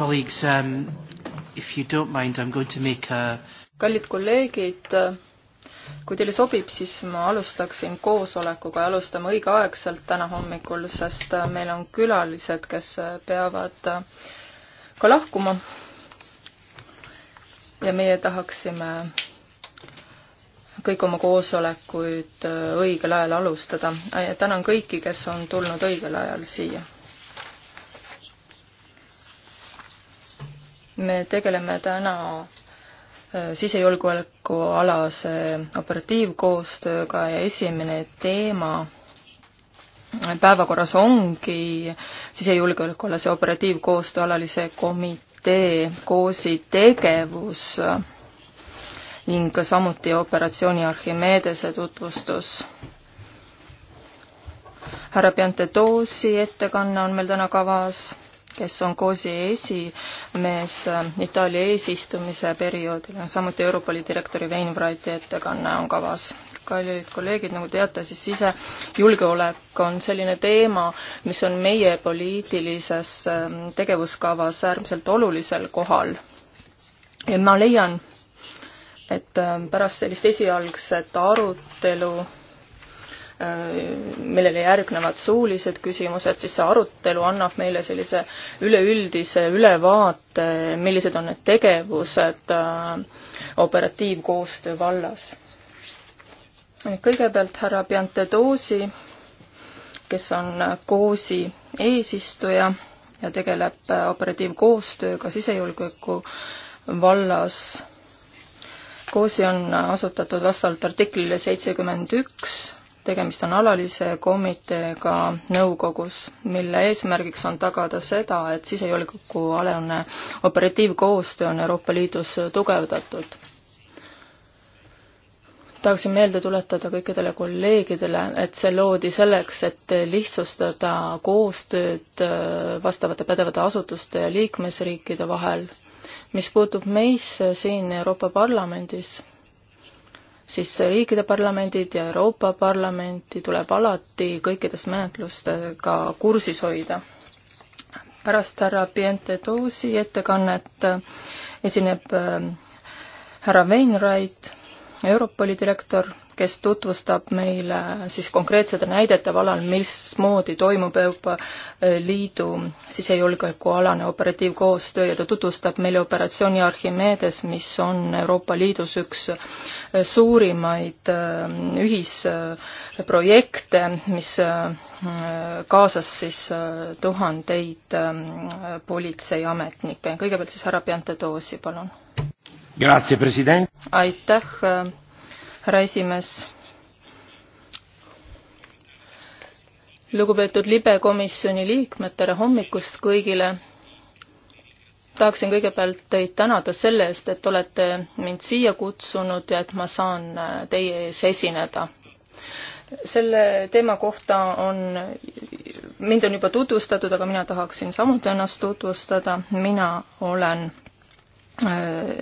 colleagues, um, if you don't mind, I am going to make a kallid kolleegid, kui teile sobib, siis ma alustaksin koosolekuga ja alustame õigeaegselt täna hommikul, sest meil on külalised, kes peavad ka lahkuma. ja meie tahaksime kõik oma koosolekuid õigel ajal alustada. tänan kõiki, kes on tulnud õigel ajal siia me tegeleme täna äh, sisejulgeoleku alase äh, operatiivkoostööga ja esimene teema päevakorras ongi sisejulgeoleku alase operatiivkoostöö alalise komitee koosi tegevus ning samuti operatsiooni Archimedese tutvustus. härra Piantedosi ettekanne on meil täna kavas kes on COSI esimees äh, Itaalia eesistumise perioodil, samuti Euroopa Liidu direktori Weinbreiti ettekanne on kavas. kallid kolleegid, nagu teate, siis sisejulgeolek on selline teema, mis on meie poliitilises äh, tegevuskavas äärmiselt olulisel kohal. ja ma leian, et äh, pärast sellist esialgset arutelu millele järgnevad suulised küsimused, siis see arutelu annab meile sellise üleüldise ülevaate, millised on need tegevused äh, operatiivkoostöö vallas. kõigepealt härra Piantedosi, kes on COSI eesistuja ja tegeleb äh, operatiivkoostööga sisejulgeoleku vallas COSI on asutatud vastavalt artiklile seitsekümmend üks tegemist on alalise komiteega nõukogus, mille eesmärgiks on tagada seda, et sisejulgeolekualane operatiivkoostöö on Euroopa Liidus tugevdatud. tahaksin meelde tuletada kõikidele kolleegidele, et see loodi selleks, et lihtsustada koostööd äh, vastavate pädevate asutuste ja liikmesriikide vahel. mis puutub meisse siin Euroopa Parlamendis, siis riikide parlamendid ja Euroopa Parlamenti tuleb alati kõikides menetlustega kursis hoida. pärast härra Piente Toosi ettekannet äh, esineb äh, härra Wainwright, Europoli direktor kes tutvustab meile siis konkreetsete näidete valal, mismoodi toimub Euroopa eh, Liidu sisejulgeolekualane operatiivkoostöö ja ta tutvustab meile operatsiooni Archimedes, mis on Euroopa Liidus üks eh, suurimaid eh, ühisprojekte, mis kaasas siis tuhandeid politseiametnikke. kõigepealt siis härra Piantedoosi, palun. aitäh härra esimees. lugupeetud libe komisjoni liikmed, tere hommikust kõigile. tahaksin kõigepealt teid tänada selle eest, et olete mind siia kutsunud ja et ma saan äh, teie ees esineda selle teema kohta on, mind on juba tutvustatud, aga mina tahaksin samuti ennast tutvustada, mina olen äh,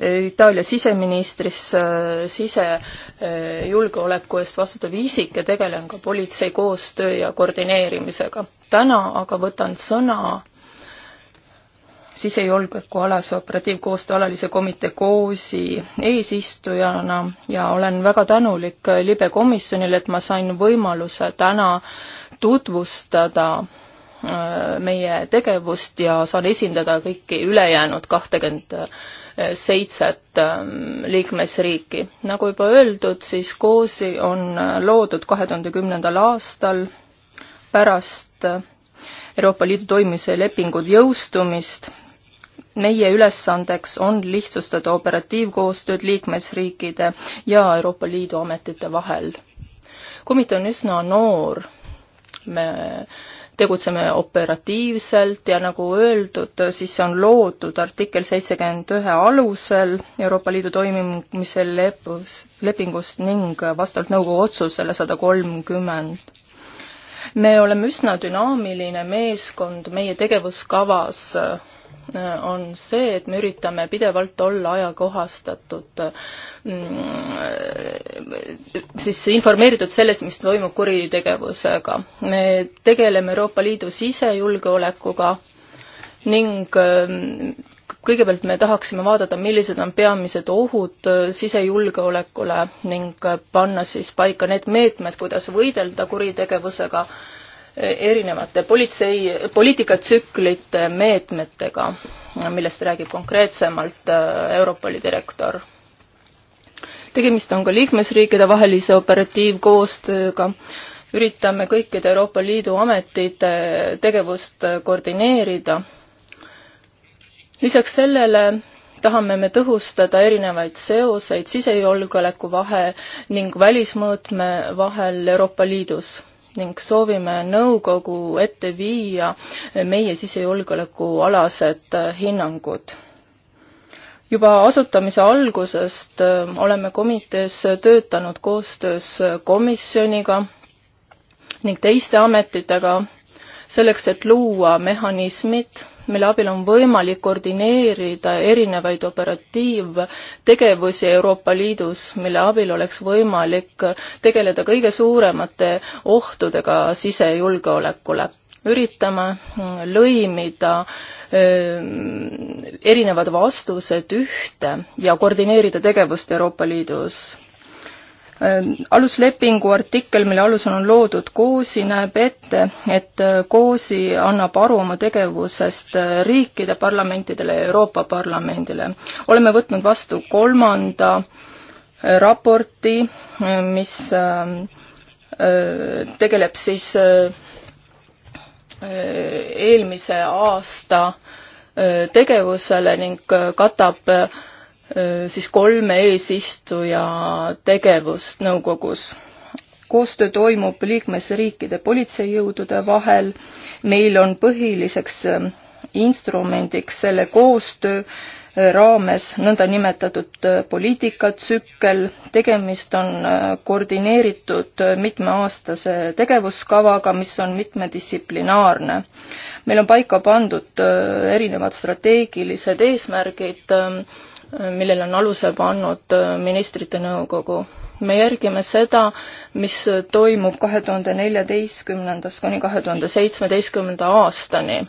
Itaalia siseministris, äh, sisejulgeoleku äh, eest vastutav isik ja tegelen ka politsei koostöö ja koordineerimisega. täna aga võtan sõna sisejulgeolekualase operatiivkoostöö alalise komitee COSI eesistujana ja olen väga tänulik libe komisjonile, et ma sain võimaluse täna tutvustada äh, meie tegevust ja saan esindada kõiki ülejäänud kahtekümmet seitset ähm, liikmesriiki. nagu juba öeldud, siis COSI on äh, loodud kahe tuhande kümnendal aastal pärast äh, Euroopa Liidu toimimise lepingu jõustumist. meie ülesandeks on lihtsustada operatiivkoostööd liikmesriikide ja Euroopa Liidu ametite vahel. komitee on üsna noor, me tegutseme operatiivselt ja nagu öeldud, siis on loodud artikkel seitsekümmend ühe alusel Euroopa Liidu toimimise lepus, lepingust ning vastavalt nõukogu otsusele sada kolmkümmend me oleme üsna dünaamiline meeskond, meie tegevuskavas on see, et me üritame pidevalt olla ajakohastatud, mm, siis informeeritud sellest, mis toimub kuritegevusega. me tegeleme Euroopa Liidu sisejulgeolekuga ning mm, kõigepealt me tahaksime vaadata, millised on peamised ohud sisejulgeolekule ning panna siis paika need meetmed, kuidas võidelda kuritegevusega erinevate politsei, poliitikatsüklite meetmetega, millest räägib konkreetsemalt äh, Europoli direktor. tegemist on ka liikmesriikide vahelise operatiivkoostööga, üritame kõikide Euroopa Liidu ametite tegevust koordineerida. lisaks sellele tahame me tõhustada erinevaid seoseid sisejulgeoleku vahe ning välismõõtme vahel Euroopa Liidus ning soovime nõukogu ette viia meie sisejulgeolekualased hinnangud. juba asutamise algusest äh, oleme komitees töötanud koostöös komisjoniga ning teiste ametitega selleks, et luua mehhanismid, mille abil on võimalik koordineerida erinevaid operatiivtegevusi Euroopa Liidus, mille abil oleks võimalik tegeleda kõige suuremate ohtudega sisejulgeolekule. üritame lõimida ehm, erinevad vastused ühte ja koordineerida tegevust Euroopa Liidus Äh, aluslepingu artikkel, mille alusel on loodud COSI, näeb ette, et COSI äh, annab aru oma tegevusest äh, riikide parlamentidele ja Euroopa Parlamendile. oleme võtnud vastu kolmanda raporti, mis tegeleb siis eelmise aasta tegevusele ning katab siis kolme eesistuja tegevust nõukogus. koostöö toimub liikmesriikide politseijõudude vahel, meil on põhiliseks instrumendiks selle koostöö raames nõndanimetatud poliitikatsükkel, tegemist on koordineeritud mitmeaastase tegevuskavaga, mis on mitmedistsiplinaarne. meil on paika pandud erinevad strateegilised eesmärgid äh, millele on aluse pannud äh, ministrite nõukogu. me järgime seda, mis toimub kahe tuhande neljateistkümnendast kuni kahe tuhande seitsmeteistkümnenda aastani.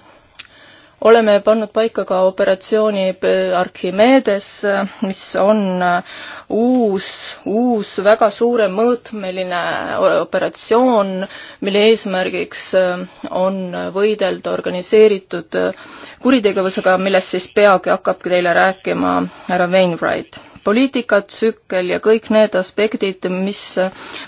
oleme pannud paika ka operatsiooni Archimedes, mis on äh, uus, uus väga suure mõõtmeline äh, operatsioon, mille eesmärgiks on võidelda organiseeritud kuritegevusega, millest siis peagi hakkabki teile rääkima härra Wainwright. poliitikatsükkel ja kõik need aspektid, mis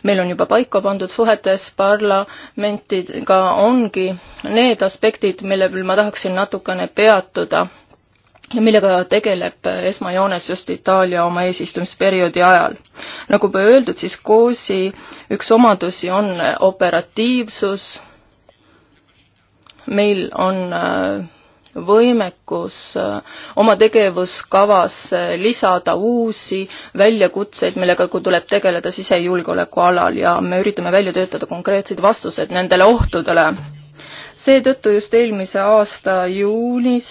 meil on juba paika pandud suhetes parlamentidega, ongi need aspektid, mille peal ma tahaksin natukene peatuda ja millega tegeleb esmajoones just Itaalia oma eesistumisperioodi ajal. nagu juba öeldud, siis COSI üks omadusi on operatiivsus, meil on äh, võimekus äh, oma tegevuskavas äh, lisada uusi väljakutseid, millega tuleb tegeleda sisejulgeoleku alal ja me üritame välja töötada konkreetsed vastused nendele ohtudele. seetõttu just eelmise aasta juunis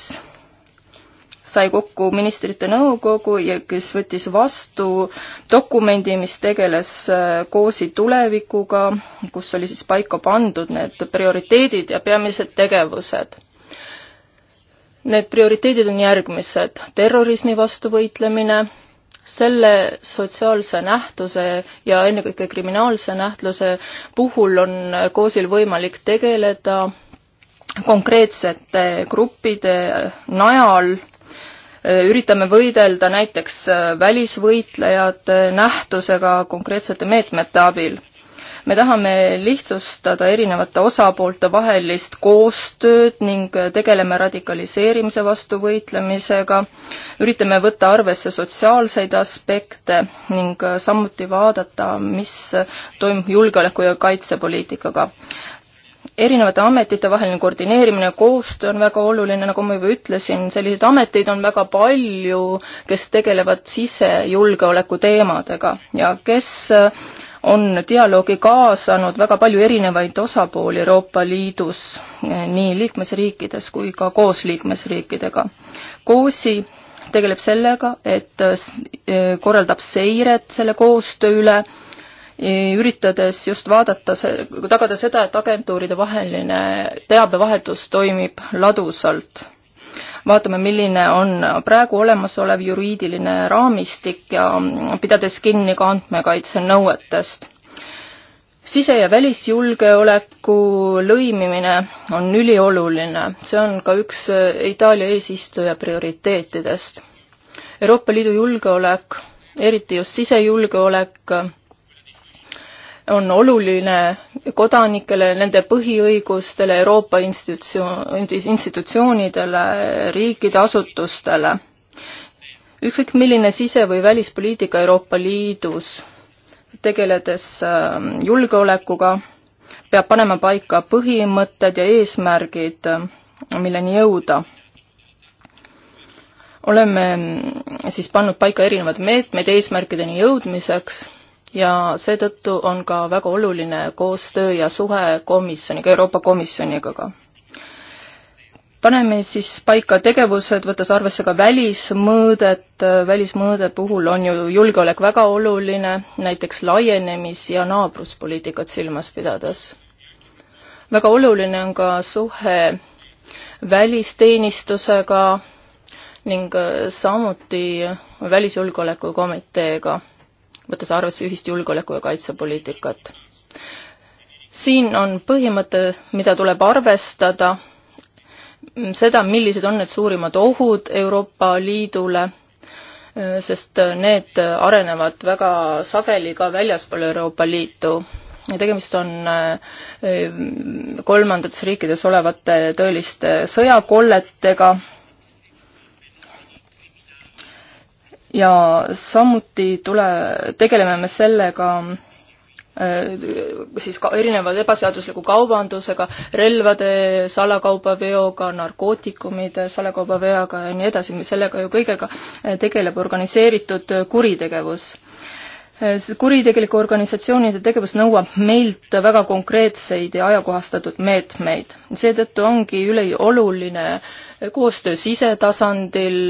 sai kokku ministrite nõukogu ja kes võttis vastu dokumendi, mis tegeles äh, KOOS-i tulevikuga, kus oli siis paika pandud need prioriteedid ja peamised tegevused Need prioriteedid on järgmised. terrorismi vastu võitlemine, selle sotsiaalse nähtuse ja ennekõike kriminaalse nähtuse puhul on koosil võimalik tegeleda konkreetsete gruppide najal, üritame võidelda näiteks välisvõitlejate nähtusega konkreetsete meetmete abil me tahame lihtsustada erinevate osapoolte vahelist koostööd ning tegeleme radikaliseerimise vastu võitlemisega, üritame võtta arvesse sotsiaalseid aspekte ning samuti vaadata, mis toimub julgeoleku- ja kaitsepoliitikaga erinevate ametite vaheline koordineerimine, koostöö on väga oluline, nagu ma juba ütlesin, selliseid ameteid on väga palju, kes tegelevad sisejulgeoleku teemadega ja kes on dialoogi kaasanud väga palju erinevaid osapooli Euroopa Liidus, eh, nii liikmesriikides kui ka koos liikmesriikidega. COSI tegeleb sellega, et eh, korraldab seiret selle koostöö üle, eh, üritades just vaadata, tagada seda, et agentuuride vaheline teabevahetus toimib ladusalt vaatame, milline on praegu olemasolev juriidiline raamistik ja pidades kinni ka andmekaitsenõuetest sise- ja välisjulgeoleku lõimimine on ülioluline, see on ka üks Itaalia eesistuja prioriteetidest. Euroopa Liidu julgeolek, eriti just sisejulgeolek, on oluline kodanikele, nende põhiõigustele, Euroopa institutsioon, institutsioonidele, riikide asutustele. ükskõik milline sise- või välispoliitika Euroopa Liidus, tegeledes ähm, julgeolekuga, peab panema paika põhimõtted ja eesmärgid, äh, milleni jõuda oleme mm, siis pannud paika erinevad meetmed eesmärkideni jõudmiseks ja seetõttu on ka väga oluline koostöö ja suhe komisjoniga, Euroopa Komisjoniga ka. paneme siis paika tegevused, võttes arvesse ka välismõõdet, välismõõde puhul on ju julgeolek väga oluline, näiteks laienemis- ja naabruspoliitikat silmas pidades. väga oluline on ka suhe välisteenistusega ning samuti Välisjulgeoleku Komiteega võttes arvesse ühist julgeoleku- ja kaitsepoliitikat. siin on põhimõte, mida tuleb arvestada, seda, millised on need suurimad ohud Euroopa Liidule, sest need arenevad väga sageli ka väljaspool Euroopa Liitu. tegemist on eh, kolmandates riikides olevate tõeliste sõjakolletega ja samuti tule, tegeleme me sellega äh, siis ka erineva ebaseadusliku kaubandusega, relvade salakaubaveoga, narkootikumide salakaubaveoga ja nii edasi, sellega ju kõigega äh, tegeleb organiseeritud kuritegevus. Äh, kuritegelike organisatsioonide tegevus nõuab meilt väga konkreetseid ja ajakohastatud meetmeid. seetõttu ongi ülioluline äh, koostöö sisetasandil,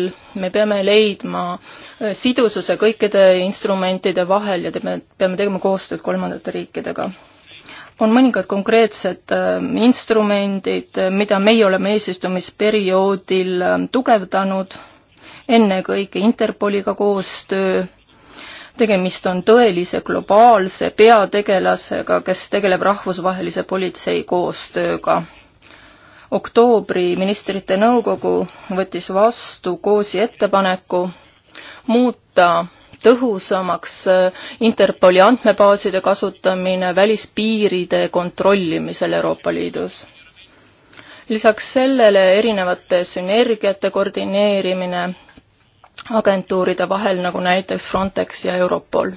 me peame leidma äh, sidususe kõikide instrumentide vahel ja teeme, peame tegema koostööd kolmandate riikidega. on mõningad konkreetsed instrumendid, mida meie oleme eesistumisperioodil tugevdanud, ennekõike Interpoliga koostöö tegemist on tõelise globaalse peategelasega, kes tegeleb rahvusvahelise politsei koostööga. oktoobri ministrite nõukogu võttis vastu koosi ettepaneku muuta tõhusamaks äh, Interpoli andmebaaside kasutamine välispiiride kontrollimisel Euroopa Liidus. lisaks sellele erinevate sünergiate koordineerimine agentuuride vahel, nagu näiteks Frontex ja Europol.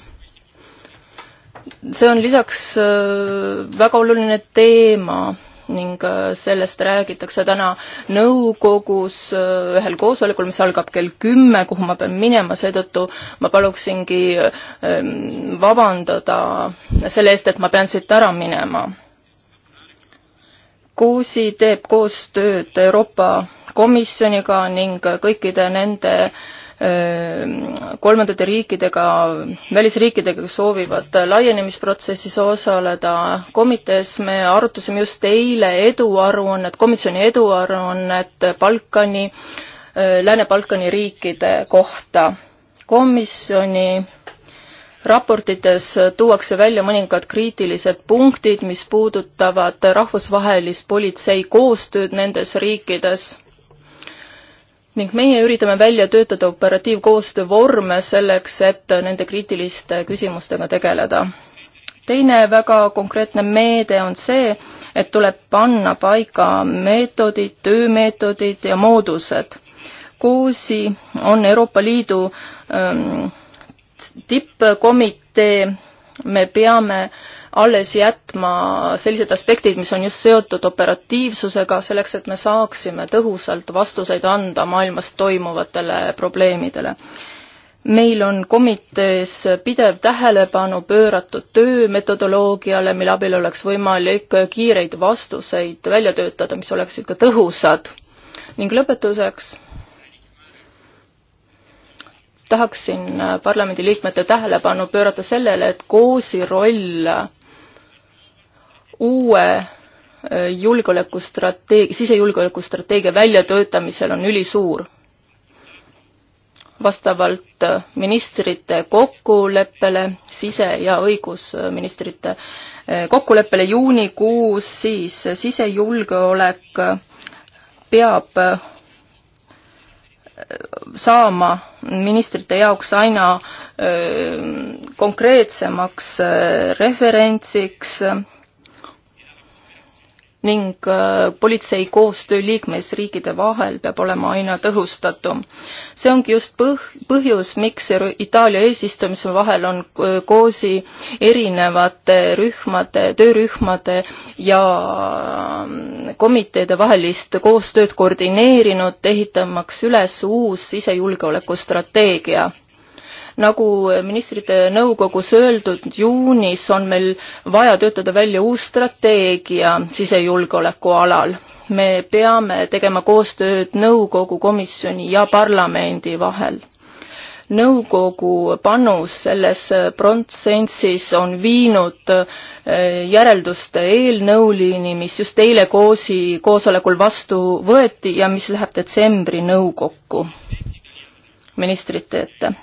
see on lisaks äh, väga oluline teema ning äh, sellest räägitakse täna nõukogus äh, ühel koosolekul, mis algab kell kümme, kuhu ma pean minema, seetõttu ma paluksingi ähm, vabandada selle eest, et ma pean siit ära minema. Kuusi teeb koostööd Euroopa Komisjoniga ning kõikide nende äh, Ehm, kolmandate riikidega, välisriikidega, kes soovivad laienemisprotsessis osaleda. komitees me arutasime just eile eduaruannet, komisjoni eduaruannet Balkani, ehm, Lääne-Balkani riikide kohta. komisjoni raportites tuuakse välja mõningad kriitilised punktid, mis puudutavad rahvusvahelist politsei koostööd nendes riikides ning meie üritame välja töötada operatiivkoostöö vorme selleks, et nende kriitiliste küsimustega tegeleda. teine väga konkreetne meede on see, et tuleb panna paika meetodid, töömeetodid ja moodused. COSI on Euroopa Liidu ähm, tippkomitee, me peame äh, alles jätma sellised aspektid, mis on just seotud operatiivsusega, selleks et me saaksime tõhusalt vastuseid anda maailmas toimuvatele probleemidele. meil on komitees pidev tähelepanu pööratud töömetodoloogiale, mille abil oleks võimalik kiireid vastuseid välja töötada, mis oleksid ka tõhusad. ning lõpetuseks tahaksin parlamendiliikmete tähelepanu pöörata sellele, et KOOS-i roll uue äh, julgeolekustrateegia, sisejulgeolekustrateegia väljatöötamisel on ülisuur. vastavalt äh, ministrite kokkuleppele, sise- ja õigusministrite äh, kokkuleppele juunikuus, siis sisejulgeolek peab saama ministrite jaoks aina öö, konkreetsemaks öö, referentsiks öö, ning äh, politsei koostöö liikmesriikide vahel peab olema aina tõhustatum. see ongi just põh-, põhjus, miks Itaalia eesistumise vahel on COSI äh, erinevate rühmade, töörühmade ja äh, komiteede vahelist koostööd koordineerinud, ehitamaks üles uus sisejulgeolekustrateegia nagu ministrite nõukogus öeldud, juunis on meil vaja töötada välja uus strateegia sisejulgeoleku alal. me peame tegema koostööd nõukogu, komisjoni ja parlamendi vahel nõukogu panus selles protsessis on viinud eh, järelduste eelnõuliini, mis just eile koosi koosolekul vastu võeti ja mis läheb detsembri nõukokku ministrite ette.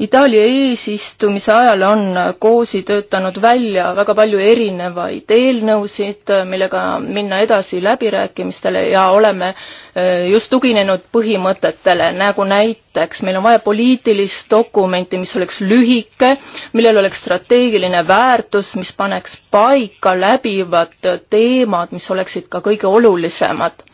Itaalia eesistumise ajal on COSI töötanud välja väga palju erinevaid eelnõusid, millega minna edasi läbirääkimistele ja oleme eh, just tuginenud põhimõtetele, nagu näiteks meil on vaja poliitilist dokumenti, mis oleks lühike, millel oleks strateegiline väärtus, mis paneks paika läbivad teemad, mis oleksid ka kõige olulisemad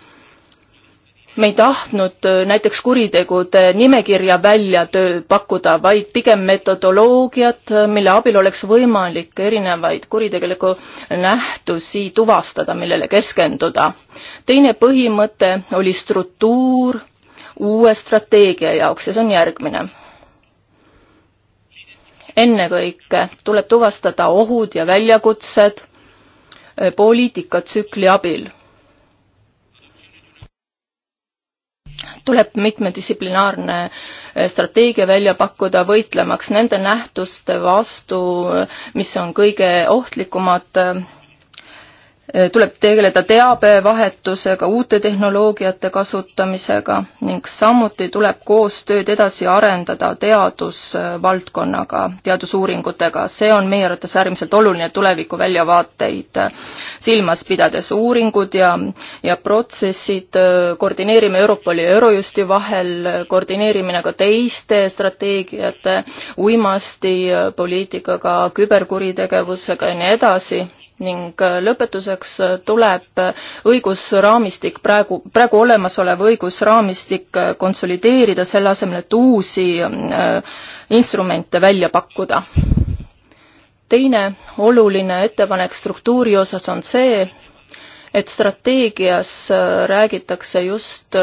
me ei tahtnud äh, näiteks kuritegude nimekirja välja töö pakkuda, vaid pigem metodoloogiat, äh, mille abil oleks võimalik erinevaid kuritegeliku nähtusi tuvastada, millele keskenduda. teine põhimõte oli struktuur uue strateegia jaoks ja see on järgmine. ennekõike tuleb tuvastada ohud ja väljakutsed äh, poliitikatsükli abil tuleb mitmedistsiplinaarne eh, strateegia välja pakkuda, võitlemaks nende nähtuste vastu, eh, mis on kõige ohtlikumad eh, Äh, tuleb tegeleda teabevahetusega, uute tehnoloogiate kasutamisega ning samuti tuleb koostööd edasi arendada teadusvaldkonnaga, teadusuuringutega. see on meie arvates äärmiselt oluline tuleviku väljavaateid silmas pidades. uuringud ja, ja protsessid äh, koordineerime Europoli ja Eurojusti vahel, koordineerimine ka teiste strateegiate, uimastipoliitikaga, äh, küberkuritegevusega ja nii edasi ning äh, lõpetuseks äh, tuleb äh, õigusraamistik praegu, praegu olemasolev õigusraamistik konsolideerida, selle asemel, et uusi instrumente välja pakkuda. teine oluline ettepanek struktuuri osas on see, et strateegias räägitakse just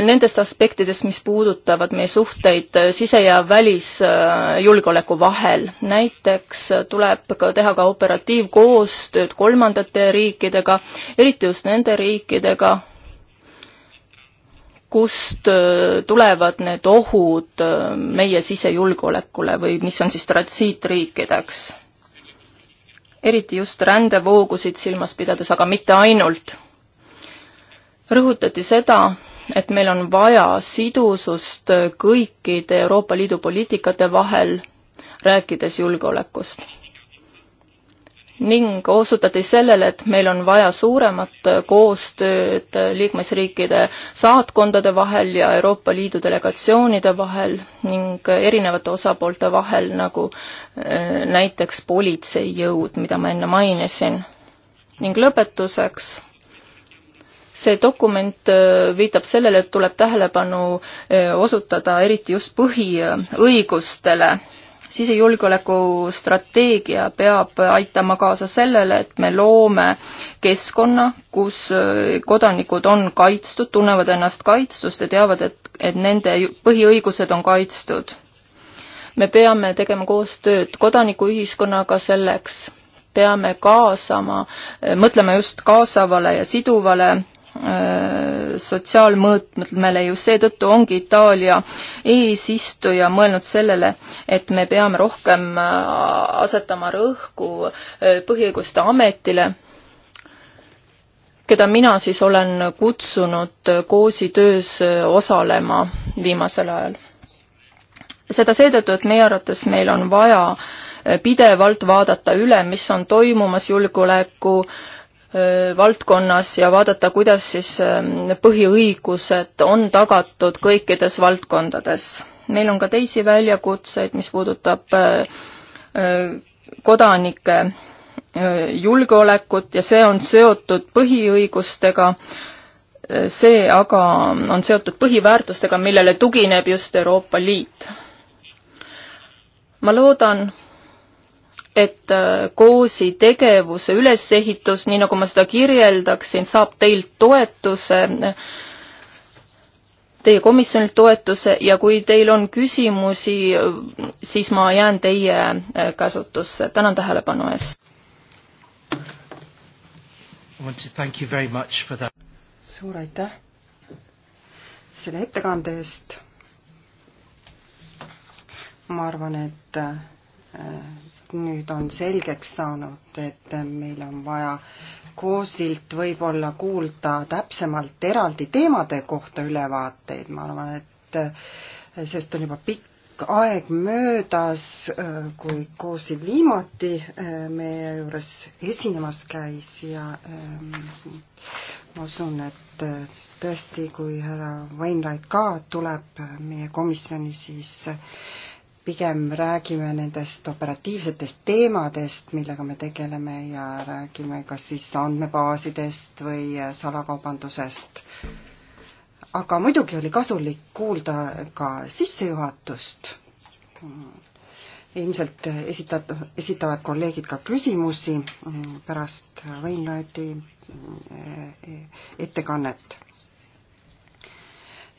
nendest aspektidest, mis puudutavad meie suhteid sise- ja välisjulgeoleku vahel. näiteks tuleb ka teha ka operatiivkoostööd kolmandate riikidega, eriti just nende riikidega, kust tulevad need ohud meie sisejulgeolekule või mis on siis transiitriikideks. eriti just rändevoogusid silmas pidades, aga mitte ainult. rõhutati seda, et meil on vaja sidusust kõikide Euroopa Liidu poliitikate vahel, rääkides julgeolekust. ning osutati sellele, et meil on vaja suuremat koostööd liikmesriikide saatkondade vahel ja Euroopa Liidu delegatsioonide vahel ning erinevate osapoolte vahel, nagu eh, näiteks politseijõud, mida ma enne mainisin. ning lõpetuseks see dokument äh, viitab sellele, et tuleb tähelepanu äh, osutada eriti just põhiõigustele sisejulgeolekustrateegia peab aitama kaasa sellele, et me loome keskkonna, kus äh, kodanikud on kaitstud, tunnevad ennast kaitstust ja teavad, et, et nende põhiõigused on kaitstud. me peame tegema koostööd kodanikuühiskonnaga selleks, peame kaasama, mõtlema just kaasavale ja siduvale Äh, sotsiaalmõõtmele ju seetõttu ongi Itaalia eesistuja mõelnud sellele, et me peame rohkem äh, asetama rõhku äh, põhiõiguste ametile, keda mina siis olen kutsunud Koosi töös osalema viimasel ajal. seda seetõttu, et meie arvates meil on vaja pidevalt vaadata üle, mis on toimumas julgeoleku äh, valdkonnas ja vaadata, kuidas siis põhiõigused on tagatud kõikides valdkondades. meil on ka teisi väljakutseid, mis puudutab kodanike julgeolekut ja see on seotud põhiõigustega, see aga on seotud põhiväärtustega, millele tugineb just Euroopa Liit. ma loodan, et äh, KOOS-i tegevuse ülesehitus, nii nagu ma seda kirjeldaksin, saab teilt toetuse, teie komisjonilt toetuse ja kui teil on küsimusi, siis ma jään teie äh, käsutusse. tänan tähelepanu eest. suur aitäh selle ettekande eest. ma arvan, et äh, nüüd on selgeks saanud, et meil on vaja koosilt võib-olla kuulda täpsemalt eraldi teemade kohta ülevaateid, ma arvan, et sellest on juba pikk aeg möödas, kui koosil viimati meie juures esinemas käis ja ähm, ma usun, et tõesti, kui härra Wainwright ka tuleb meie komisjoni, siis pigem räägime nendest operatiivsetest teemadest, millega me tegeleme ja räägime kas siis andmebaasidest või salakaubandusest. aga muidugi oli kasulik kuulda ka sissejuhatust. ilmselt esitad, esitavad kolleegid ka küsimusi pärast Reinlandi eh, ettekannet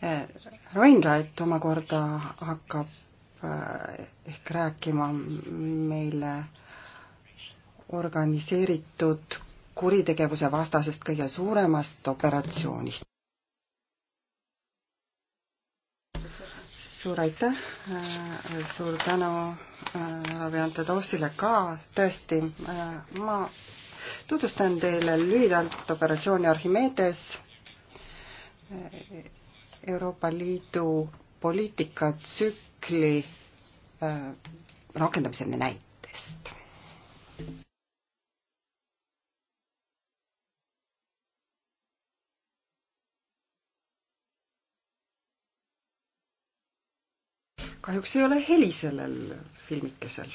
eh, Rainrait omakorda hakkab Äh, ehk rääkima meile organiseeritud kuritegevuse vastasest kõige suuremast operatsioonist. suur aitäh, äh, suur tänu Ravi äh, Antadosile ka, tõesti, ma tutvustan teile lühidalt operatsiooni Archimedes, Euroopa Liidu poliitikatsükli äh, rakendamise näitest. kahjuks ei ole heli sellel filmikesel.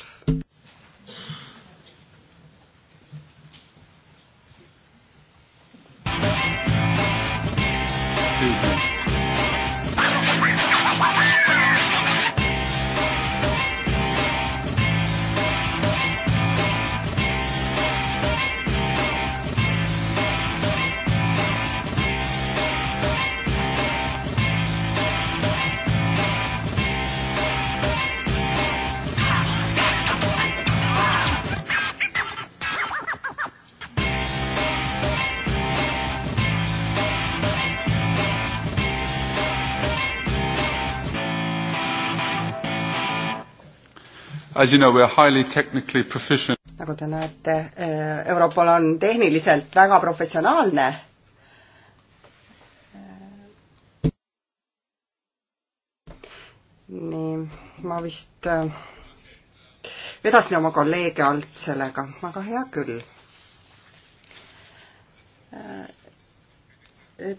As you know, we are highly technically proficient. nagu te näete, eh, Europol on tehniliselt väga professionaalne. Eh, nii, ma vist eh, vedasin oma kolleege alt sellega, aga hea küll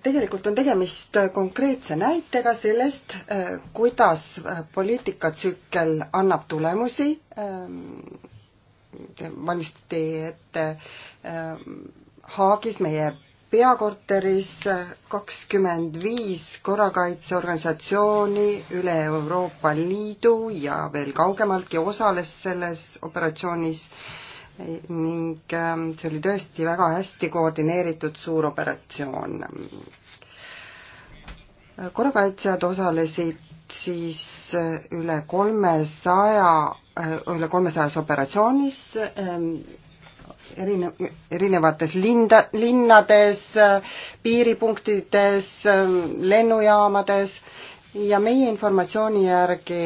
tegelikult on tegemist konkreetse näitega sellest, äh, kuidas äh, poliitikatsükkel annab tulemusi. Äh, valmistati ette Haagis meie peakorteris kakskümmend viis korrakaitseorganisatsiooni üle Euroopa Liidu ja veel kaugemaltki osales selles operatsioonis äh, ning ähm, see oli tõesti väga hästi koordineeritud suur operatsioon. korrakaitsjad osalesid siis äh, üle kolmesaja, äh, üle kolmesajas operatsioonis ähm, erine-, erinevates linda, linnades, piiripunktides, ähm, lennujaamades ja meie informatsiooni järgi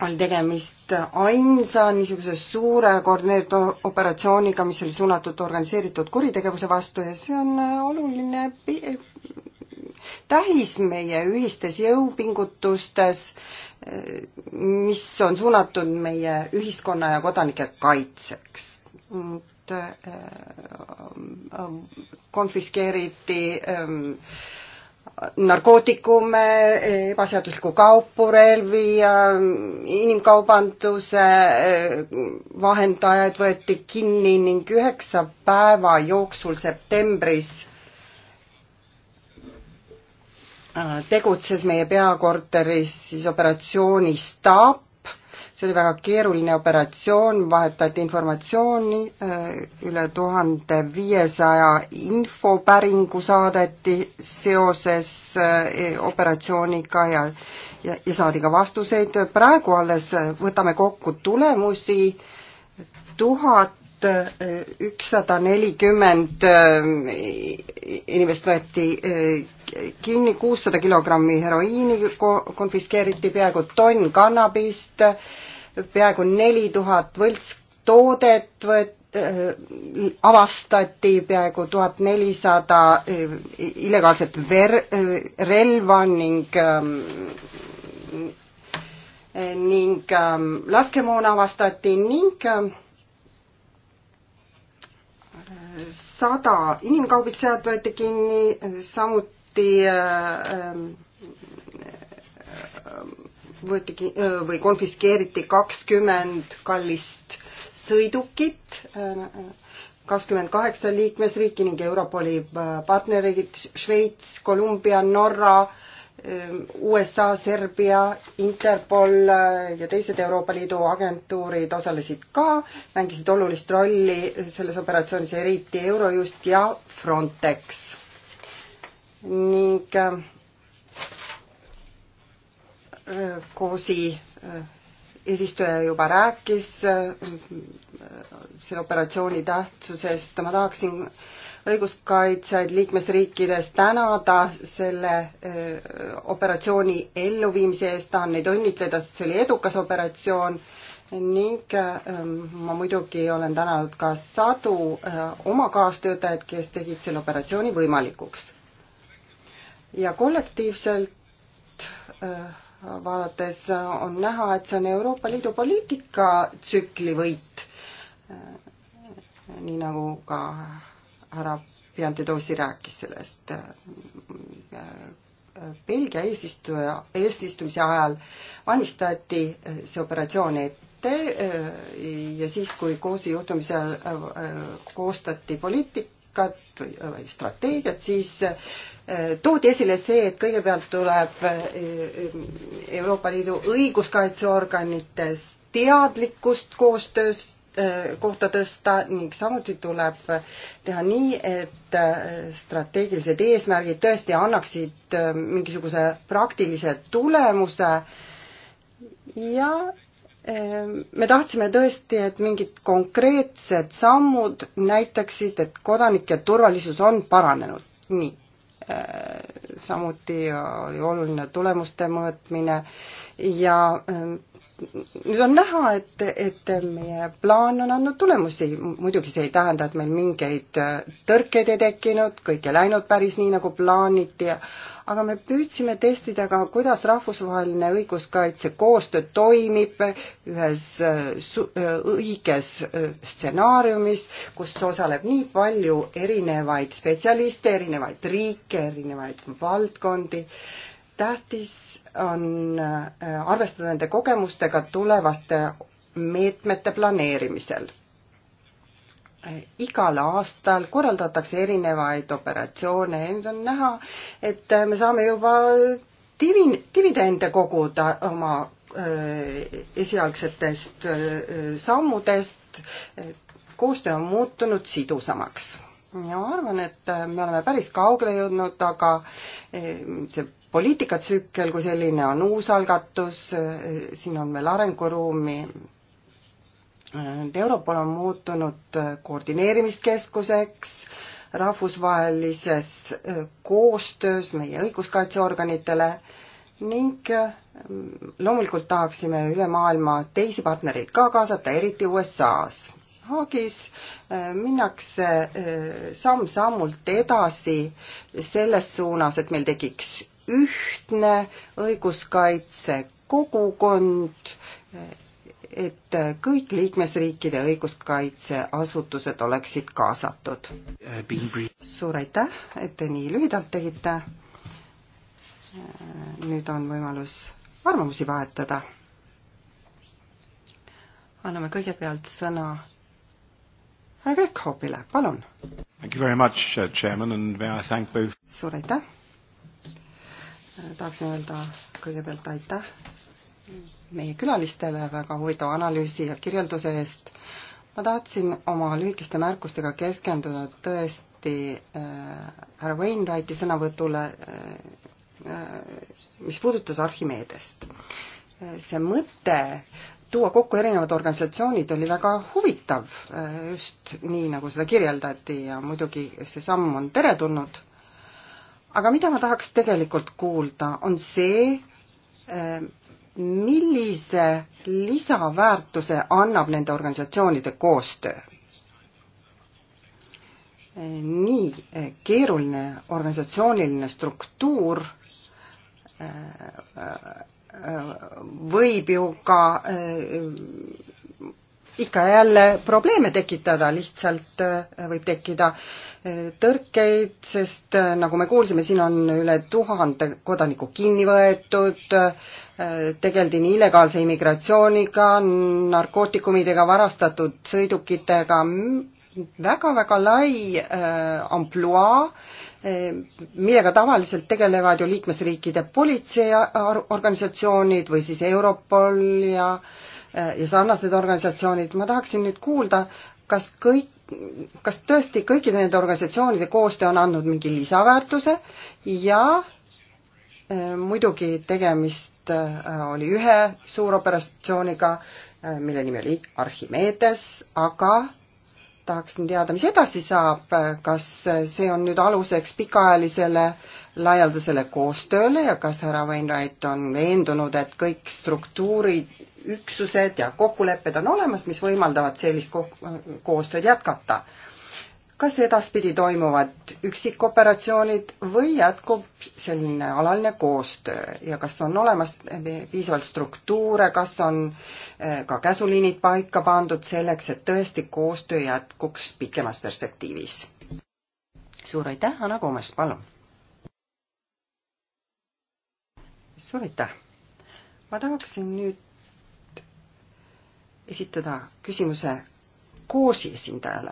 oli tegemist ainsa niisuguse suure koordineeritud operatsiooniga, mis oli suunatud organiseeritud kuritegevuse vastu ja see on oluline tähis meie ühistes jõupingutustes, mis on suunatud meie ühiskonna ja kodanike kaitseks. Äh, äh, konfiskeeriti ähm, narkootikume, ebaseaduslikku kaupu, relvi, inimkaubanduse eh, vahendajaid võeti kinni ning üheksa päeva jooksul septembris eh, tegutses meie peakorteris siis operatsioonistaap, see oli väga keeruline operatsioon, vahetati informatsiooni, äh, üle tuhande viiesaja infopäringu saadeti seoses äh, operatsiooniga ja ja, ja saadi ka vastuseid, praegu alles äh, võtame kokku tulemusi, tuhat ükssada nelikümmend inimest võeti kinni, kuussada kilogrammi heroiini konfiskeeriti, peaaegu tonn kannabist, peaaegu neli tuhat võltstoodet võet-, äh, avastati peaaegu tuhat nelisada äh, illegaalset ver-, äh, relva ning ähm, ning ähm, laskemoona avastati ning sada inimkaubitsejad võeti kinni, samuti võeti või konfiskeeriti kakskümmend kallist sõidukit, kakskümmend kaheksa liikmesriiki ning Europoli äh, partnerid Šveits, Kolumbia, Norra, äh, USA, Serbia, Interpol äh, ja teised Euroopa Liidu agentuurid osalesid ka, mängisid olulist rolli selles operatsioonis, eriti Eurojust ja Frontex. ning COSI eh, eesistuja juba rääkis eh, selle operatsiooni tähtsusest, ma tahaksin õiguskaitsjaid liikmesriikides tänada selle eh, operatsiooni elluviimise eest, tahan neid õnnitleda, sest see oli edukas operatsioon ning ma muidugi olen tänanud ka sadu oma kaastöötajaid, kes tegid selle operatsiooni võimalikuks. ja kollektiivselt vaadates on näha, et see on Euroopa Liidu poliitika tsükli võit. nii nagu ka härra Piantedoosi rääkis sellest. Belgia eesistuja, eesistumise ajal valmistati see operatsioon ette ja siis, kui Koosi juhtumisel koostati poliitik-, poliitikat või strateegiat, siis eh, toodi esile see, et kõigepealt tuleb eh, Euroopa Liidu õiguskaitseorganites teadlikkust koostööst eh, kohta tõsta ning samuti tuleb teha nii, et strateegilised eesmärgid tõesti annaksid mingisuguse praktilise tulemuse ja Ehm, me tahtsime tõesti, et mingid konkreetsed sammud näitaksid, et kodanike turvalisus on paranenud. nii. Ehm, samuti oli oluline tulemuste mõõtmine ja ehm, nüüd on näha, et, et meie plaan on andnud tulemusi, muidugi see ei tähenda, et meil mingeid äh, tõrkeid ei tekkinud, kõik ei läinud päris nii, nagu plaaniti, aga me püüdsime testida ka, kuidas rahvusvaheline õiguskaitse koostöö toimib ühes äh, äh, õiges stsenaariumis, kus osaleb nii palju erinevaid spetsialiste, erinevaid riike, erinevaid valdkondi tähtis on äh, arvestada nende kogemustega tulevaste meetmete planeerimisel. igal aastal korraldatakse erinevaid operatsioone ja nüüd on näha, et me saame juba divi-, dividende koguda oma äh, esialgsetest äh, sammudest, koostöö on muutunud sidusamaks. ja ma arvan, et me oleme päris kaugele jõudnud, aga see poliitikatsükkel kui selline on uus algatus, siin on veel arenguruumi. Europol on muutunud koordineerimiskeskuseks rahvusvahelises koostöös meie õiguskaitseorganitele ning loomulikult tahaksime üle maailma teisi partnereid ka kaasata, eriti USA-s. Haagis minnakse samm-sammult edasi selles suunas, et meil tekiks ühtne õiguskaitsekogukond, et kõik liikmesriikide õiguskaitseasutused oleksid kaasatud. suur aitäh, et te nii lühidalt tegite. nüüd on võimalus arvamusi vahetada. anname kõigepealt sõna härra Kirkhoopile, palun. Uh, suur aitäh tahaksin öelda kõigepealt aitäh meie külalistele väga huvitava analüüsi ja kirjelduse eest. ma tahtsin oma lühikeste märkustega keskenduda tõesti äh, härra äh, Wainwrighti sõnavõtule äh,, äh mis puudutas Archimedest. Äh, see mõte tuua kokku erinevad organisatsioonid oli väga huvitav äh,, just nii, nagu seda kirjeldati ja muidugi see samm on teretulnud aga mida ma tahaks tegelikult kuulda, on see, eh, millise lisaväärtuse annab nende organisatsioonide koostöö? Eh, nii eh, keeruline organisatsiooniline struktuur võib ju ka ikka ja jälle probleeme tekitada, lihtsalt äh, võib tekkida äh, tõrkeid, sest äh, nagu me kuulsime, siin on üle tuhande kodaniku kinni võetud, tegeldi nii illegaalse immigratsiooniga, narkootikumidega, varastatud sõidukitega, väga-väga lai ampluaa millega tavaliselt tegelevad ju liikmesriikide politseiorganisatsioonid või siis Europol ja äh, Äh, ja sarnased organisatsioonid, ma tahaksin nüüd kuulda, kas kõik, kas tõesti kõikide nende organisatsioonide koostöö on andnud mingi lisaväärtuse ja äh, muidugi tegemist äh, oli ühe suuroperatsiooniga, mille nimi oli Archimedes, aga tahaksin teada, mis edasi saab, kas see on nüüd aluseks pikaajalisele laialdasele koostööle ja kas härra Wainwright on veendunud, et kõik struktuurid üksused ja kokkulepped on olemas, mis võimaldavad sellist koostööd jätkata. kas edaspidi toimuvad üksikoperatsioonid või jätkub selline alaline koostöö ja kas on olemas piisavalt struktuure, kas on eh, ka käsuliinid paika pandud selleks, et tõesti koostöö jätkuks pikemas perspektiivis? suur aitäh, Anna Koomes, palun! suur aitäh! ma tahaksin nüüd esitada küsimuse koosi esindajale.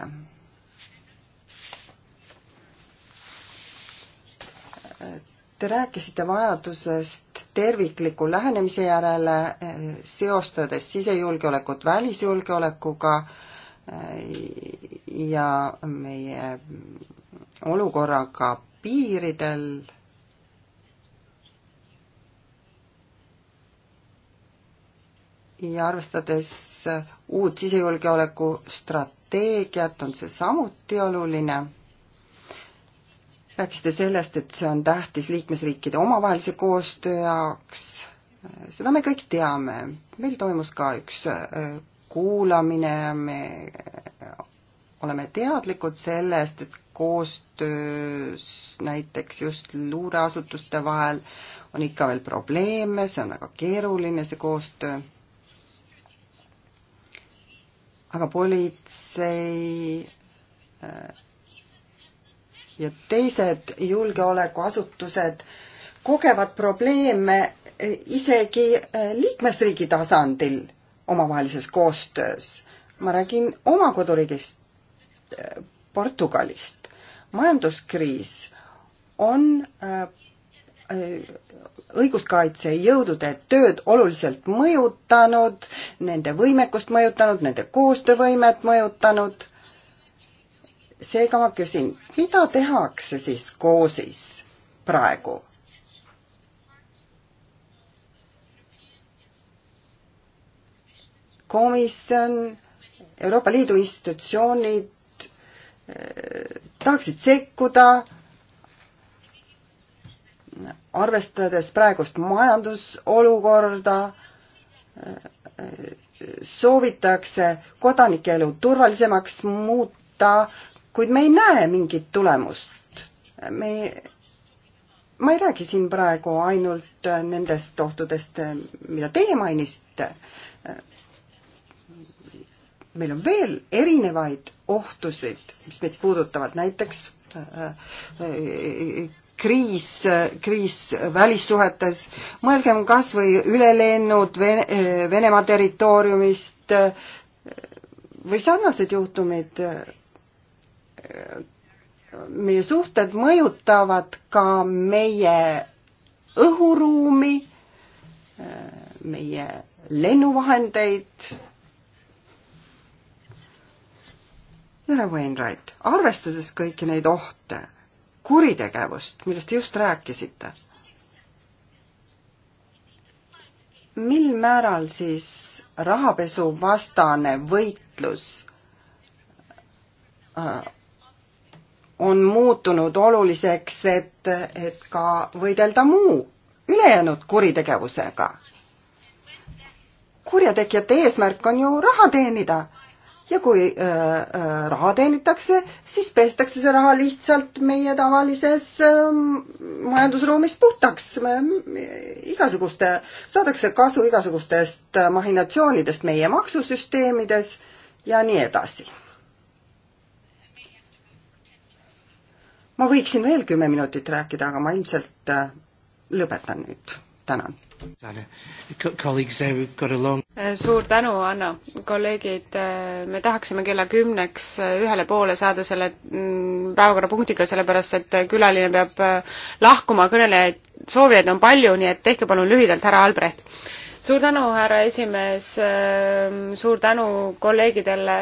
Te rääkisite vajadusest tervikliku lähenemise järele, eh, seostades sisejulgeolekut välisjulgeolekuga eh, ja meie olukorraga piiridel ja arvestades uut sisejulgeoleku strateegiat, on see samuti oluline. rääkisite sellest, et see on tähtis liikmesriikide omavahelise koostöö jaoks, seda me kõik teame. meil toimus ka üks äh, kuulamine, me oleme teadlikud sellest, et koostöös näiteks just luureasutuste vahel on ikka veel probleeme, see on väga keeruline, see koostöö aga politsei äh, ja teised julgeolekuasutused kogevad probleeme äh, isegi äh, liikmesriigi tasandil omavahelises koostöös. ma räägin oma koduriigist, Portugalist. majanduskriis on Äh, õiguskaitsejõudude tööd oluliselt mõjutanud, nende võimekust mõjutanud, nende koostöövõimet mõjutanud. seega ma küsin, mida tehakse siis koosis praegu? komisjon, Euroopa Liidu institutsioonid äh, tahaksid sekkuda arvestades praegust majandusolukorda, soovitakse kodanike elu turvalisemaks muuta, kuid me ei näe mingit tulemust. me ei, ma ei räägi siin praegu ainult nendest ohtudest, mida teie mainisite. meil on veel erinevaid ohtusid, mis meid puudutavad, näiteks kriis, kriis välissuhetes, mõelgem kas või ülelennud Vene, eh, Venemaa territooriumist eh, või sarnased juhtumid. Eh, meie suhted mõjutavad ka meie õhuruumi, meie lennuvahendeid härra Wainwright, arvestades kõiki neid ohte, kuritegevust, millest just rääkisite. mil määral siis rahapesuvastane võitlus äh, on muutunud oluliseks, et, et ka võidelda muu ülejäänud kuritegevusega. kurjategijate eesmärk on ju raha teenida ja kui äh, äh, raha teenitakse, siis pestakse see raha lihtsalt meie tavalises äh, majandusruumis puhtaks. igasuguste, saadakse kasu igasugustest äh, mahinatsioonidest meie maksusüsteemides ja nii edasi. ma võiksin veel kümme minutit rääkida, aga ma ilmselt äh, lõpetan nüüd. tänan. Colleagues, uh, we've got a long suur tänu, Anna. kolleegid, eh, me tahaksime kella kümneks eh, ühele poole saada selle mm, päevakorrapunktiga, sellepärast et eh, külaline peab lahkuma, kõnelejaid, soovijaid on palju, nii et tehke palun lühidalt, härra Albrecht. suur tänu, härra esimees, suur tänu kolleegidele,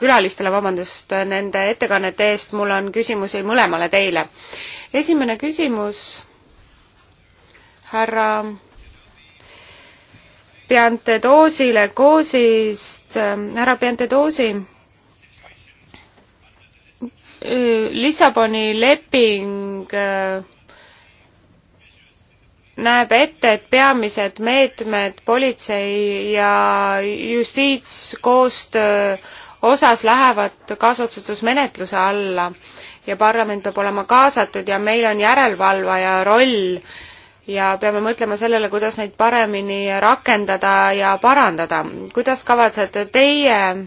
külalistele, vabandust, nende ettekannete eest, mul on küsimusi mõlemale teile. esimene küsimus, härra Piantedoosile koosist, härra ähm, Piantedoosi äh, Lissaboni leping äh, näeb ette, et peamised meetmed politsei ja justiitskoostöö osas lähevad kaasotsustusmenetluse alla ja parlament peab olema kaasatud ja meil on järelevalvaja roll ja peame mõtlema sellele, kuidas neid paremini rakendada ja parandada. kuidas kavatsete teie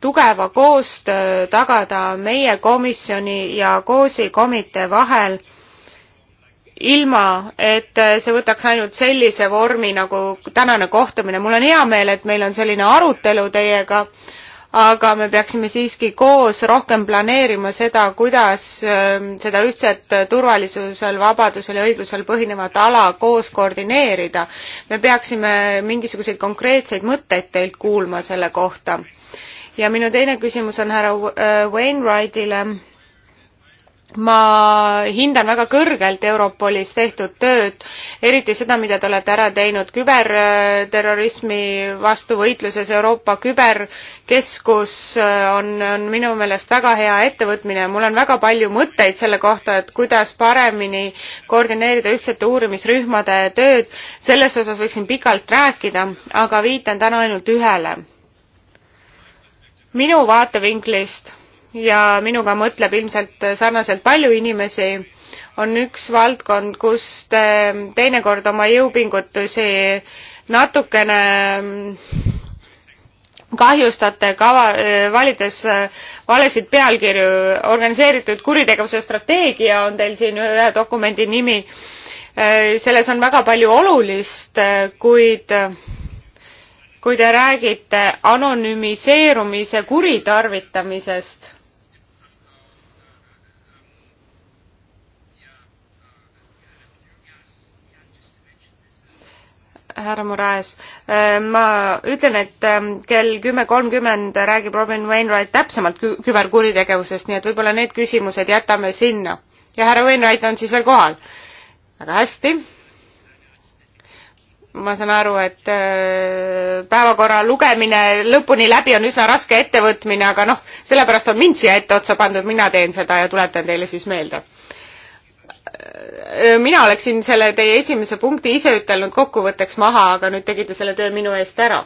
tugeva koostöö tagada meie komisjoni ja COSI komitee vahel, ilma et see võtaks ainult sellise vormi nagu tänane kohtumine. mul on hea meel, et meil on selline arutelu teiega, aga me peaksime siiski koos rohkem planeerima seda, kuidas ähm, seda ühtset turvalisusel, vabadusel ja õiglusel põhinevat ala koos koordineerida. me peaksime mingisuguseid konkreetseid mõtteid teilt kuulma selle kohta. ja minu teine küsimus on härra äh, Wainwrightile ma hindan väga kõrgelt Europolis tehtud tööd, eriti seda, mida te olete ära teinud küberterrorismi vastu võitluses. Euroopa Küberkeskus äh, on, on minu meelest väga hea ettevõtmine ja mul on väga palju mõtteid selle kohta, et kuidas paremini koordineerida ühtsete uurimisrühmade tööd. selles osas võiksin pikalt rääkida, aga viitan täna ainult ühele. minu vaatevinklist ja minuga mõtleb ilmselt sarnaselt palju inimesi, on üks valdkond, kus te teinekord oma jõupingutusi natukene kahjustate kava, valides valesid pealkirju. organiseeritud kuritegevuse strateegia on teil siin ühe dokumendi nimi. selles on väga palju olulist, kuid kui te räägite anonüümiseerumise kuritarvitamisest härra Moraes. Äh, ma ütlen, et ähm, kell kümme kolmkümmend räägib Robin Wainwright täpsemalt kü küberkuritegevusest, nii et võib-olla need küsimused jätame sinna. ja härra Wainwright on siis veel kohal. väga hästi. ma saan aru, et äh, päevakorra lugemine lõpuni läbi on üsna raske ettevõtmine, aga noh, sellepärast on mind siia etteotsa pandud, mina teen seda ja tuletan teile siis meelde mina oleksin selle teie esimese punkti ise ütelnud kokkuvõtteks maha, aga nüüd tegite selle töö minu eest ära.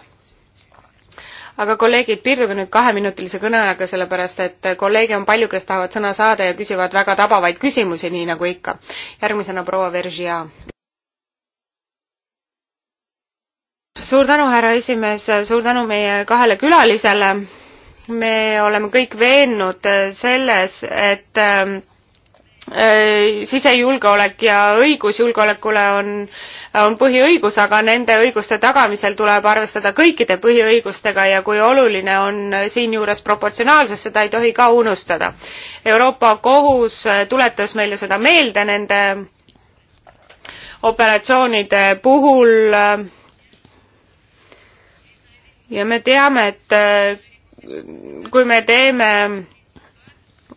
aga kolleegid, piirduge nüüd kaheminutilise kõneajaga, sellepärast et kolleege on palju, kes tahavad sõna saada ja küsivad väga tabavaid küsimusi, nii nagu ikka. järgmisena proua Veržia. suur tänu, härra esimees, suur tänu meie kahele külalisele. me oleme kõik veennud selles, et ähm, Äh, sisejulgeolek ja õigus julgeolekule on, on põhiõigus, aga nende õiguste tagamisel tuleb arvestada kõikide põhiõigustega ja kui oluline on siinjuures proportsionaalsus, seda ei tohi ka unustada. Euroopa Kohus tuletas meile seda meelde nende operatsioonide puhul ja me teame, et äh, kui me teeme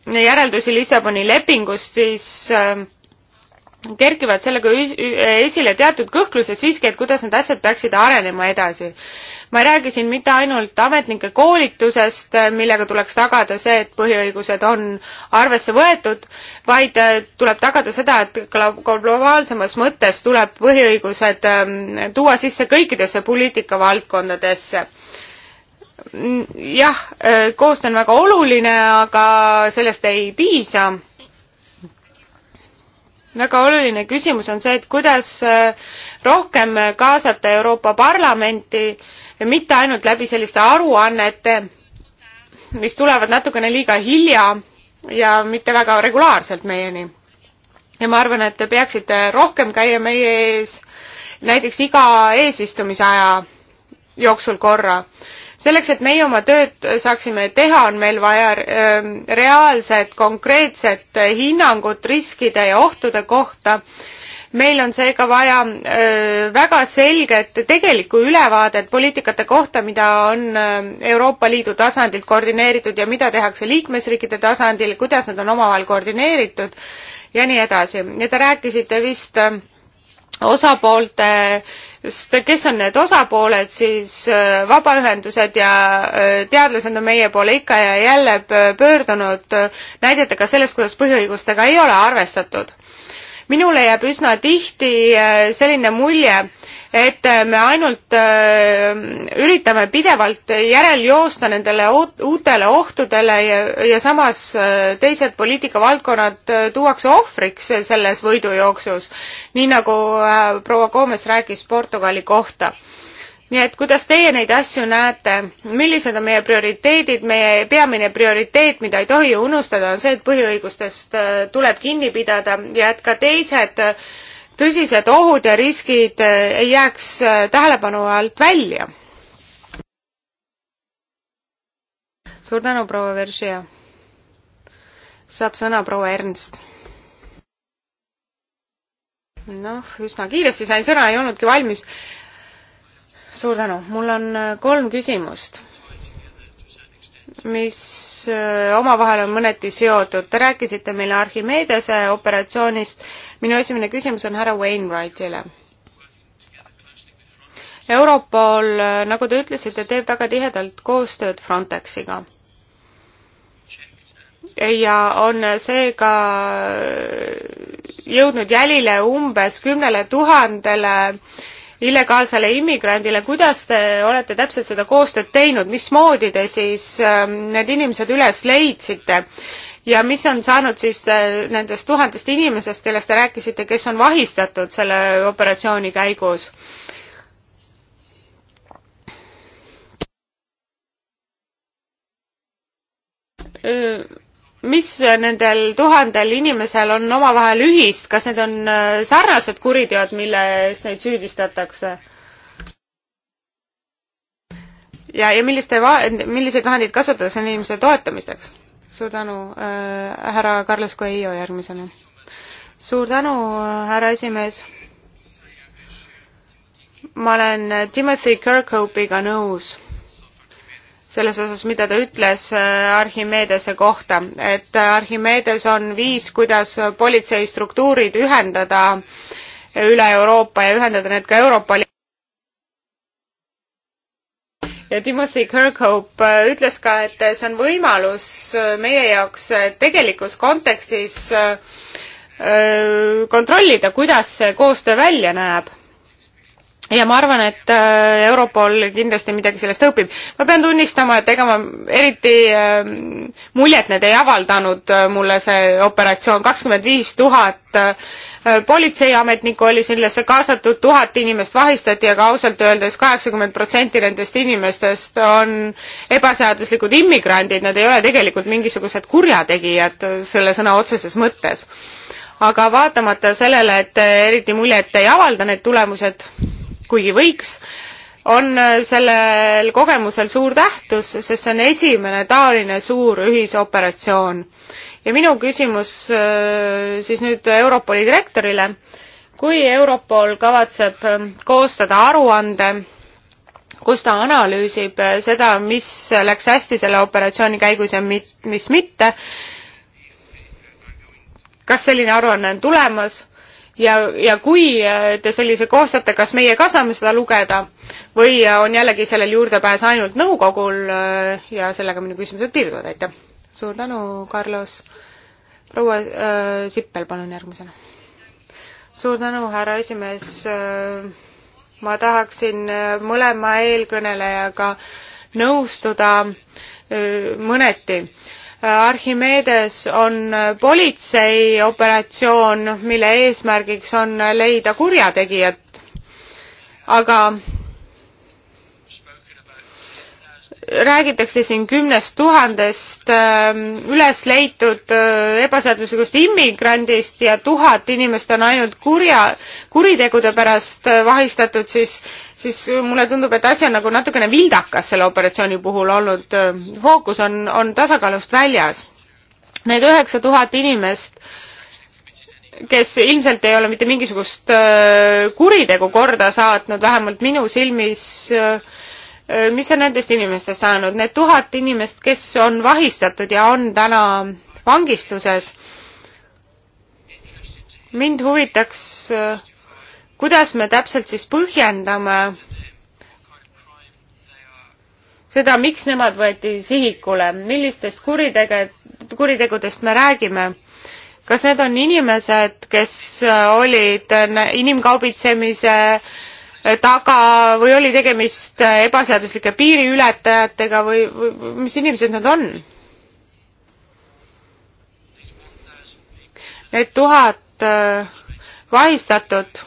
järeldusi Lissaboni lepingust, siis ähm, kerkivad sellega esile teatud kõhklused siiski, et kuidas need asjad peaksid arenema edasi. ma ei räägi siin mitte ainult ametnike koolitusest, äh, millega tuleks tagada see, et põhiõigused on arvesse võetud, vaid äh, tuleb tagada seda, et globaalsemas mõttes tuleb põhiõigused ähm, tuua sisse kõikidesse poliitikavaldkondadesse jah, äh, koostöö on väga oluline, aga sellest ei piisa. väga oluline küsimus on see, et kuidas äh, rohkem kaasata Euroopa Parlamenti, mitte ainult läbi selliste aruannete, mis tulevad natukene liiga hilja ja mitte väga regulaarselt meieni. ja ma arvan, et te peaksite rohkem käia meie ees näiteks iga eesistumise aja jooksul korra selleks, et meie oma tööd saaksime teha, on meil vaja ähm, reaalset konkreetset hinnangut riskide ja ohtude kohta. meil on seega vaja äh, väga selget tegelikku ülevaadet poliitikate kohta, mida on ähm, Euroopa Liidu tasandilt koordineeritud ja mida tehakse liikmesriikide tasandil, kuidas nad on omavahel koordineeritud ja nii edasi. ja te rääkisite vist ähm, osapoolte äh, sest kes on need osapooled, siis äh, vabaühendused ja äh, teadlased on meie poole ikka ja jälle pöördunud äh, näidetega sellest, kuidas põhiõigustega ei ole arvestatud. minule jääb üsna tihti selline mulje, et me ainult äh, üritame pidevalt järel joosta nendele uutele ohtudele ja, ja samas äh, teised poliitikavaldkonnad äh, tuuakse ohvriks selles võidujooksus, nii nagu proua Koomes rääkis Portugali kohta nii et kuidas teie neid asju näete, millised on meie prioriteedid, meie peamine prioriteet, mida ei tohi unustada, on see, et põhiõigustest tuleb kinni pidada ja et ka teised äh, tõsised ohud ja riskid eh, ei jääks eh, tähelepanu alt välja. suur tänu, proua Veržia. saab sõna proua Ernst. noh, üsna kiiresti sain sõna, ei olnudki valmis. suur tänu, mul on eh, kolm küsimust mis äh, omavahel on mõneti seotud. Te rääkisite meile Archimedese operatsioonist. minu esimene küsimus on härra Wainwrightile. Europol, äh, nagu te ütlesite, teeb väga tihedalt koostööd Frontexiga. ja on seega äh, jõudnud jälile umbes kümnele tuhandele illegaalsele immigrandile, kuidas te olete täpselt seda koostööd teinud, mismoodi te siis ähm, need inimesed üles leidsite? ja mis on saanud siis äh, nendest tuhandest inimesest, kellest te rääkisite, kes on vahistatud selle operatsiooni käigus? Äh, mis nendel tuhandel inimesel on omavahel ühist, kas need on äh, sarnased kuriteod, mille eest neid süüdistatakse? ja, ja milliste, milliseid vahendeid kasutatakse inimese toetamiseks? suur tänu äh,, härra Carlos Coelho järgmisena. suur tänu, äh, härra esimees. ma olen Timothy Kirkhope'iga nõus selles osas, mida ta ütles äh, Archimedese kohta, et äh, Archimedes on viis, kuidas politseistruktuurid ühendada üle Euroopa ja ühendada need ka Euroopa Liidu ja Timothy Kirkhope äh, ütles ka, et see on võimalus meie jaoks tegelikus kontekstis kontrollida, kuidas see koostöö välja näeb ja ma arvan, et äh, Europol kindlasti midagi sellest õpib. ma pean tunnistama, et ega ma eriti äh, muljet need ei avaldanud äh, mulle see operatsioon, kakskümmend viis tuhat politseiametnikku oli sellesse kaasatud, tuhat inimest vahistati, aga ausalt öeldes kaheksakümmend protsenti nendest inimestest on ebaseaduslikud immigrandid, nad ei ole tegelikult mingisugused kurjategijad selle sõna otseses mõttes. aga vaatamata sellele, et eriti muljet ei avalda need tulemused, kuigi võiks, on äh, sellel kogemusel suur tähtsus, sest see on esimene taoline suur ühisoperatsioon. ja minu küsimus äh, siis nüüd Europoli direktorile, kui Europol kavatseb äh, koostada aruande, kus ta analüüsib seda, mis läks hästi selle operatsiooni käigus ja mit, mis mitte, kas selline aruanne on tulemas ja, ja kui äh, te sellise koostate, kas meie ka saame seda lugeda või äh, on jällegi sellel juurdepääs ainult nõukogul äh, ja sellega minu küsimused piirduvad, aitäh. suur tänu, Carlos. proua äh, Sippel, palun järgmisena. suur tänu, härra esimees. ma tahaksin mõlema eelkõnelejaga nõustuda mõneti Archimedes on politseioperatsioon, mille eesmärgiks on leida kurjategijat, aga räägitakse siin kümnest tuhandest ähm, üles leitud äh, ebaseaduslikust immigrandist ja tuhat inimest on ainult kurja, kuritegude pärast äh, vahistatud, siis, siis mulle tundub, et asi on nagu natukene vildakas selle operatsiooni puhul olnud. Äh, fookus on, on tasakaalust väljas. Need üheksa tuhat inimest kes ilmselt ei ole mitte mingisugust kuritegu korda saatnud, vähemalt minu silmis äh, Äh, mis on nendest inimestest saanud, need tuhat inimest, kes on vahistatud ja on täna vangistuses. mind huvitaks, äh, kuidas me täpselt siis põhjendame seda, miks nemad võeti sihikule, millistest kuritege-, kuritegudest me räägime kas need on inimesed, kes äh, olid inimkaubitsemise taga või oli tegemist ebaseaduslike piiriületajatega või, või mis inimesed nad on? Need tuhat äh, vahistatud,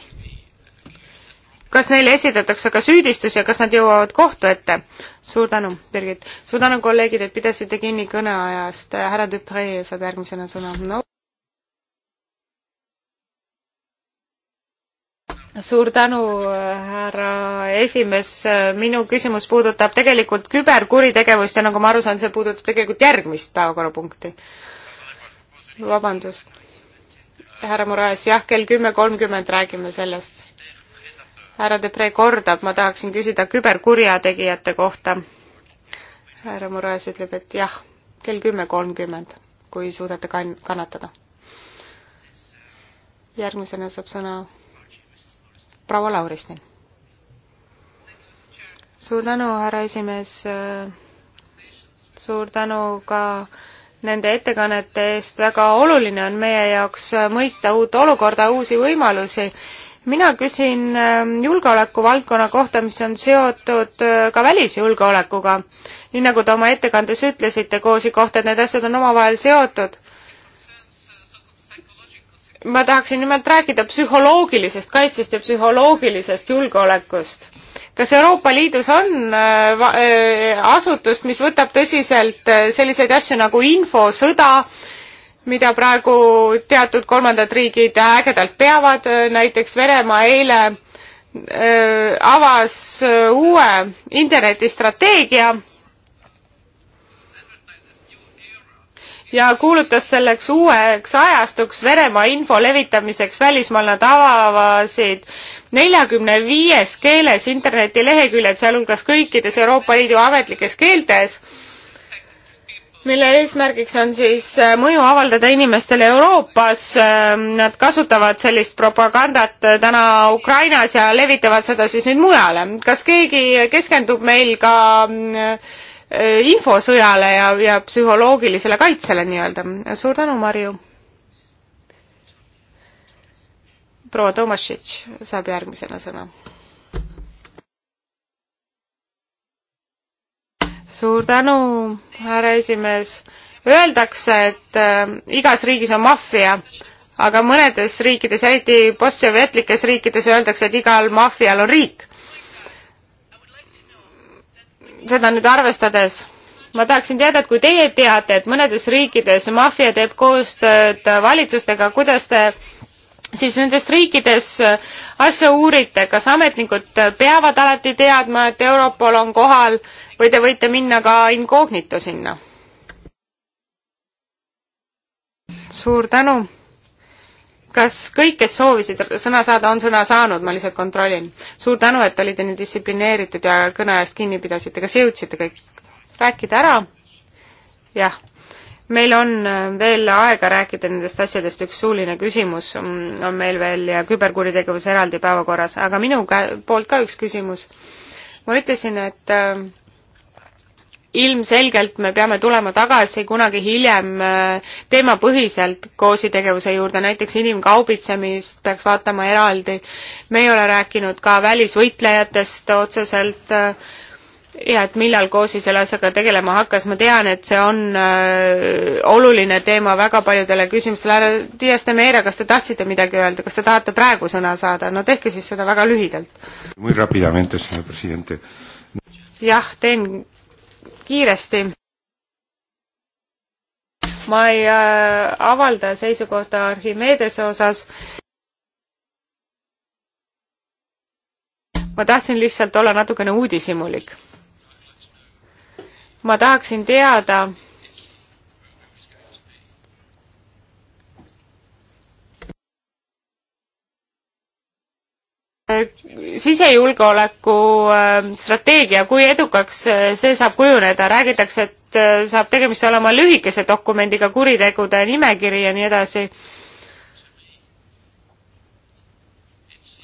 kas neile esitatakse ka süüdistus ja kas nad jõuavad kohtu ette? suur tänu, Birgit. suur tänu, kolleegid, et pidasite kinni kõneajast. härra Dupree saab järgmisena sõna no.. suur tänu, härra esimees. minu küsimus puudutab tegelikult küberkuritegevust ja nagu ma aru saan, see puudutab tegelikult järgmist päevakorrapunkti. vabandust. härra Murajas, jah, kell kümme kolmkümmend räägime sellest. härra Depre kordab, ma tahaksin küsida küberkurjategijate kohta. härra Murajas ütleb, et jah, kell kümme kolmkümmend, kui suudate kann-, kannatada. järgmisena saab sõna proua Lauristin. suur tänu, härra esimees. suur tänu ka nende ettekannete eest, väga oluline on meie jaoks mõista uut olukorda, uusi võimalusi. mina küsin ähm, julgeoleku valdkonna kohta, mis on seotud äh, ka välisjulgeolekuga. nii nagu te oma ettekandes ütlesite, Koosi kohta, et need asjad on omavahel seotud ma tahaksin nimelt rääkida psühholoogilisest kaitsest ja psühholoogilisest julgeolekust. kas Euroopa Liidus on äh, äh, asutust, mis võtab tõsiselt äh, selliseid asju nagu infosõda, mida praegu teatud kolmandad riigid ägedalt peavad, näiteks Venemaa eile avas uue internetistrateegia ja kuulutas selleks uueks ajastuks Venemaa info levitamiseks välismaal nad avavasid neljakümne viies keeles internetileheküljed, sealhulgas kõikides Euroopa Liidu ametlikes keeltes, mille eesmärgiks on siis äh, mõju avaldada inimestele Euroopas. Ähm, nad kasutavad sellist propagandat äh, täna Ukrainas ja levitavad seda siis nüüd mujale. kas keegi keskendub meil ka äh, Äh, infosõjale ja, ja psühholoogilisele kaitsele nii-öelda. suur tänu, Marju. proua Tomašitš saab järgmisena sõna. suur tänu, härra esimees. Öeldakse, et äh, igas riigis on maffia, aga mõnedes riikides, eriti postsovjetlikes riikides öeldakse, et igal maffial on riik seda nüüd arvestades ma tahaksin teada, et kui teie teate, et mõnedes riikides maffia teeb koostööd valitsustega, kuidas te siis nendes riikides asja uurite, kas ametnikud peavad alati teadma, et Europol on kohal või te võite minna ka incognito sinna? suur tänu kas kõik, kes soovisid sõna saada, on sõna saanud, ma lihtsalt kontrollin. suur tänu, et olite nii distsiplineeritud ja kõne ajast kinni pidasite, kas jõudsite kõik rääkida ära? jah. meil on äh, veel aega rääkida nendest asjadest, üks suuline küsimus mm, on meil veel ja küberkuritegevus eraldi päevakorras, aga minu poolt ka üks küsimus. ma ütlesin, et äh, ilmselgelt me peame tulema tagasi kunagi hiljem äh, teemapõhiselt KOS-i tegevuse juurde, näiteks inimkaubitsemist peaks vaatama eraldi. me ei ole rääkinud ka välisvõitlejatest otseselt äh, ja et millal KOS-i selle asjaga tegelema hakkas, ma tean, et see on äh, oluline teema väga paljudele küsimustele. härra Dias de Meira, kas te tahtsite midagi öelda, kas te tahate praegu sõna saada? no tehke siis seda väga lühidalt. jah, teen kiiresti. ma ei äh, avalda seisukohta Archimedese osas. ma tahtsin lihtsalt olla natukene uudishimulik. ma tahaksin teada sisejulgeoleku äh, strateegia, kui edukaks äh, see saab kujuneda, räägitakse, et äh, saab tegemist olema lühikese dokumendiga, kuritegude nimekiri ja nii edasi.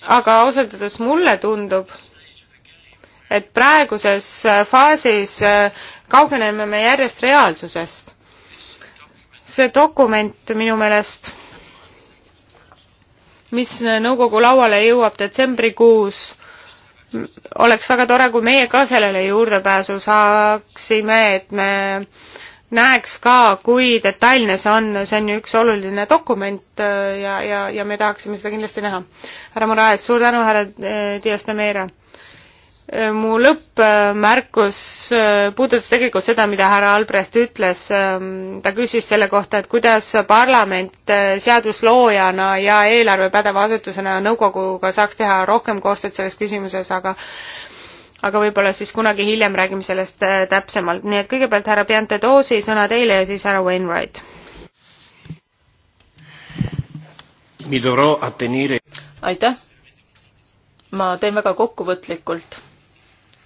aga ausalt öeldes mulle tundub, et praeguses faasis kaugeneme me järjest reaalsusest. see dokument minu meelest mis nõukogu lauale jõuab detsembrikuus, oleks väga tore, kui meie ka sellele juurdepääsu saaksime, et me näeks ka, kui detailne see on, see on ju üks oluline dokument äh, ja, ja, ja me tahaksime seda kindlasti näha. härra Moraes, suur tänu, härra äh, Dias de Meira! Äh, mu lõppmärkus äh, puudutas tegelikult seda, mida härra Albrecht ütles. Ähm, ta küsis selle kohta, et kuidas parlament äh, seadusloojana ja eelarvepädeva asutusena nõukoguga saaks teha rohkem koostööd selles küsimuses, aga aga võib-olla siis kunagi hiljem räägime sellest täpsemalt. nii et kõigepealt härra Piantedoosi, sõna teile ja siis härra Wainwright. aitäh! ma teen väga kokkuvõtlikult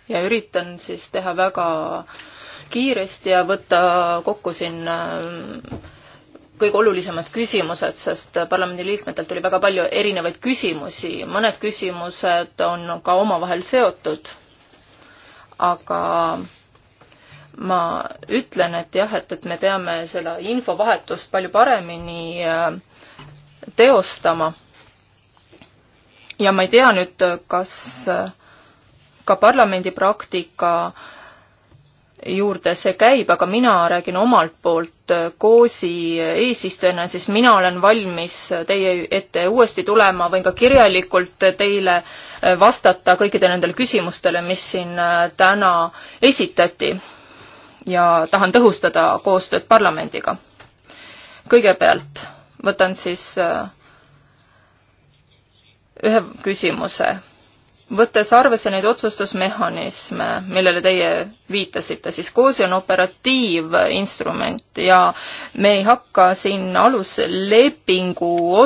ja üritan siis teha väga kiiresti ja võtta kokku siin äh, kõige olulisemad küsimused, sest parlamendiliikmetelt tuli väga palju erinevaid küsimusi, mõned küsimused on ka omavahel seotud, aga ma ütlen, et jah, et, et me peame seda infovahetust palju paremini äh, teostama. ja ma ei tea nüüd, kas äh, ka parlamendi praktika juurde see käib, aga mina räägin omalt poolt COSI äh, eesistujana, siis mina olen valmis teie ette uuesti tulema, võin ka kirjalikult teile äh, vastata kõikidele nendele küsimustele, mis siin äh, täna esitati. ja tahan tõhustada koostööd parlamendiga. kõigepealt võtan siis ühe küsimuse võttes arvesse neid otsustusmehhanisme, millele teie viitasite, siis COSI on operatiivinstrument ja me ei hakka siin aluslepingu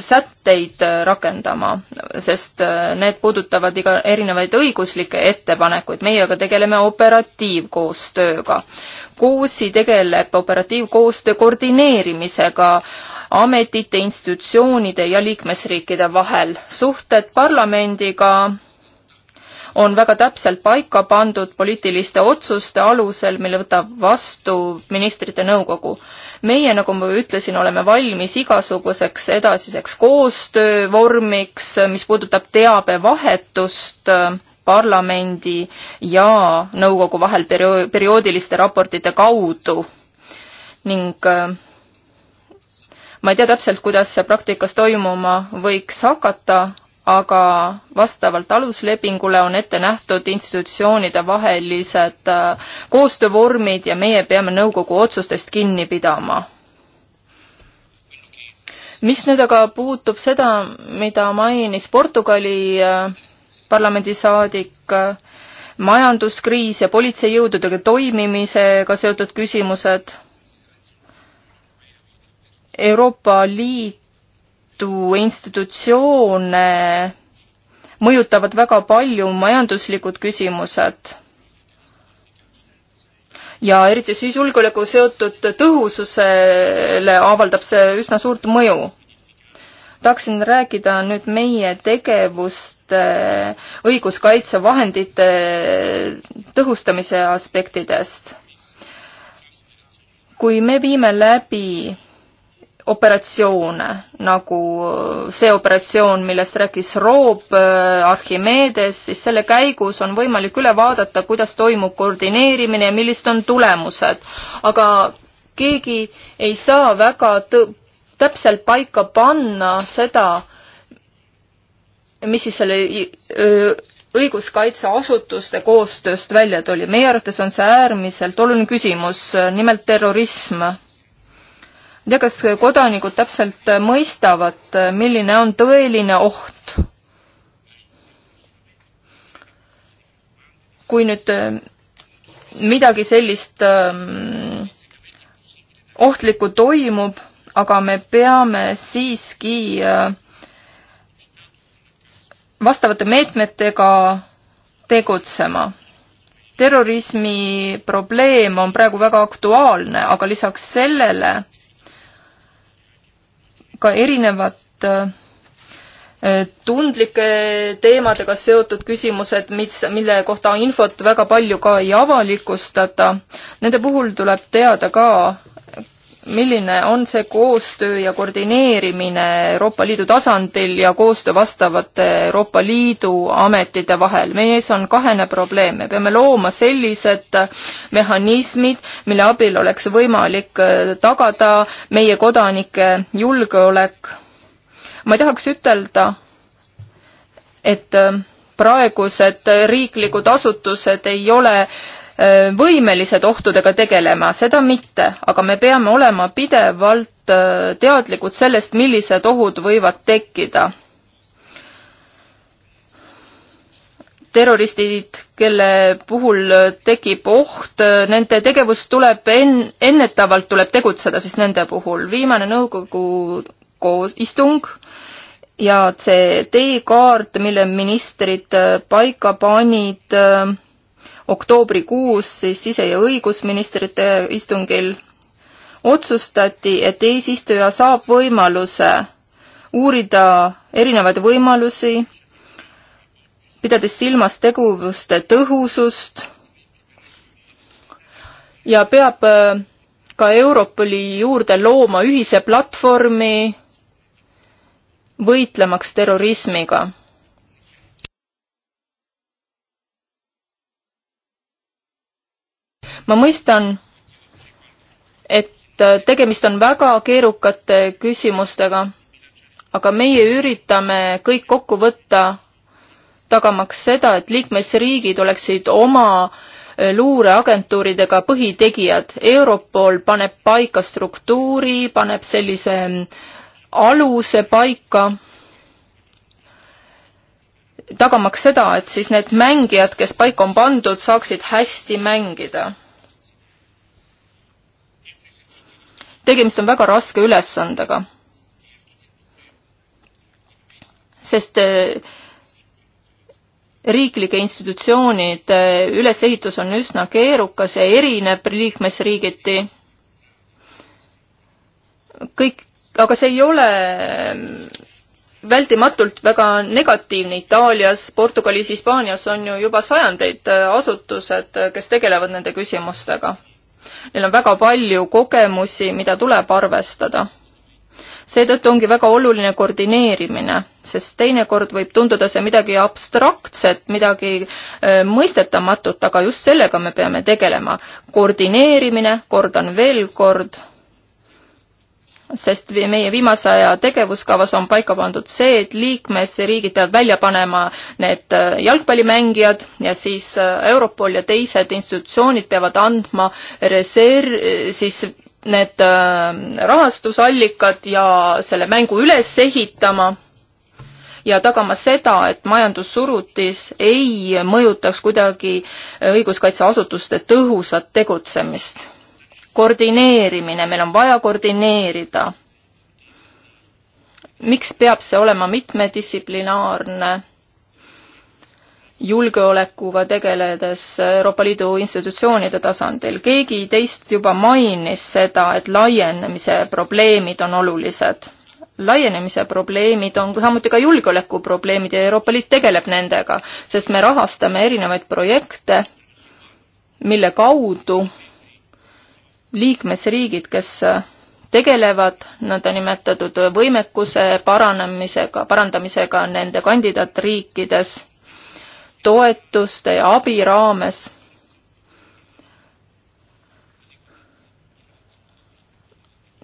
sätteid rakendama, sest need puudutavad iga, erinevaid õiguslikke ettepanekuid, meie aga tegeleme operatiivkoostööga. COSI tegeleb operatiivkoostöö koordineerimisega ametite, institutsioonide ja liikmesriikide vahel. suhted parlamendiga on väga täpselt paika pandud poliitiliste otsuste alusel, mille võtab vastu ministrite nõukogu. meie, nagu ma ütlesin, oleme valmis igasuguseks edasiseks koostöövormiks, mis puudutab teabevahetust äh, parlamendi ja nõukogu vahel perio-, perioodiliste raportite kaudu ning äh, ma ei tea täpselt, kuidas see praktikas toimuma võiks hakata, aga vastavalt aluslepingule on ette nähtud institutsioonide vahelised äh, koostöövormid ja meie peame nõukogu otsustest kinni pidama. mis nüüd aga puutub seda, mida mainis Portugali äh, parlamendisaadik, äh, majanduskriis ja politseijõududega toimimisega seotud küsimused Euroopa Liidu institutsioone mõjutavad väga palju majanduslikud küsimused ja eriti siis julgeolekuga seotud tõhususele avaldab see üsna suurt mõju. tahaksin rääkida nüüd meie tegevust eh, õiguskaitsevahendite tõhustamise aspektidest. kui me viime läbi operatsioone, nagu see operatsioon, millest rääkis Roob äh, Archimedes, siis selle käigus on võimalik üle vaadata, kuidas toimub koordineerimine ja millised on tulemused. aga keegi ei saa väga tõ-, täpselt paika panna seda, mis siis selle äh, õiguskaitseasutuste koostööst välja tuli. meie arvates on see äärmiselt oluline küsimus, äh, nimelt terrorism ei tea, kas kodanikud täpselt mõistavad, milline on tõeline oht. kui nüüd eh, midagi sellist eh, ohtlikku toimub, aga me peame siiski eh, vastavate meetmetega tegutsema terrorismi probleem on praegu väga aktuaalne, aga lisaks sellele ka erinevad äh, äh, tundlike teemadega seotud küsimused, mis, mille kohta infot väga palju ka ei avalikustata. Nende puhul tuleb teada ka milline on see koostöö ja koordineerimine Euroopa Liidu tasandil ja koostöö vastavate Euroopa Liidu ametite vahel. meie ees on kahene probleem, me peame looma sellised mehhanismid, mille abil oleks võimalik äh, tagada meie kodanike julgeolek. ma ei tahaks ütelda, et äh, praegused riiklikud asutused ei ole võimelised ohtudega tegelema, seda mitte, aga me peame olema pidevalt teadlikud sellest, millised ohud võivad tekkida. terroristid, kelle puhul tekib oht, nende tegevust tuleb en-, ennetavalt tuleb tegutseda siis nende puhul. viimane nõukogu koos, istung ja see teekaart, mille ministrid äh, paika panid, äh, oktoobrikuus siis sise- ja õigusministrite istungil otsustati, et eesistuja saab võimaluse uurida erinevaid võimalusi, pidades silmas tegevuste tõhusust ja peab äh, ka Europoli juurde looma ühise platvormi võitlemaks terrorismiga ma mõistan, et äh, tegemist on väga keerukate küsimustega, aga meie üritame kõik kokku võtta, tagamaks seda, et liikmesriigid oleksid oma äh, luureagentuuridega põhitegijad. Europol paneb paika struktuuri, paneb sellise mm, aluse paika, tagamaks seda, et siis need mängijad, kes paika on pandud, saaksid hästi mängida tegemist on väga raske ülesandega. sest äh, riiklike institutsioonide äh, ülesehitus on üsna keerukas ja erineb liikmesriigiti. kõik, aga see ei ole ähm, vältimatult väga negatiivne. Itaalias, Portugalis, Hispaanias on ju juba sajandeid äh, asutused, kes tegelevad nende küsimustega neil on väga palju kogemusi, mida tuleb arvestada. seetõttu ongi väga oluline koordineerimine, sest teinekord võib tunduda see midagi abstraktset, midagi äh, mõistetamatut, aga just sellega me peame tegelema. koordineerimine, kordan veel kord sest meie viimase aja tegevuskavas on paika pandud see, et liikmesriigid peavad välja panema need äh, jalgpallimängijad ja siis äh, Europol ja teised institutsioonid peavad andma reserv, siis need äh, rahastusallikad ja selle mängu üles ehitama ja tagama seda, et majandussurutis ei mõjutaks kuidagi õiguskaitseasutuste tõhusat tegutsemist koordineerimine, meil on vaja koordineerida. miks peab see olema mitmedistsiplinaarne? julgeolekuga tegeledes Euroopa Liidu institutsioonide tasandil. keegi teist juba mainis seda, et laienemise probleemid on olulised. laienemise probleemid on samuti ka julgeolekuprobleemid ja Euroopa Liit tegeleb nendega, sest me rahastame erinevaid projekte, mille kaudu liikmesriigid, kes äh, tegelevad nõndanimetatud võimekuse paranemisega, parandamisega nende kandidaatriikides toetuste ja abi raames.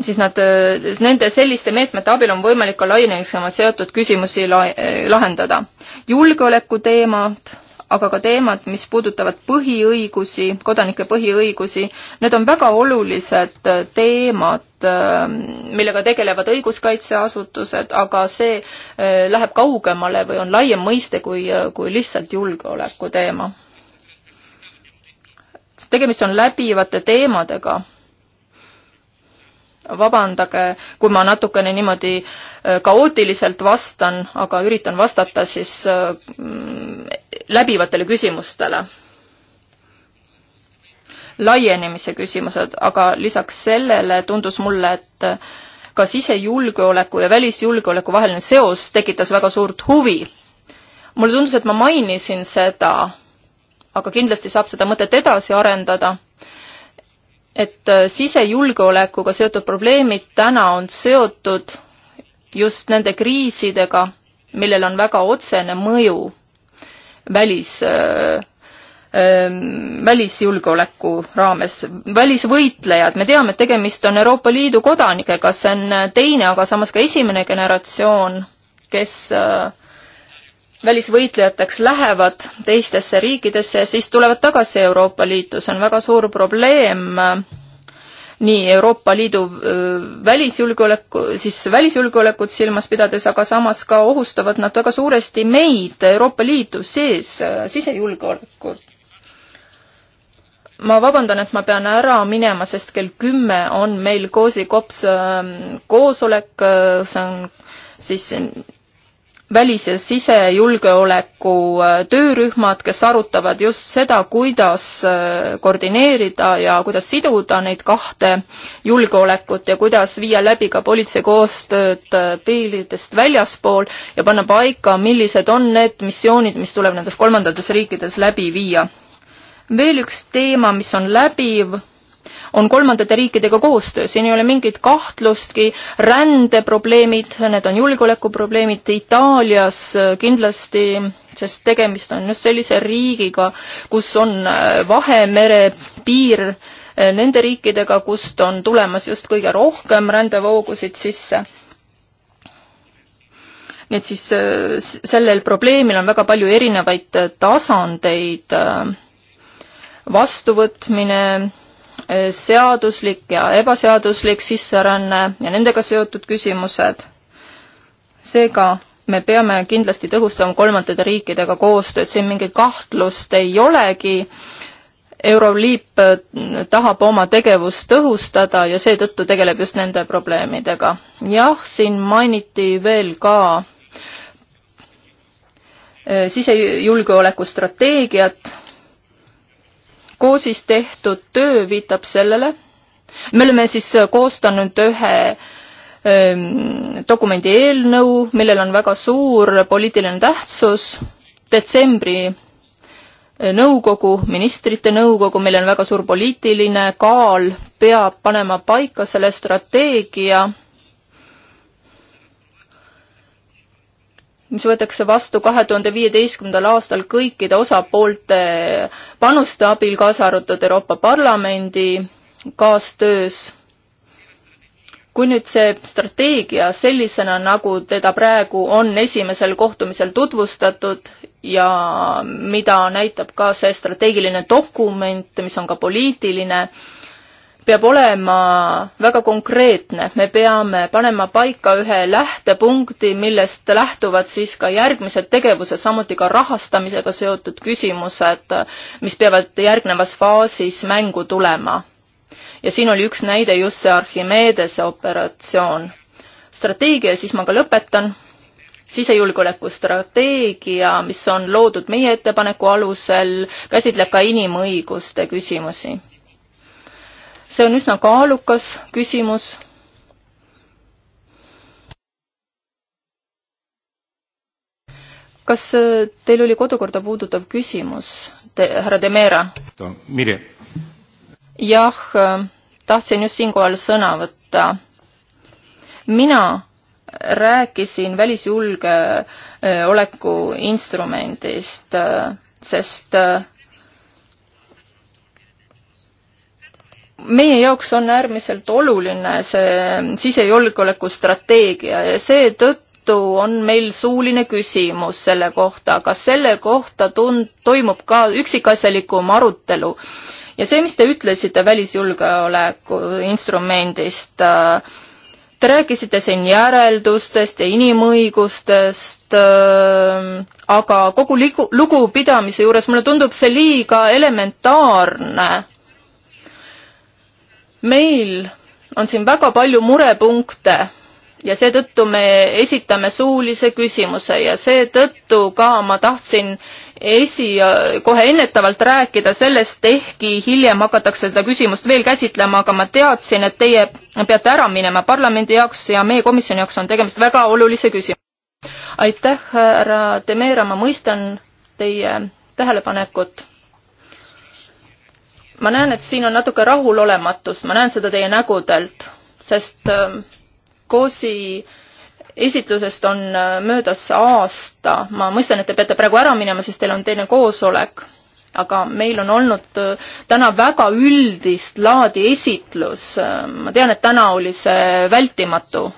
siis nad, äh, nende selliste meetmete abil on võimalik ka laienemisega seotud küsimusi äh, lahendada. julgeoleku teemad aga ka teemad, mis puudutavad põhiõigusi, kodanike põhiõigusi, need on väga olulised teemad, ähm, millega tegelevad õiguskaitseasutused, aga see äh, läheb kaugemale või on laiem mõiste kui, äh, kui lihtsalt julgeoleku teema. tegemist on läbivate teemadega vabandage, kui ma natukene niimoodi äh, kaootiliselt vastan, aga üritan vastata siis läbivatele küsimustele. laienemise küsimused, aga lisaks sellele tundus mulle, et ka sisejulgeoleku ja välisjulgeoleku vaheline seos tekitas väga suurt huvi. mulle tundus, et ma mainisin seda, aga kindlasti saab seda mõtet edasi arendada et sisejulgeolekuga seotud probleemid täna on seotud just nende kriisidega, millel on väga otsene mõju välis ähm, välisjulgeoleku raames, välisvõitlejad, me teame, et tegemist on Euroopa Liidu kodanikega, see on teine, aga samas ka esimene generatsioon, kes äh, välisvõitlejateks lähevad teistesse riikidesse ja siis tulevad tagasi Euroopa Liitu, see on väga suur probleem nii Euroopa Liidu välisjulgeoleku, siis välisjulgeolekut silmas pidades, aga samas ka ohustavad nad väga suuresti meid Euroopa Liidu sees, sisejulgeolekut. ma vabandan, et ma pean ära minema, sest kell kümme on meil Koosi kops koosolek, see on siis välis- ja sisejulgeoleku äh, töörühmad, kes arutavad just seda, kuidas äh, koordineerida ja kuidas siduda neid kahte julgeolekut ja kuidas viia läbi ka politsei koostööd äh, piiridest väljaspool ja panna paika, millised on need missioonid, mis tuleb nendes kolmandates riikides läbi viia. veel üks teema, mis on läbiv on kolmandate riikidega koostöös, siin ei ole mingit kahtlustki, rändeprobleemid, need on julgeolekuprobleemid Itaalias äh, kindlasti, sest tegemist on just sellise riigiga, kus on äh, Vahemere piir äh, nende riikidega, kust on tulemas just kõige rohkem rändevoogusid sisse nii et siis sellel probleemil on väga palju erinevaid tasandeid, vastuvõtmine, seaduslik ja ebaseaduslik sisseränne ja nendega seotud küsimused. seega me peame kindlasti tõhustama kolmandate riikidega koostööd, siin mingit kahtlust ei olegi. Euroliip äh, tahab oma tegevust tõhustada ja seetõttu tegeleb just nende probleemidega. jah, siin mainiti veel ka äh, sisejulgeoleku strateegiat, koosis tehtud töö viitab sellele, me oleme siis koostanud ühe ähm, dokumendi eelnõu, millel on väga suur poliitiline tähtsus, detsembri äh, nõukogu, ministrite nõukogu, millel on väga suur poliitiline kaal, peab panema paika selle strateegia, mis võetakse vastu kahe tuhande viieteistkümnendal aastal kõikide osapoolte panuste abil, kaasa arvatud Euroopa Parlamendi kaastöös. kui nüüd see strateegia sellisena, nagu teda praegu on esimesel kohtumisel tutvustatud ja mida näitab ka see strateegiline dokument, mis on ka poliitiline, peab olema väga konkreetne, me peame panema paika ühe lähtepunkti, millest lähtuvad siis ka järgmised tegevused, samuti ka rahastamisega seotud küsimused, mis peavad järgnevas faasis mängu tulema. ja siin oli üks näide just see Archimedese operatsioon. strateegia, siis ma ka lõpetan sisejulgeoleku strateegia, mis on loodud meie ettepaneku alusel, käsitleb ka inimõiguste küsimusi see on üsna kaalukas küsimus. kas äh, teil oli kodukorda puudutav küsimus, härra Demera? jah, äh, tahtsin just siinkohal sõna võtta. mina rääkisin välisjulgeoleku instrumendist, äh, sest meie jaoks on äärmiselt oluline see sisejulgeoleku strateegia ja seetõttu on meil suuline küsimus selle kohta, aga selle kohta tund-, toimub ka üksikasjalikum arutelu. ja see, mis te ütlesite välisjulgeoleku instrumendist, Te rääkisite siin järeldustest ja inimõigustest, aga kogu lugupidamise juures mulle tundub see liiga elementaarne meil on siin väga palju murepunkte ja seetõttu me esitame suulise küsimuse ja seetõttu ka ma tahtsin esi, kohe ennetavalt rääkida sellest, ehkki hiljem hakatakse seda küsimust veel käsitlema, aga ma teadsin, et teie peate ära minema parlamendi jaoks ja meie komisjoni jaoks on tegemist väga olulise küsimusega. aitäh, härra Demeera, ma mõistan teie tähelepanekut ma näen, et siin on natuke rahulolematust, ma näen seda teie nägudelt, sest COSI ähm, esitlusest on äh, möödas aasta, ma mõistan, et te peate praegu ära minema, sest teil on teine koosolek, aga meil on olnud äh, täna väga üldist laadi esitlus, äh, ma tean, et täna oli see vältimatu,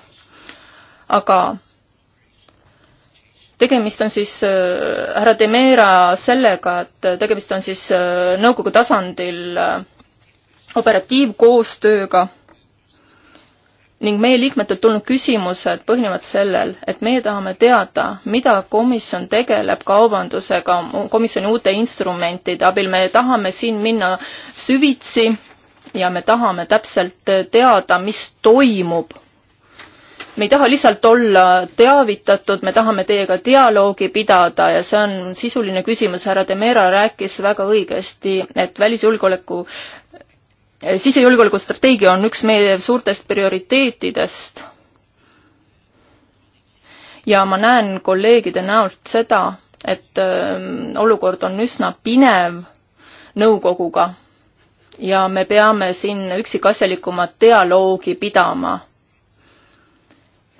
aga tegemist on siis äh, härra Demera sellega, et tegemist on siis äh, nõukogu tasandil äh, operatiivkoostööga ning meie liikmetelt tulnud küsimused põhinevad sellel, et meie tahame teada, mida komisjon tegeleb kaubandusega, komisjoni uute instrumentide abil, me tahame siin minna süvitsi ja me tahame täpselt teada, mis toimub me ei taha lihtsalt olla teavitatud, me tahame teiega dialoogi pidada ja see on sisuline küsimus, härra Demera rääkis väga õigesti, et välisjulgeoleku, sisejulgeolekustrateegia on üks meie suurtest prioriteetidest. ja ma näen kolleegide näolt seda, et ähm, olukord on üsna pinev nõukoguga ja me peame siin üksikasjalikumat dialoogi pidama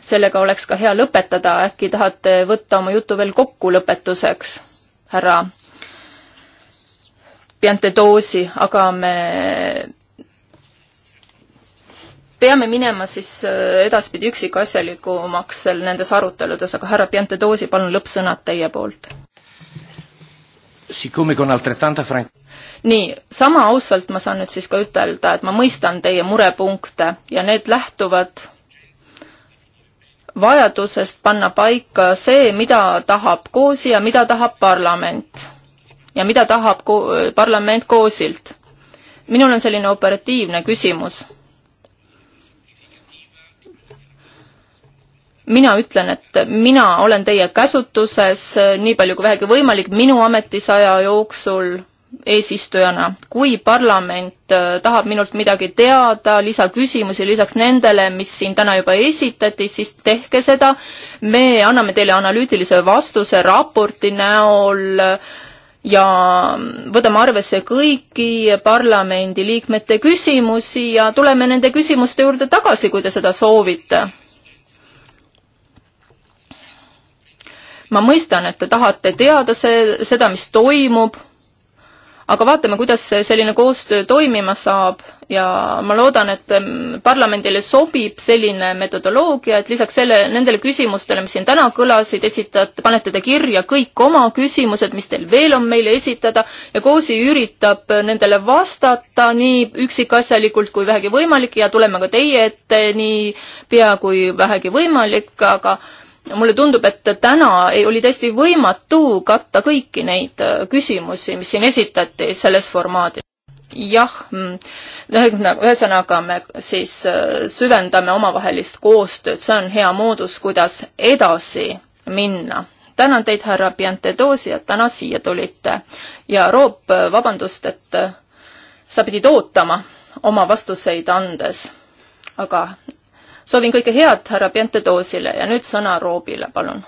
sellega oleks ka hea lõpetada, äkki tahate võtta oma jutu veel kokku lõpetuseks, härra Piantedoosi, aga me peame minema siis äh, edaspidi üksikasjalikumaks seal nendes aruteludes, aga härra Piantedoosi, palun lõppsõnad teie poolt. nii, sama ausalt ma saan nüüd siis ka ütelda, et ma mõistan teie murepunkte ja need lähtuvad vajadusest panna paika see, mida tahab COSI ja mida tahab parlament ja mida tahab ko parlament COSilt. minul on selline operatiivne küsimus. mina ütlen, et mina olen teie käsutuses nii palju kui vähegi võimalik minu ametisaja jooksul eesistujana, kui parlament äh, tahab minult midagi teada, lisaküsimusi lisaks nendele, mis siin täna juba esitati, siis tehke seda. me anname teile analüütilise vastuse raporti näol äh, ja võtame arvesse kõiki parlamendiliikmete küsimusi ja tuleme nende küsimuste juurde tagasi, kui te seda soovite. ma mõistan, et te tahate teada see, seda, mis toimub aga vaatame, kuidas selline koostöö toimima saab ja ma loodan, et parlamendile sobib selline metodoloogia, et lisaks selle, nendele küsimustele, mis siin täna kõlasid, esitate, panete te kirja kõik oma küsimused, mis teil veel on meile esitada ja Koosi üritab nendele vastata nii üksikasjalikult kui vähegi võimalik ja tuleme ka teie ette nii pea kui vähegi võimalik, aga mulle tundub, et täna oli täiesti võimatu katta kõiki neid äh, küsimusi, mis siin esitati selles formaadis. jah, mm, ühesõnaga me siis äh, süvendame omavahelist koostööd, see on hea moodus, kuidas edasi minna. tänan teid, härra Piantedosi, et täna siia tulite ja Roop, äh, vabandust, et sa pidid ootama oma vastuseid andes. aga soovin kõike head härra Pentedoosile ja nüüd sõna Roobile, palun.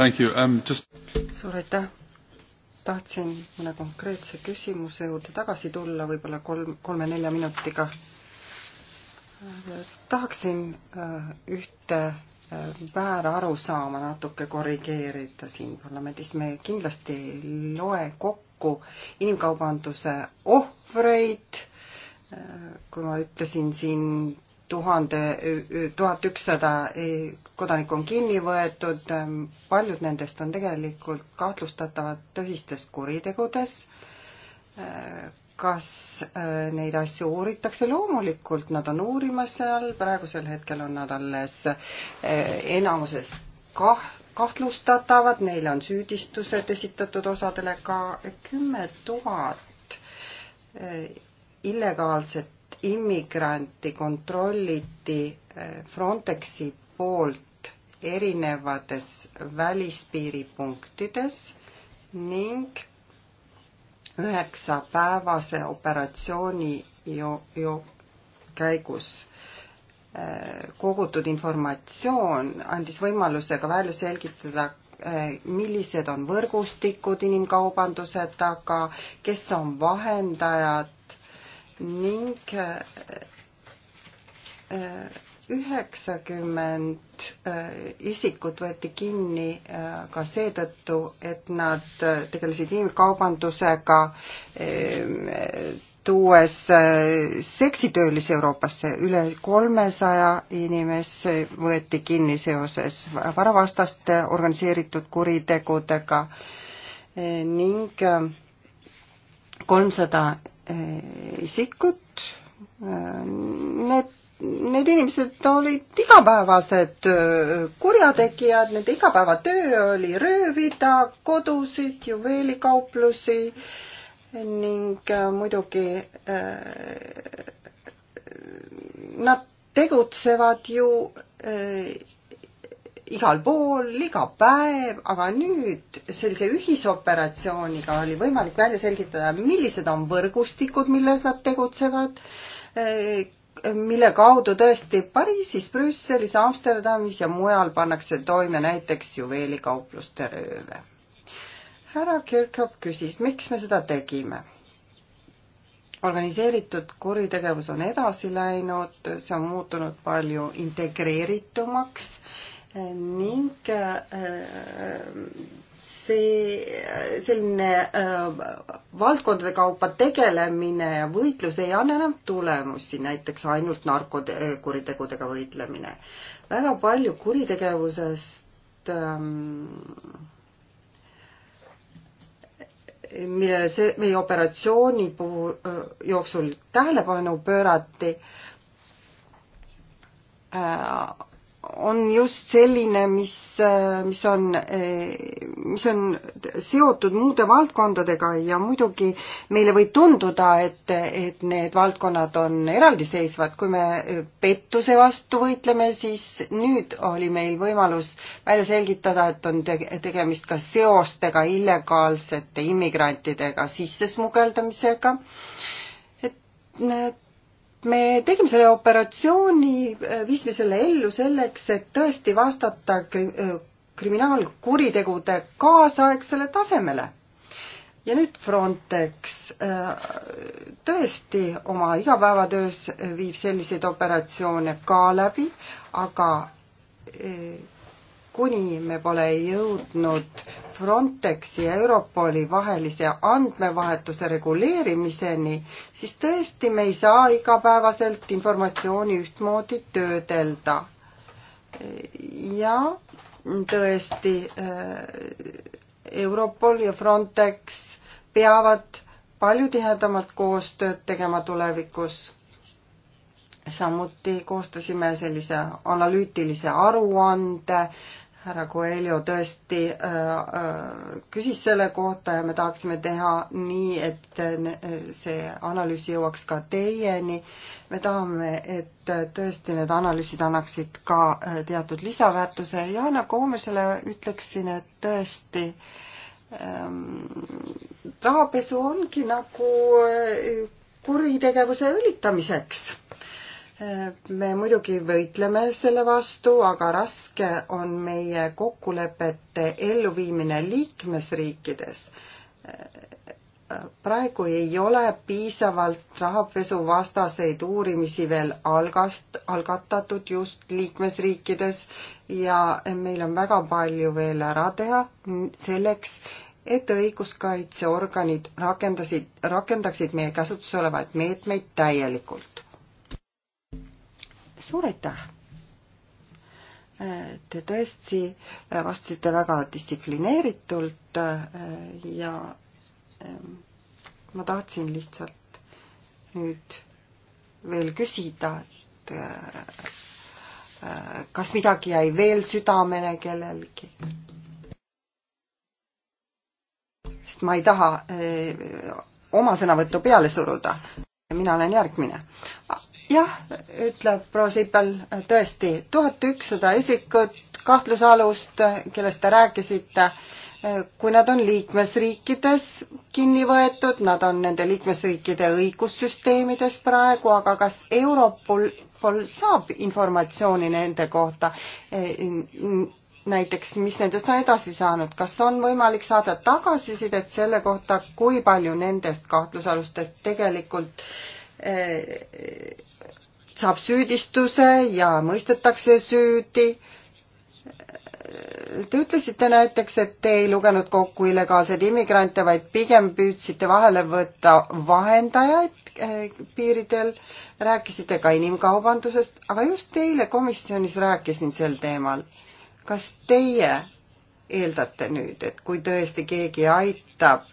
Um, just... suur aitäh. tahtsin mõne konkreetse küsimuse juurde tagasi tulla, võib-olla kolm, kolme-nelja minutiga. tahaksin äh, ühte äh, väära arusaama natuke korrigeerida siin parlamendis. me kindlasti ei loe kokku inimkaubanduse ohvreid, äh, kui ma ütlesin siin tuhande, tuhat ükssada kodanikku on kinni võetud, paljud nendest on tegelikult kahtlustatavad tõsistes kuritegudes. kas neid asju uuritakse? loomulikult nad on uurimas seal, praegusel hetkel on nad alles eh, enamuses kah-, kahtlustatavad, neile on süüdistused esitatud osadele ka kümme tuhat eh, illegaalset immigranti kontrolliti eh, Frontexi poolt erinevates välispiiripunktides ning üheksapäevase operatsiooni jo, jo käigus eh, kogutud informatsioon andis võimaluse ka välja selgitada, eh, millised on võrgustikud inimkaubanduse taga, kes on vahendajad, ning äh, üheksakümmend äh, isikut võeti kinni äh, ka seetõttu, et nad tegelesid inimkaubandusega, tuues seksitöölisi Euroopasse. üle kolmesaja inimese võeti kinni seoses varavastaste organiseeritud kuritegudega ning kolmsada Äh, isikut. Äh, need, need inimesed olid igapäevased äh, kurjategijad, nende igapäevatöö oli röövida kodusid, juveelikauplusi ning muidugi nad tegutsevad ju igal pool, iga päev, aga nüüd sellise ühisoperatsiooniga oli võimalik välja selgitada, millised on võrgustikud, milles nad tegutsevad, eh, mille kaudu tõesti Pariisis, Brüsselis, Amsterdamis ja mujal pannakse toime näiteks juveelikaupluste rööve. härra Kirchhoff küsis, miks me seda tegime organiseeritud kuritegevus on edasi läinud, see on muutunud palju integreeritumaks ning äh, see äh, selline äh, valdkondade kaupa tegelemine ja võitlus ei anna enam tulemusi, näiteks ainult narkokuritegudega võitlemine. väga palju kuritegevusest ähm, millele see meie operatsiooni puhul, jooksul tähelepanu pöörati äh,, on just selline, mis, mis on, mis on seotud muude valdkondadega ja muidugi meile võib tunduda, et, et need valdkonnad on eraldiseisvad. kui me pettuse vastu võitleme, siis nüüd oli meil võimalus välja selgitada, et on tegemist ka seostega illegaalsete immigrantidega sisesmugeldamisega. et need me tegime selle operatsiooni, äh, viisime selle ellu selleks, et tõesti vastata kri-, äh, kriminaalkuritegude kaasaegsele tasemele. ja nüüd Frontex äh, tõesti oma igapäevatöös viib selliseid operatsioone ka läbi, aga kuni me pole jõudnud Frontexi ja Europoli vahelise andmevahetuse reguleerimiseni, siis tõesti me ei saa igapäevaselt informatsiooni ühtmoodi töödelda. ja tõesti äh, Europol ja Frontex peavad palju tihedamalt koostööd tegema tulevikus. samuti koostasime sellise analüütilise aruande äh, härra Coelho tõesti äh, äh, küsis selle kohta ja me tahaksime teha nii, et äh, see analüüs jõuaks ka teieni. me tahame, et tõesti need analüüsid annaksid ka teatud lisaväärtuse. Jana Koomersele ütleksin, et tõesti ähm, rahapesu ongi nagu kuritegevuse õlitamiseks me muidugi võitleme selle vastu, aga raske on meie kokkulepete elluviimine liikmesriikides. praegu ei ole piisavalt rahapesuvastaseid uurimisi veel algast, algatatud just liikmesriikides ja meil on väga palju veel ära teha selleks, et õiguskaitseorganid rakendasid, rakendaksid meie käsutuses olevaid meetmeid täielikult suur aitäh! Te tõesti vastasite väga distsiplineeritult äh, ja ähm, ma tahtsin lihtsalt nüüd veel küsida, et äh, äh, kas midagi jäi veel südamele kellelgi? sest ma ei taha öö, oma sõnavõttu peale suruda. mina olen järgmine jah, ütleb proua Sipel, tõesti, tuhat ükssada isikut kahtlusalust, kellest te rääkisite, kui nad on liikmesriikides kinni võetud, nad on nende liikmesriikide õigussüsteemides praegu, aga kas Europol saab informatsiooni nende kohta? näiteks, mis nendest on edasi saanud, kas on võimalik saada tagasisidet selle kohta, kui palju nendest kahtlusalustest tegelikult äh, Äh, saab süüdistuse ja mõistetakse süüdi. Te ütlesite näiteks, et te ei lugenud kokku illegaalseid immigrante, vaid pigem püüdsite vahele võtta vahendajaid äh, piiridel, rääkisite ka inimkaubandusest, aga just eile komisjonis rääkisin sel teemal. kas teie eeldate nüüd, et kui tõesti keegi aitab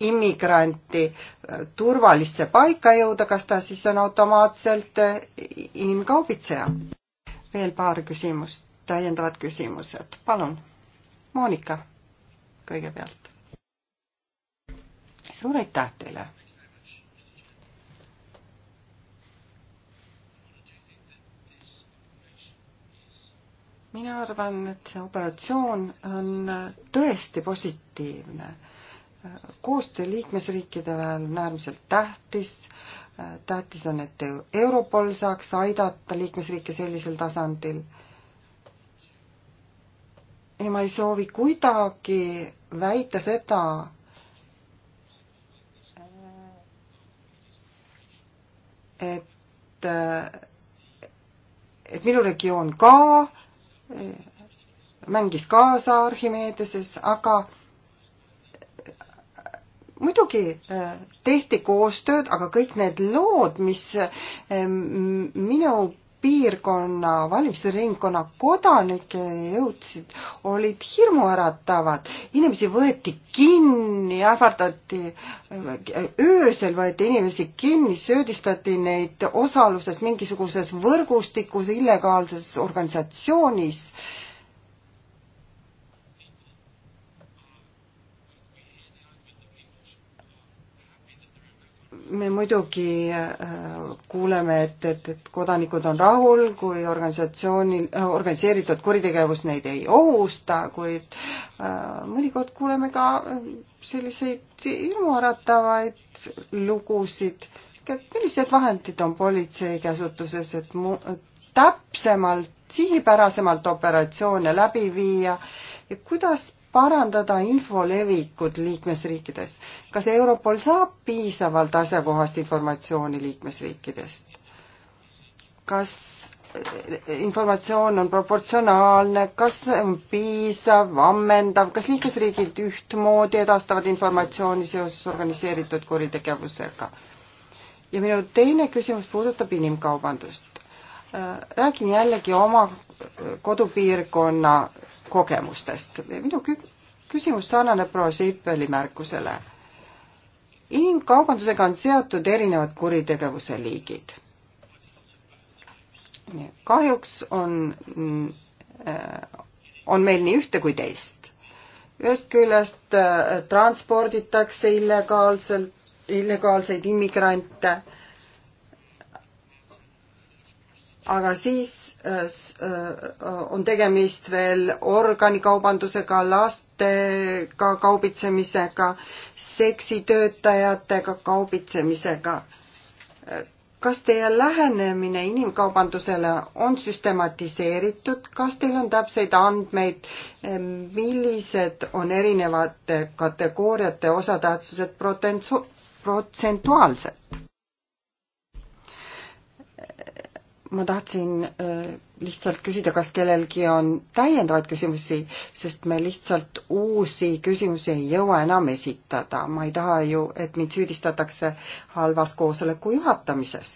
immigranti äh, turvalisse paika jõuda, kas ta siis on automaatselt äh, inimkaubitseja? veel paar küsimust, täiendavad küsimused, palun. Monika kõigepealt. suur aitäh teile. mina arvan, et see operatsioon on tõesti positiivne koostöö liikmesriikide vahel on äärmiselt tähtis, tähtis on, et Europol saaks aidata liikmesriike sellisel tasandil. ja ma ei soovi kuidagi väita seda, et, et minu regioon ka mängis kaasa Archimedeses, aga muidugi äh, tehti koostööd, aga kõik need lood, mis äh, minu piirkonna valimisringkonna kodanike jõudsid, olid hirmuäratavad. inimesi võeti kinni, ähvardati, öösel võeti inimesi kinni, söödistati neid osaluses mingisuguses võrgustikus, illegaalses organisatsioonis äh, me muidugi äh, kuuleme, et, et, et kodanikud on rahul, kui organisatsioonil, äh, organiseeritud kuritegevus neid ei ohusta, kuid äh, mõnikord kuuleme ka selliseid hirmuäratavaid lugusid. millised vahendid on politsei käsutuses, et mu, täpsemalt, sihipärasemalt operatsioone läbi viia ja kuidas parandada info levikut liikmesriikides? kas Europol saab piisavalt asjakohast informatsiooni liikmesriikidest? kas eh, informatsioon on proportsionaalne, kas on piisav, ammendav, kas liikmesriigid ühtmoodi edastavad informatsiooni seoses organiseeritud kuritegevusega? ja minu teine küsimus puudutab inimkaubandust äh, räägin jällegi oma äh, kodupiirkonna kogemustest. minu küsimus sarnaneb proua Siipeli märkusele. inimkaubandusega on seotud erinevad kuritegevuse liigid. kahjuks on, äh, on meil nii ühte kui teist. ühest küljest äh, transporditakse illegaalselt, illegaalseid immigrante äh, aga siis äh, äh, on tegemist veel organikaubandusega, lastega kaubitsemisega, seksitöötajatega kaubitsemisega. kas teie lähenemine inimkaubandusele on süstematiseeritud, kas teil on täpseid andmeid, äh, millised on erinevate kategooriate osatähtsused protsentuaalselt? ma tahtsin äh, lihtsalt küsida, kas kellelgi on täiendavaid küsimusi, sest me lihtsalt uusi küsimusi ei jõua enam esitada. ma ei taha ju, et mind süüdistatakse halvas koosoleku juhatamises.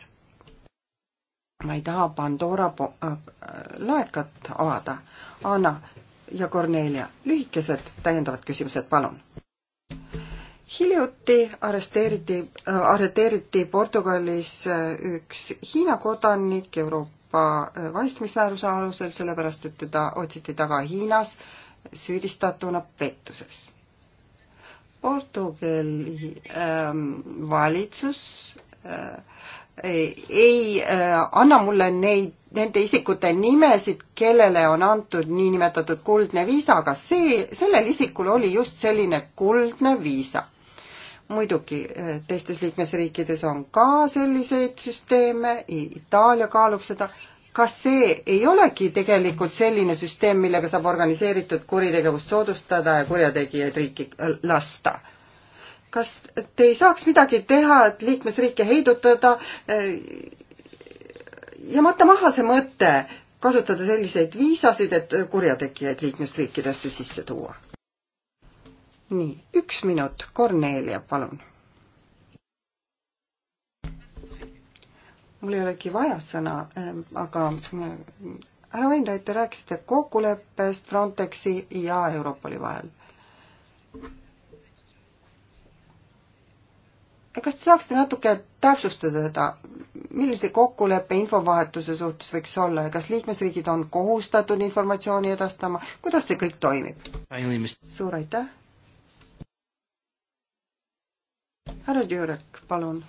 ma ei taha Pandora äh, laekat avada. Anna ja Kornelia, lühikesed täiendavad küsimused, palun hiljuti arresteeriti, äh, arreteeriti Portugalis äh, üks Hiina kodanik Euroopa äh, vahistamismääruse alusel, sellepärast et teda otsiti taga Hiinas süüdistatuna pettuses. Portugali ähm, valitsus äh, ei äh, anna mulle neid, nende isikute nimesid, kellele on antud niinimetatud kuldne viisa, aga see, sellel isikul oli just selline kuldne viisa muidugi eh, teistes liikmesriikides on ka selliseid süsteeme, Itaalia kaalub seda, kas see ei olegi tegelikult selline süsteem, millega saab organiseeritud kuritegevust soodustada ja kurjategijaid riiki äh, lasta? kas te ei saaks midagi teha, et liikmesriike heidutada eh, ja matta maha see mõte kasutada selliseid viisasid, et kurjategijaid liikmesriikidesse sisse tuua? nii, üks minut, Kornelia, palun. mul ei olegi vaja sõna, ehm, aga ehm, härra Veinreit, te rääkisite kokkuleppest Frontexi ja Europoli vahel. kas te saaksite natuke täpsustada seda, millise kokkuleppe infovahetuse suhtes võiks olla ja kas liikmesriigid on kohustatud informatsiooni edastama, kuidas see kõik toimib? suur aitäh härra Tjurek, palun.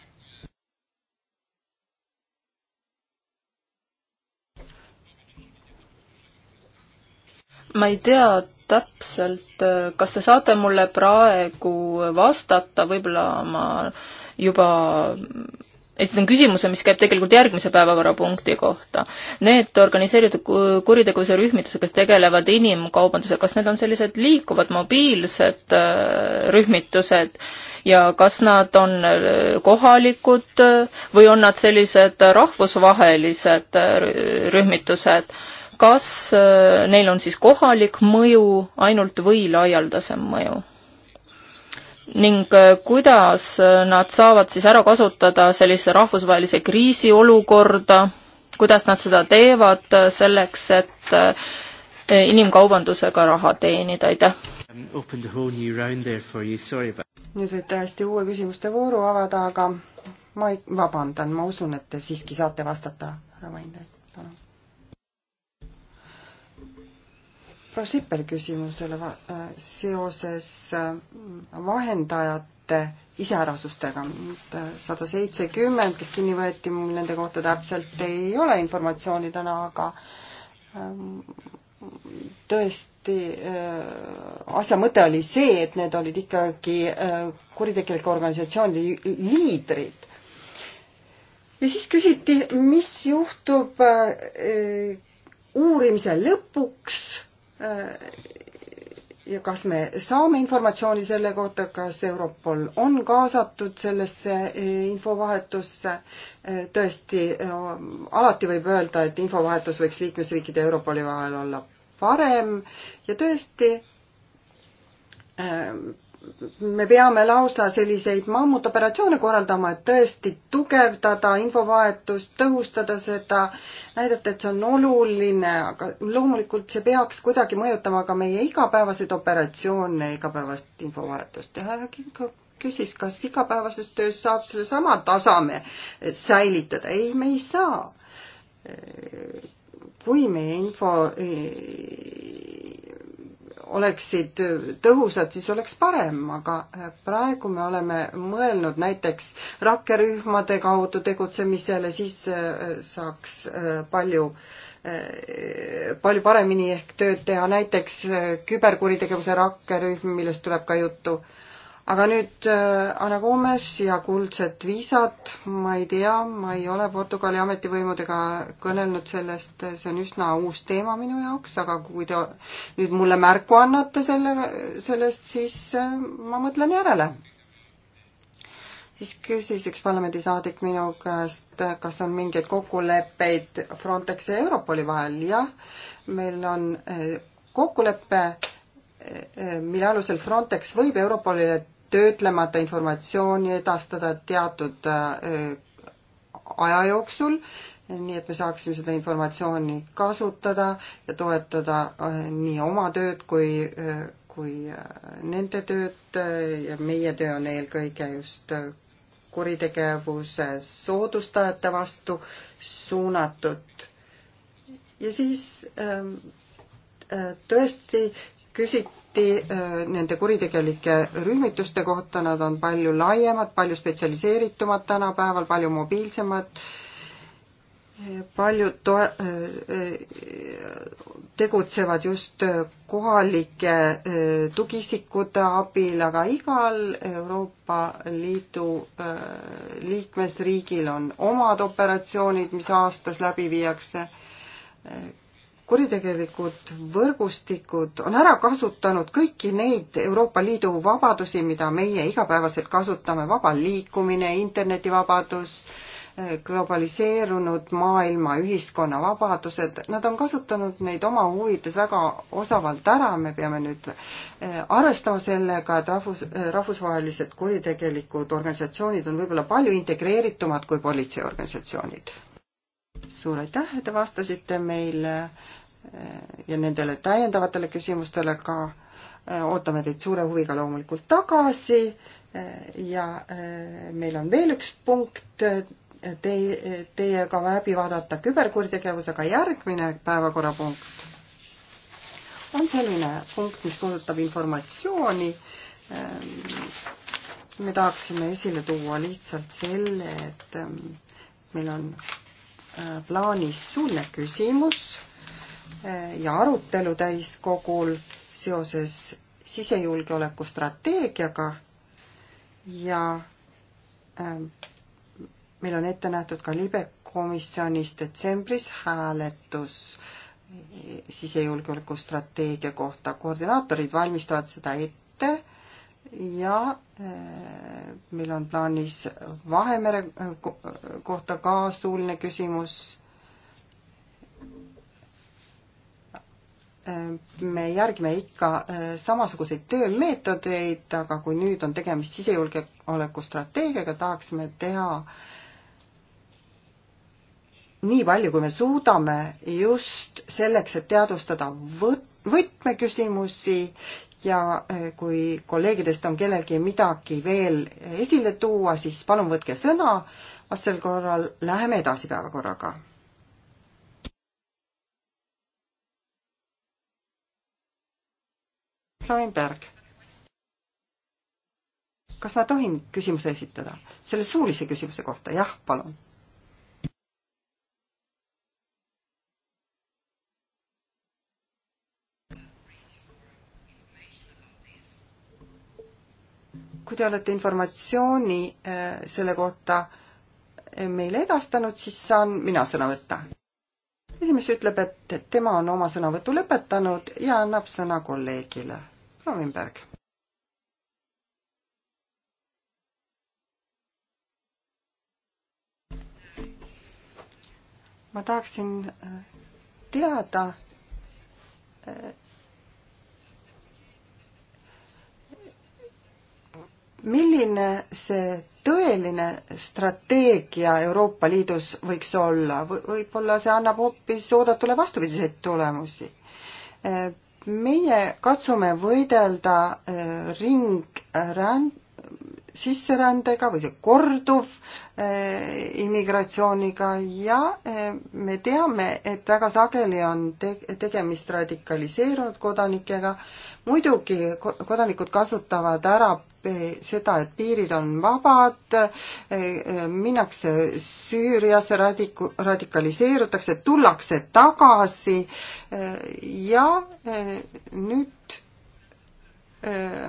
ma ei tea täpselt, kas te saate mulle praegu vastata, võib-olla ma juba esitan küsimuse, mis käib tegelikult järgmise päevakorrapunkti kohta. Need organiseeritud kuritegevuse rühmitused, kes tegelevad inimkaubandusega, kas need on sellised liikuvad mobiilsed äh, rühmitused ja kas nad on äh, kohalikud äh, või on nad sellised rahvusvahelised rühmitused? kas neil on siis kohalik mõju ainult või laialdasem mõju? ning äh, kuidas äh, nad saavad siis ära kasutada sellise rahvusvahelise kriisiolukorda, kuidas nad seda teevad äh, selleks, et inimkaubandusega raha teenida, aitäh! Um, nüüd võib täiesti uue küsimuste vooru avada, aga ma ei, vabandan, ma usun, et te siiski saate vastata, härra Vainre, palun proua Sippel küsimusele äh, seoses äh, vahendajate iseärasustega. Äh, sada seitsekümmend, kes kinni võeti, mul nende kohta täpselt ei ole informatsiooni täna, aga ähm, tõesti asja mõte oli see, et need olid ikkagi kuritegelike organisatsioonide liidrid. ja siis küsiti, mis juhtub uurimise lõpuks Äh, ja kas me saame informatsiooni selle kohta, kas Europol on kaasatud sellesse äh, infovahetusse. Äh, tõesti, alati võib öelda, et infovahetus võiks liikmesriikide ja Europoli vahel olla parem ja tõesti me peame lausa selliseid mammutoperatsioone korraldama, et tõesti tugevdada infovahetust, tõhustada seda, näidata, et see on oluline, aga loomulikult see peaks kuidagi mõjutama ka meie igapäevaseid operatsioone, igapäevast infovahetust ja härra Kinko küsis, kas igapäevases töös saab sellesama tasame säilitada. ei, me ei saa. kui meie info oleksid tõhusad, siis oleks parem, aga äh, praegu me oleme mõelnud näiteks rakkerühmade kaudu tegutsemisele, siis äh, saaks äh, palju palju paremini ehk tööd teha, näiteks küberkuritegevuse rakkerühm, millest tuleb ka juttu aga nüüd äh, Anna Gomes ja kuldsed viisad, ma ei tea, ma ei ole Portugali ametivõimudega kõnelnud sellest, äh, see on üsna uus teema minu jaoks, aga kui te nüüd mulle märku annate selle, sellest, siis äh, ma mõtlen järele. siis küsis üks parlamendisaadik minu käest, kas on mingeid kokkuleppeid Frontex ja Europoli vahel, jah, meil on kokkulepe mille alusel Frontex võib Europolile töötlemata informatsiooni edastada teatud äh, aja jooksul, nii et me saaksime seda informatsiooni kasutada ja toetada äh, nii oma tööd kui, äh, kui nende tööd ja meie töö on eelkõige just kuritegevuse soodustajate vastu suunatud. ja siis ähm, tõesti küsiti äh, nende kuritegelike rühmituste kohta, nad on palju laiemad, palju spetsialiseeritumad tänapäeval, palju mobiilsemad, paljud to-, äh, äh, tegutsevad just kohalike tugiisikute abil, aga igal Euroopa Liidu liikmesriigil on omad operatsioonid, mis aastas läbi viiakse kuritegelikud võrgustikud on ära kasutanud kõiki neid Euroopa Liidu vabadusi, mida meie igapäevaselt kasutame, vaba liikumine, internetivabadus, eh, globaliseerunud maailma ühiskonna vabadused, nad on kasutanud neid oma huvides väga osavalt ära, me peame nüüd eh, arvestama sellega, et rahvus, eh, rahvusvahelised kuritegelikud organisatsioonid on võib-olla palju integreeritumad kui politseiorganisatsioonid suur aitäh, et te vastasite meile eh, ja nendele täiendavatele küsimustele ka. Eh, ootame teid suure huviga loomulikult tagasi eh, ja meil on veel üks punkt te, teiega läbi vaadata küberkuritegevusega järgmine päevakorrapunkt on selline punkt, mis puudutab informatsiooni. me tahaksime esile tuua lihtsalt selle, et meil on Äh, plaanis suuline küsimus äh, ja arutelu täiskogul seoses sisejulgeoleku strateegiaga ja äh, meil on ette nähtud ka libe komisjonis detsembris hääletus sisejulgeoleku strateegia kohta. koordinaatorid valmistavad seda ette ja äh, meil on plaanis Vahemere äh, äh, kohta ka suuline küsimus. me järgime ikka samasuguseid töömeetodeid, aga kui nüüd on tegemist sisejulgeoleku strateegiaga, tahaksime teha nii palju, kui me suudame just selleks, et teadvustada võtmeküsimusi ja eh, kui kolleegidest on kellelgi midagi veel esile tuua, siis palun võtke sõna, vastasel korral läheme edasi päevakorraga. Floenberg, kas ma tohin küsimuse esitada selle suulise küsimuse kohta? jah, palun kui te olete informatsiooni äh, selle kohta äh, meile edastanud, siis saan mina sõna võtta. esimees ütleb, et tema on oma sõnavõtu lõpetanud ja annab sõna kolleegile. proua Wimberg. ma tahaksin äh, teada, milline see tõeline strateegia Euroopa Liidus võiks olla v, võib-olla see annab hoopis oodatule vastupidiseid tulemusi. meie katsume võidelda äh, ringränd-, sisserändega või korduv äh, immigratsiooniga ja äh, me teame, et väga sageli on te tegemist radikaliseerunud kodanikega. muidugi kodanikud kasutavad ära äh, seda, et piirid on vabad äh, äh,, minnakse Süüriasse, radiku-, radikaliseerutakse, tullakse tagasi äh, ja nüüd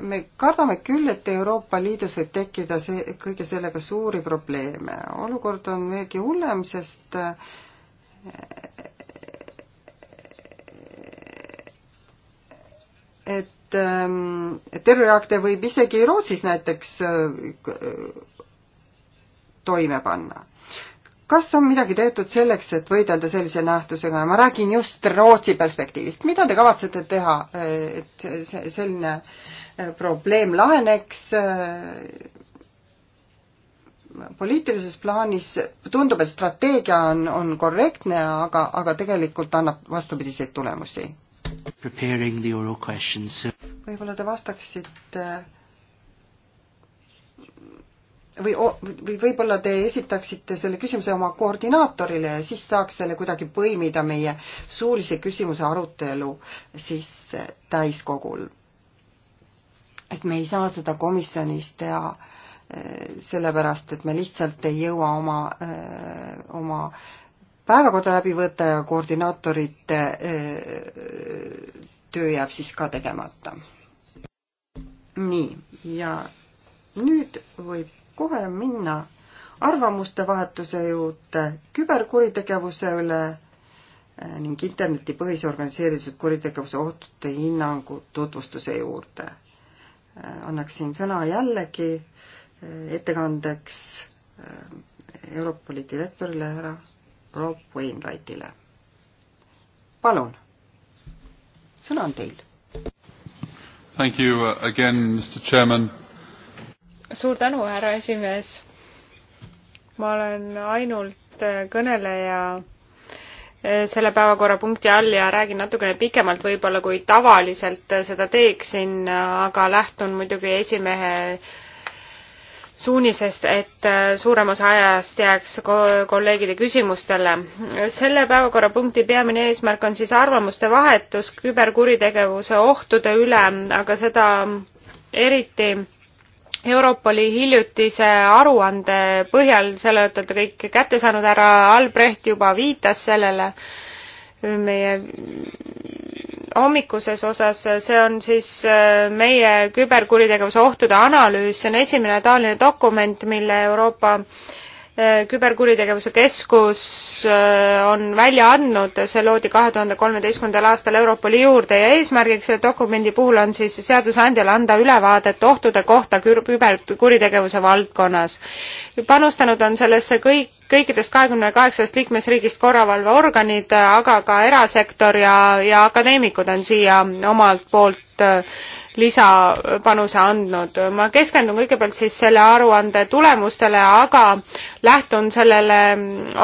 me kardame küll, et Euroopa Liidus võib tekkida see, kõige sellega suuri probleeme. olukord on veelgi hullem, sest et ähm, terroreakte võib isegi Rootsis näiteks äh, toime panna kas on midagi tehtud selleks, et võidelda sellise nähtusega ja ma räägin just Rootsi perspektiivist, mida te kavatsete teha, et see selline eh, probleem laheneks? Eh, poliitilises plaanis tundub, et strateegia on, on korrektne, aga, aga tegelikult annab vastupidiseid tulemusi. võib-olla te vastaksite või, või võib-olla te esitaksite selle küsimuse oma koordinaatorile ja siis saaks selle kuidagi põimida meie suulise küsimuse arutelu siis täiskogul. sest me ei saa seda komisjonis teha eh, sellepärast, et me lihtsalt ei jõua oma, eh, oma päevakorda läbi võtta ja koordinaatorite eh, töö jääb siis ka tegemata. nii, ja nüüd võib kohe minna arvamuste vahetuse juurde küberkuritegevuse üle eh, ning internetipõhise organiseeritud kuritegevuse ohtude hinnangu tutvustuse juurde. Eh, annaksin sõna jällegi eh, ettekandeks Europoli direktorile härra Rob Wainwrightile. palun, sõna on teil. Thank you uh, again, Mr Chairman suur tänu, härra esimees. ma olen ainult kõneleja eh, selle päevakorrapunkti all ja räägin natukene pikemalt võib-olla, kui tavaliselt eh, seda teeksin, aga lähtun muidugi esimehe suunisest, et eh, suurem osa ajast jääks kolleegide küsimustele. selle päevakorrapunkti peamine eesmärk on siis arvamuste vahetus küberkuritegevuse ohtude üle, aga seda eriti Europoli hiljutise aruande põhjal, selle olete te kõik kätte saanud, härra Albrecht juba viitas sellele meie hommikuses osas, see on siis äh, meie küberkuritegevuse ohtude analüüs, see on esimene taoline dokument, mille Euroopa äh, Äh, küberkuritegevuse keskus äh, on välja andnud, see loodi kahe tuhande kolmeteistkümnendal aastal Europoli juurde ja eesmärgiks selle dokumendi puhul on siis seadusandjale anda ülevaadet ohtude kohta küberkuritegevuse valdkonnas. panustanud on sellesse kõik, kõikidest kahekümne kaheksast liikmesriigist korravalveorganid, aga ka erasektor ja, ja akadeemikud on siia omalt poolt äh, lisapanuse andnud. ma keskendun kõigepealt siis selle aruande tulemustele, aga lähtun sellele,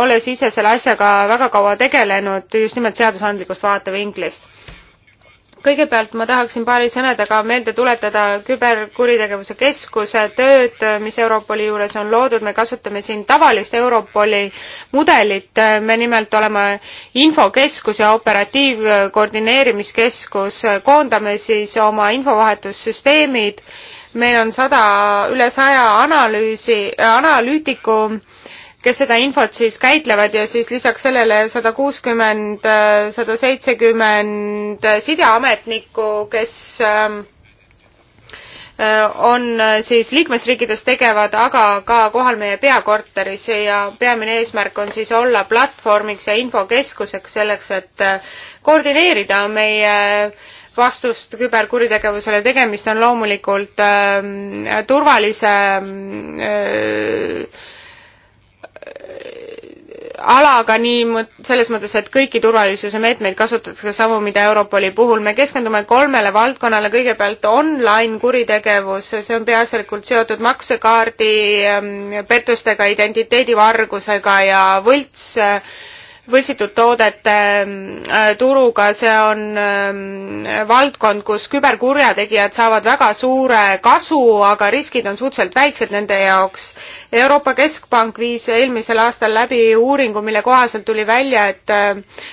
olles ise selle asjaga väga kaua tegelenud, just nimelt seadusandlikust vaatevinklist kõigepealt ma tahaksin paari sõnadega meelde tuletada küberkuritegevuse keskuse tööd, mis Europoli juures on loodud, me kasutame siin tavalist Europoli mudelit, me nimelt oleme infokeskus ja operatiivkoordineerimiskeskus, koondame siis oma infovahetussüsteemid, meil on sada, üle saja analüüsi, analüütiku kes seda infot siis käitlevad ja siis lisaks sellele sada kuuskümmend, sada seitsekümmend sideametnikku, kes ähm, äh, on siis liikmesriikides tegevad, aga ka kohal meie peakorteris ja peamine eesmärk on siis olla platvormiks ja infokeskuseks selleks, et äh, koordineerida meie vastust küberkuritegevusele, tegemist on loomulikult ähm, ähm, äh, turvalise äh, alaga nii mõt-, selles mõttes, et kõiki turvalisuse meetmeid kasutatakse samu, mida Europoli puhul. me keskendume kolmele valdkonnale, kõigepealt online kuritegevus, see on peaasjalikult seotud maksekaardi ähm, pettustega, identiteedivargusega ja võlts äh, võltsitud toodete ähm, äh, turuga, see on ähm, valdkond, kus küberkurjategijad saavad väga suure kasu, aga riskid on suhteliselt väiksed nende jaoks. Euroopa Keskpank viis eelmisel aastal läbi uuringu, mille kohaselt tuli välja, et äh,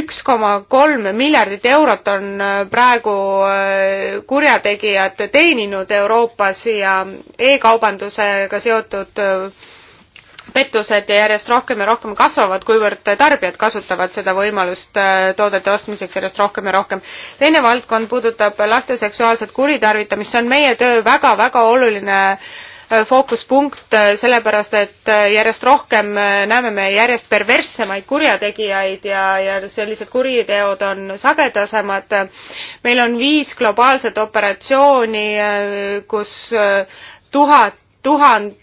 üks koma kolm miljardit eurot on äh, praegu kurjategijad teeninud Euroopas ja e-kaubandusega seotud pettused ja järjest rohkem ja rohkem kasvavad, kuivõrd tarbijad kasutavad seda võimalust äh, toodete ostmiseks järjest rohkem ja rohkem. teine valdkond puudutab laste seksuaalset kuritarvitamist, see on meie töö väga-väga oluline äh, fookuspunkt, äh, sellepärast et järjest rohkem näeme me järjest perverssemaid kurjategijaid ja, ja sellised kuriteod on sagedasemad. meil on viis globaalset operatsiooni, kus tuhat tuhand,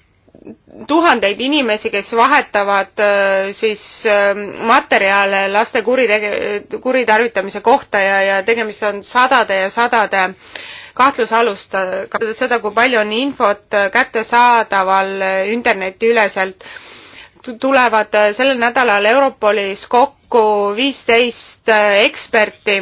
tuhandeid inimesi, kes vahetavad äh, siis äh, materjale laste kuritege-, kuritarvitamise kohta ja, ja tegemist on sadade ja sadade kahtlusalust, seda, kui palju on infot kättesaadaval internetiüleselt, tulevad äh, sellel nädalal Europolis kokku viisteist eksperti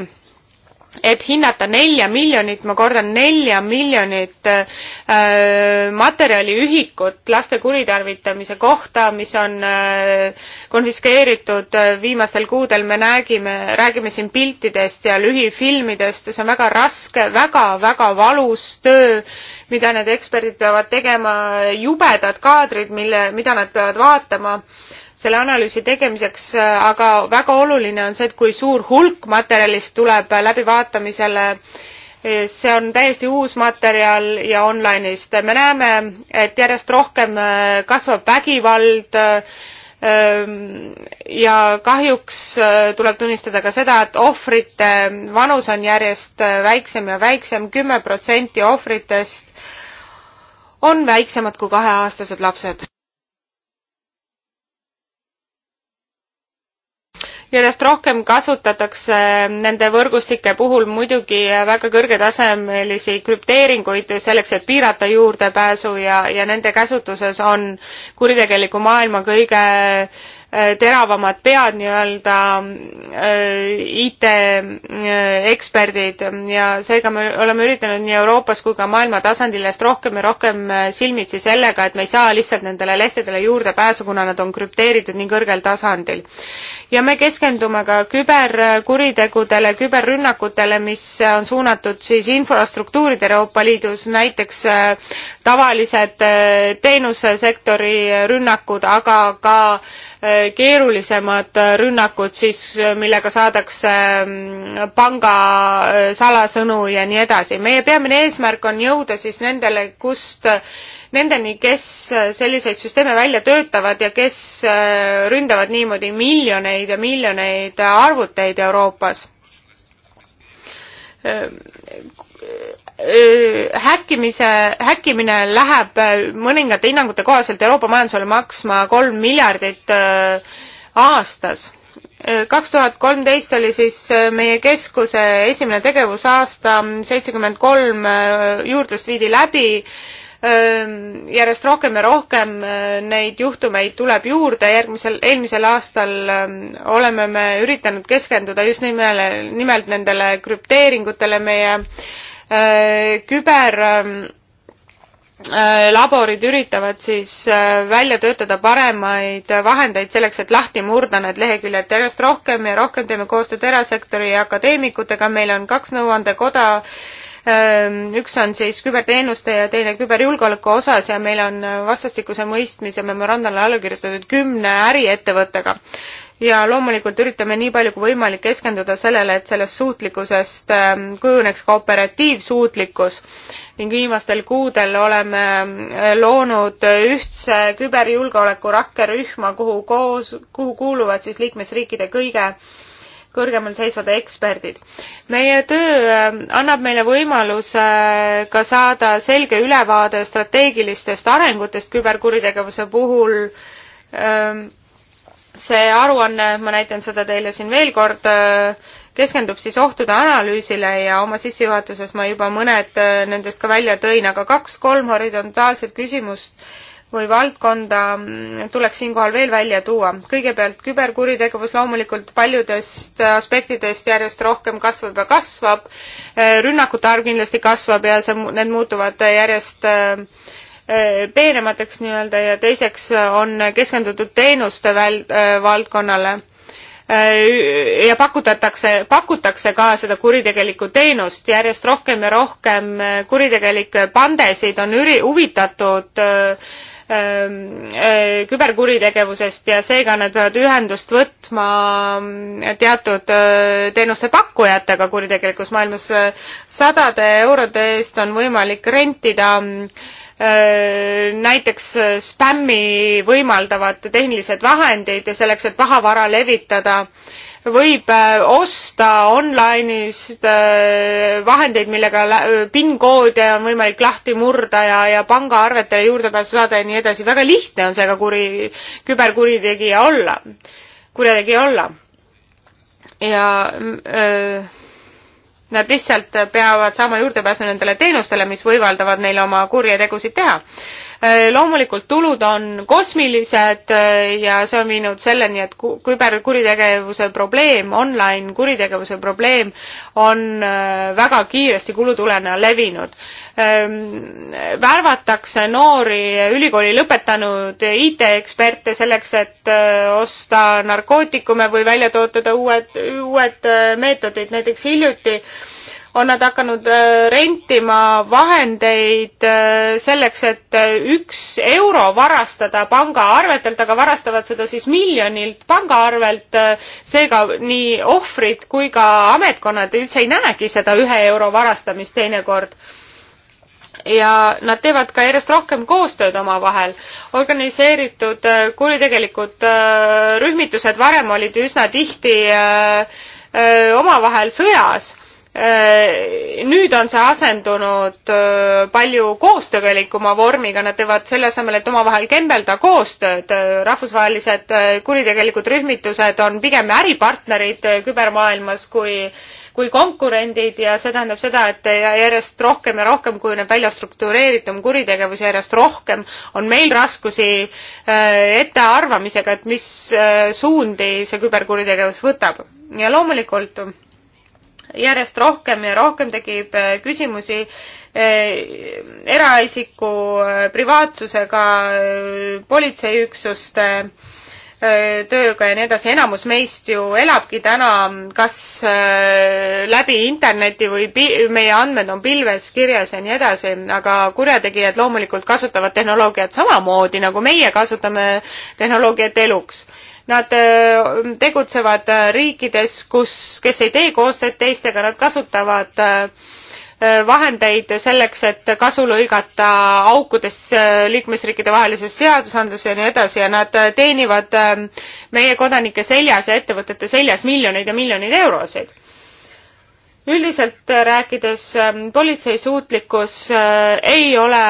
et hinnata nelja miljonit, ma kordan, nelja miljonit äh, materjaliühikut laste kuritarvitamise kohta, mis on äh, konfiskeeritud äh, viimastel kuudel, me nägime, räägime siin piltidest ja lühifilmidest ja see on väga raske väga,, väga-väga valus töö, mida need eksperdid peavad tegema, jubedad kaadrid, mille, mida nad peavad vaatama äh, selle analüüsi tegemiseks, aga väga oluline on see, et kui suur hulk materjalist tuleb läbivaatamisele, see on täiesti uus materjal ja online'ist. me näeme, et järjest rohkem äh, kasvab vägivald äh, ja kahjuks äh, tuleb tunnistada ka seda, et ohvrite vanus on järjest väiksem ja väiksem, kümme protsenti ohvritest on väiksemad kui kaheaastased lapsed. järjest rohkem kasutatakse nende võrgustike puhul muidugi väga kõrgetasemelisi krüpteeringuid selleks, et piirata juurdepääsu ja, ja nende käsutuses on kuritegeliku maailma kõige äh, teravamad pead nii-öelda äh, IT-eksperdid ja seega me oleme üritanud nii Euroopas kui ka maailma tasandil järjest rohkem ja rohkem äh, silmitsi sellega, et me ei saa lihtsalt nendele lehtedele juurdepääsu, kuna nad on krüpteeritud nii kõrgel tasandil ja me keskendume ka küberkuritegudele, küberrünnakutele, mis on suunatud siis infrastruktuurid Euroopa Liidus, näiteks äh, tavalised äh, teenusesektori rünnakud, aga ka äh, keerulisemad rünnakud siis, millega saadakse mm, panga salasõnu ja nii edasi. meie peamine eesmärk on jõuda siis nendele, kust nendeni, kes äh, selliseid süsteeme välja töötavad ja kes äh, ründavad niimoodi miljoneid ja miljoneid arvuteid Euroopas äh, häkkimise, häkkimine läheb mõningate hinnangute kohaselt Euroopa majandusele maksma kolm miljardit aastas. kaks tuhat kolmteist oli siis meie keskuse esimene tegevusaasta, seitsekümmend kolm juurdlust viidi läbi järjest rohkem ja rohkem neid juhtumeid tuleb juurde, järgmisel, eelmisel aastal oleme me üritanud keskenduda just nimele, nimelt nendele krüpteeringutele, meie küber laborid üritavad siis välja töötada paremaid vahendeid selleks, et lahti murda need leheküljed järjest rohkem ja rohkem teeme koostööd erasektori ja akadeemikutega, meil on kaks nõuandekoda, Ehm, üks on siis küberteenuste ja teine küberjulgeoleku osas ja meil on äh, vastastikuse mõistmise memorandumile alla kirjutatud kümne äriettevõttega ja loomulikult üritame nii palju kui võimalik keskenduda sellele, et sellest suutlikkusest ehm, kujuneks ka operatiivsuutlikkus ning viimastel kuudel oleme äh, loonud ühtse küberjulgeoleku rakkerühma, kuhu koos, kuhu kuuluvad siis liikmesriikide kõige äh, kõrgemal seisvad eksperdid. meie töö ähm, annab meile võimaluse äh, ka saada selge ülevaade strateegilistest arengutest küberkuritegevuse puhul. Ähm, see aruanne, ma näitan seda teile siin veel kord, äh, keskendub siis ohtude analüüsile ja oma sissejuhatuses ma juba mõned äh, nendest ka välja tõin, aga kaks-kolm horisontaalset küsimust või valdkonda mm, tuleks siinkohal veel välja tuua. kõigepealt küberkuritegevus loomulikult paljudest aspektidest järjest rohkem kasvab ja kasvab, äh, rünnakute arv kindlasti kasvab ja see, need muutuvad järjest äh, äh, peenemateks nii-öelda ja teiseks on keskendutud teenuste väl-, valdkonnale ja pakutatakse, pakutakse ka seda kuritegelikku teenust, järjest rohkem ja rohkem kuritegelikke pandesid on üri-, huvitatud äh, Ähm, äh, küberkuritegevusest ja seega nad peavad ühendust võtma mm, teatud äh, teenuste pakkujatega kuritegelikus maailmas. sadade eurode eest on võimalik rentida mm, äh, näiteks spämmi võimaldavad tehnilised vahendid ja selleks, et pahavara levitada võib äh, osta online'ist äh, vahendeid, millega PIN-koode on võimalik lahti murda ja, ja pangaarvetele juurdepääsu saada ja nii edasi. väga lihtne on seega kuri, küberkuritegija olla, kurjategija olla. ja öö, äh, nad lihtsalt peavad saama juurdepääsu nendele teenustele, mis võimaldavad neil oma kurjategusid teha Äh, loomulikult tulud on kosmilised äh, ja see on viinud selleni, et küberkuritegevuse probleem, online kuritegevuse probleem on äh, väga kiiresti kulutulena levinud. Ähm, värvatakse noori ülikooli lõpetanud IT-eksperte selleks, et osta narkootikume või välja tootada uued, uued meetodid, näiteks hiljuti äh, on nad hakanud äh, rentima vahendeid äh, selleks, et äh, üks euro varastada pangaarvetelt, aga varastavad seda siis miljonilt pangaarvelt. seega nii ohvrid kui ka ametkonnad üldse ei näegi seda ühe euro varastamist teinekord ja nad teevad ka järjest rohkem koostööd omavahel. organiseeritud kuritegelikud rühmitused varem olid üsna tihti omavahel sõjas Äh, nüüd on see asendunud äh, palju koostöövelikuma vormiga, nad teevad selle asemel, et omavahel kembelda koostööd. Äh, rahvusvahelised kuritegelikud rühmitused on pigem äripartnerid kübermaailmas kui kui konkurendid ja see tähendab seda, et järjest rohkem ja rohkem kujuneb välja struktureeritum kuritegevus, järjest rohkem on meil raskusi ettearvamisega, et mis suundi see küberkuritegevus võtab. ja loomulikult järjest rohkem ja rohkem tekib äh, küsimusi äh, eraisiku äh, privaatsusega, politseiüksuste tööga ja nii edasi, enamus meist ju elabki täna kas läbi interneti või meie andmed on pilves kirjas ja nii edasi, aga kurjategijad loomulikult kasutavad tehnoloogiat samamoodi, nagu meie kasutame tehnoloogiat eluks Nad äh, tegutsevad äh, riikides, kus, kes ei tee koostööd teistega, nad kasutavad äh, vahendeid selleks, et kasu lõigata aukudest liikmesriikide vahelises seadusandluses ja nii edasi ja nad teenivad meie kodanike seljas ja ettevõtete seljas miljoneid ja miljoneid eurosid üldiselt rääkides politsei suutlikkus ei ole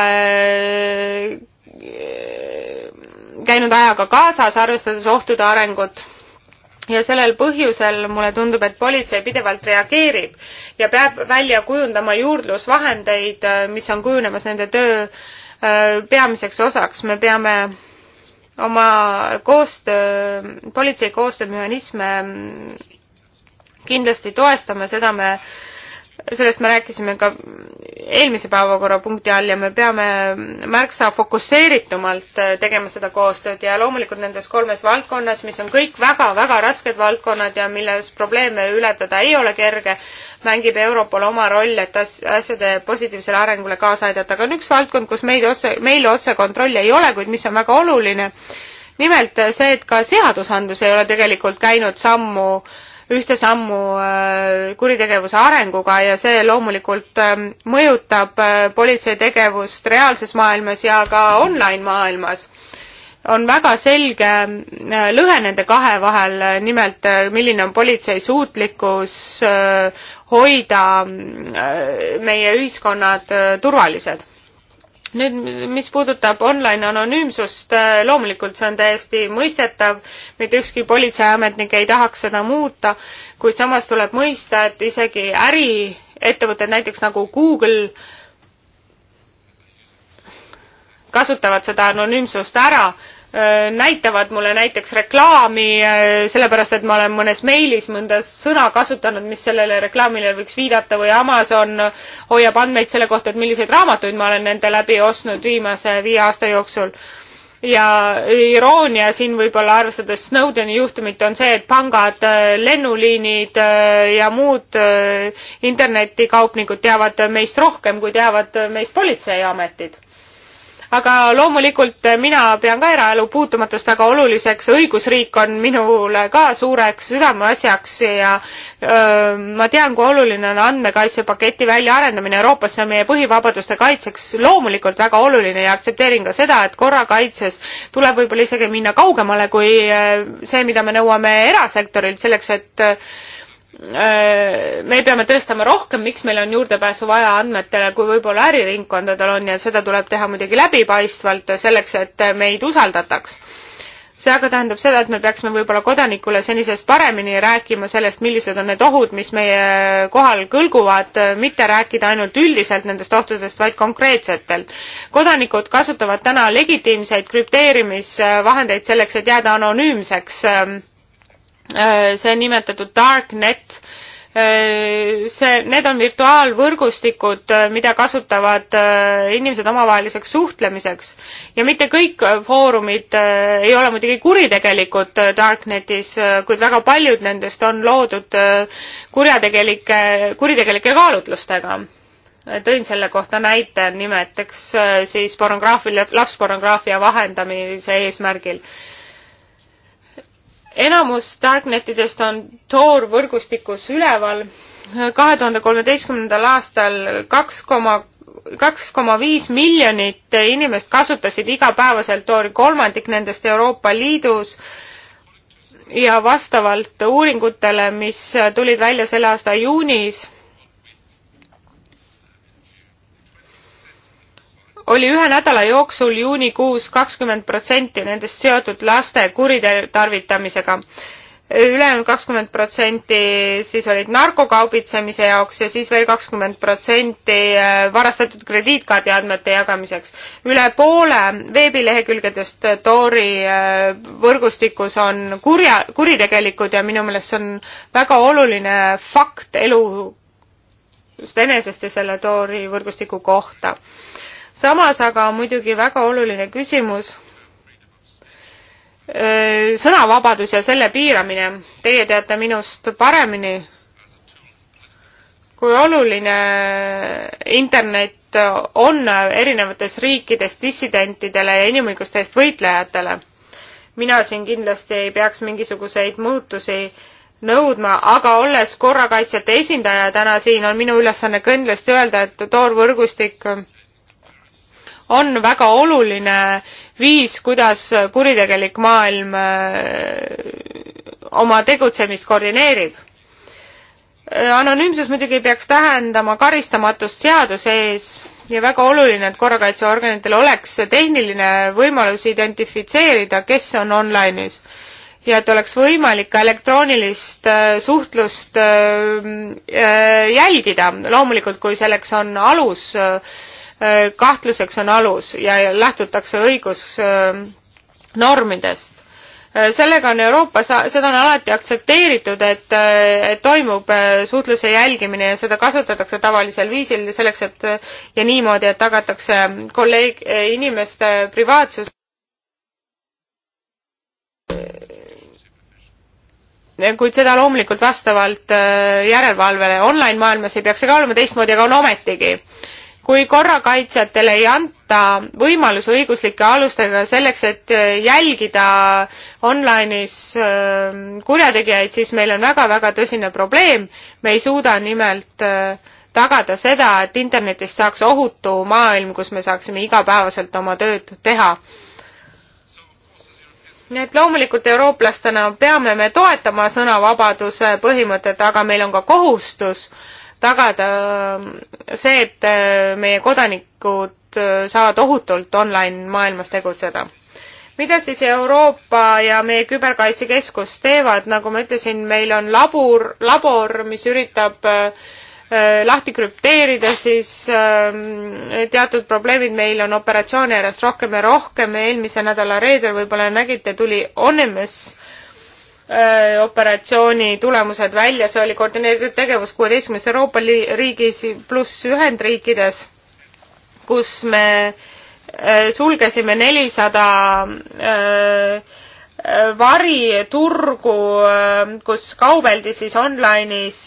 käinud ajaga kaasas, arvestades ohtude arengut. ja sellel põhjusel mulle tundub, et politsei pidevalt reageerib ja peab välja kujundama juurdlusvahendeid, äh, mis on kujunemas nende töö äh, peamiseks osaks. me peame oma koostöö, politsei koostöömehhanisme kindlasti toestama, seda me sellest me rääkisime ka eelmise päevakorrapunkti all ja me peame märksa fokusseeritumalt äh, tegema seda koostööd ja loomulikult nendes kolmes valdkonnas, mis on kõik väga-väga rasked valdkonnad ja milles probleeme ületada ei ole kerge, mängib Europol oma roll, et as-, asjade positiivsele arengule kaasa aidata, aga on üks valdkond, kus meid otse, meil otse kontrolli ei ole, kuid mis on väga oluline, nimelt see, et ka seadusandlus ei ole tegelikult käinud sammu äh, ühte sammu äh, kuritegevuse arenguga ja see loomulikult ähm, mõjutab äh, politsei tegevust reaalses maailmas ja ka online maailmas. on väga selge äh, lõhe nende kahe vahel, nimelt milline on politsei suutlikkus hoida meie ühiskonnad turvalised nüüd, mis puudutab online anonüümsust, äh, loomulikult see on täiesti mõistetav, mitte ükski politseiametnik ei tahaks seda muuta, kuid samas tuleb mõista, et isegi äriettevõtted, näiteks nagu Google, kasutavad seda anonüümsust ära Äh, näitavad mulle näiteks reklaami, äh, sellepärast et ma olen mõnes meilis mõnda sõna kasutanud, mis sellele reklaamile võiks viidata või Amazon hoiab andmeid selle kohta, et milliseid raamatuid ma olen nende läbi ostnud viimase viie aasta jooksul. ja iroonia siin võib-olla arvestades Snowdeni juhtumit on see, et pangad, äh, lennuliinid ja muud internetikaupnikud teavad meist rohkem, kui teavad meist politseiametid aga loomulikult eh, mina pean ka eraelu puutumatust väga oluliseks, õigusriik on minule ka suureks südameasjaks ja öö, ma tean, kui oluline on andmekaitsepaketi väljaarendamine Euroopas, see on meie põhivabaduste kaitseks loomulikult väga oluline ja aktsepteerin ka seda, et korrakaitses tuleb võib-olla isegi minna kaugemale kui eh, see, mida me nõuame erasektorilt selleks, et Äh, me peame tõestama rohkem, miks meil on juurdepääsu vaja andmetele, kui võib-olla äriringkondadel on ja seda tuleb teha muidugi läbipaistvalt selleks, et meid usaldataks. see aga tähendab seda, et me peaksime võib-olla kodanikule senisest paremini rääkima sellest, millised on need ohud, mis meie kohal kõlguvad, mitte rääkida ainult üldiselt nendest ohtudest, vaid konkreetsetelt. kodanikud kasutavad täna legitiimseid krüpteerimisvahendeid selleks, et jääda anonüümseks ähm, Äh, see nimetatud darknet, äh, see, need on virtuaalvõrgustikud, äh, mida kasutavad inimesed omavaheliseks suhtlemiseks ja mitte kõik foorumid ei ole muidugi kuritegelikud Darknetis, kuid väga paljud nendest on loodud kurjategelike, kuritegelike kaalutlustega. tõin selle kohta näite nimeteks siis pornograafia, lapspornograafia vahendamise eesmärgil enamus Darknetidest on Tor võrgustikus üleval. kahe tuhande kolmeteistkümnendal aastal kaks koma kaks koma viis miljonit inimest kasutasid igapäevaselt Tori, kolmandik nendest Euroopa Liidus ja vastavalt uuringutele, mis tulid välja selle aasta juunis oli ühe nädala jooksul juunikuus kakskümmend protsenti nendest seotud laste kuritarvitamisega. ülejäänud kakskümmend protsenti siis olid narkokaubitsemise jaoks ja siis veel kakskümmend protsenti äh, varastatud krediitkaardi andmete jagamiseks. üle poole veebilehekülgedest Tori äh, võrgustikus on kurja, kuritegelikud ja minu meelest see on väga oluline fakt elu just enesest ja selle Tori võrgustiku kohta samas aga on muidugi väga oluline küsimus sõnavabadus ja selle piiramine. Teie teate minust paremini, kui oluline internet on erinevates riikides dissidentidele ja inimõiguste eest võitlejatele. mina siin kindlasti ei peaks mingisuguseid muutusi nõudma, aga olles korrakaitsjate esindaja täna siin, on minu ülesanne kindlasti öelda, et toorvõrgustik on väga oluline viis, kuidas kuritegelik maailm äh, oma tegutsemist koordineerib. Äh, anonüümsus muidugi peaks tähendama karistamatust seaduse ees ja väga oluline, et korrakaitseorganitel oleks tehniline võimalus identifitseerida, kes on online'is ja et oleks võimalik ka elektroonilist äh, suhtlust jälgida, loomulikult kui selleks on alus Äh, kahtluseks on alus ja lähtutakse õigusnormidest. Äh, sellega on Euroopas, seda on alati aktsepteeritud, et, äh, et toimub suhtluse jälgimine ja seda kasutatakse tavalisel viisil selleks, et ja niimoodi, et tagatakse kolleeg, inimeste privaatsus. kuid seda loomulikult vastavalt järelevalvele. online maailmas ei peaks see ka olema teistmoodi, aga on ometigi äh, kui korrakaitsjatele ei anta võimalusi õiguslike alustega selleks, et äh, jälgida online'is ähm, kurjategijaid, siis meil on väga-väga tõsine probleem. me ei suuda nimelt äh, tagada seda, et internetist saaks ohutu maailm, kus me saaksime igapäevaselt oma tööd teha. nii et loomulikult eurooplastena peame me toetama sõnavabaduse põhimõtet, aga meil on ka kohustus äh, tagada see, et äh, meie kodanikud äh, saavad ohutult online maailmas tegutseda. mida siis Euroopa ja meie küberkaitsekeskus teevad, nagu ma ütlesin, meil on labur, labor, mis üritab äh, lahti krüpteerida siis ähm, teatud probleemid, meil on operatsioone järjest rohkem ja rohkem, eelmise nädala reedel võib-olla nägite, tuli Onemes Äh, operatsiooni tulemused välja, see oli koordineeritud tegevus kuueteistkümnes Euroopa riigis pluss Ühendriikides, kus me äh, sulgesime nelisada äh, variturgu, kus kaubeldi siis online'is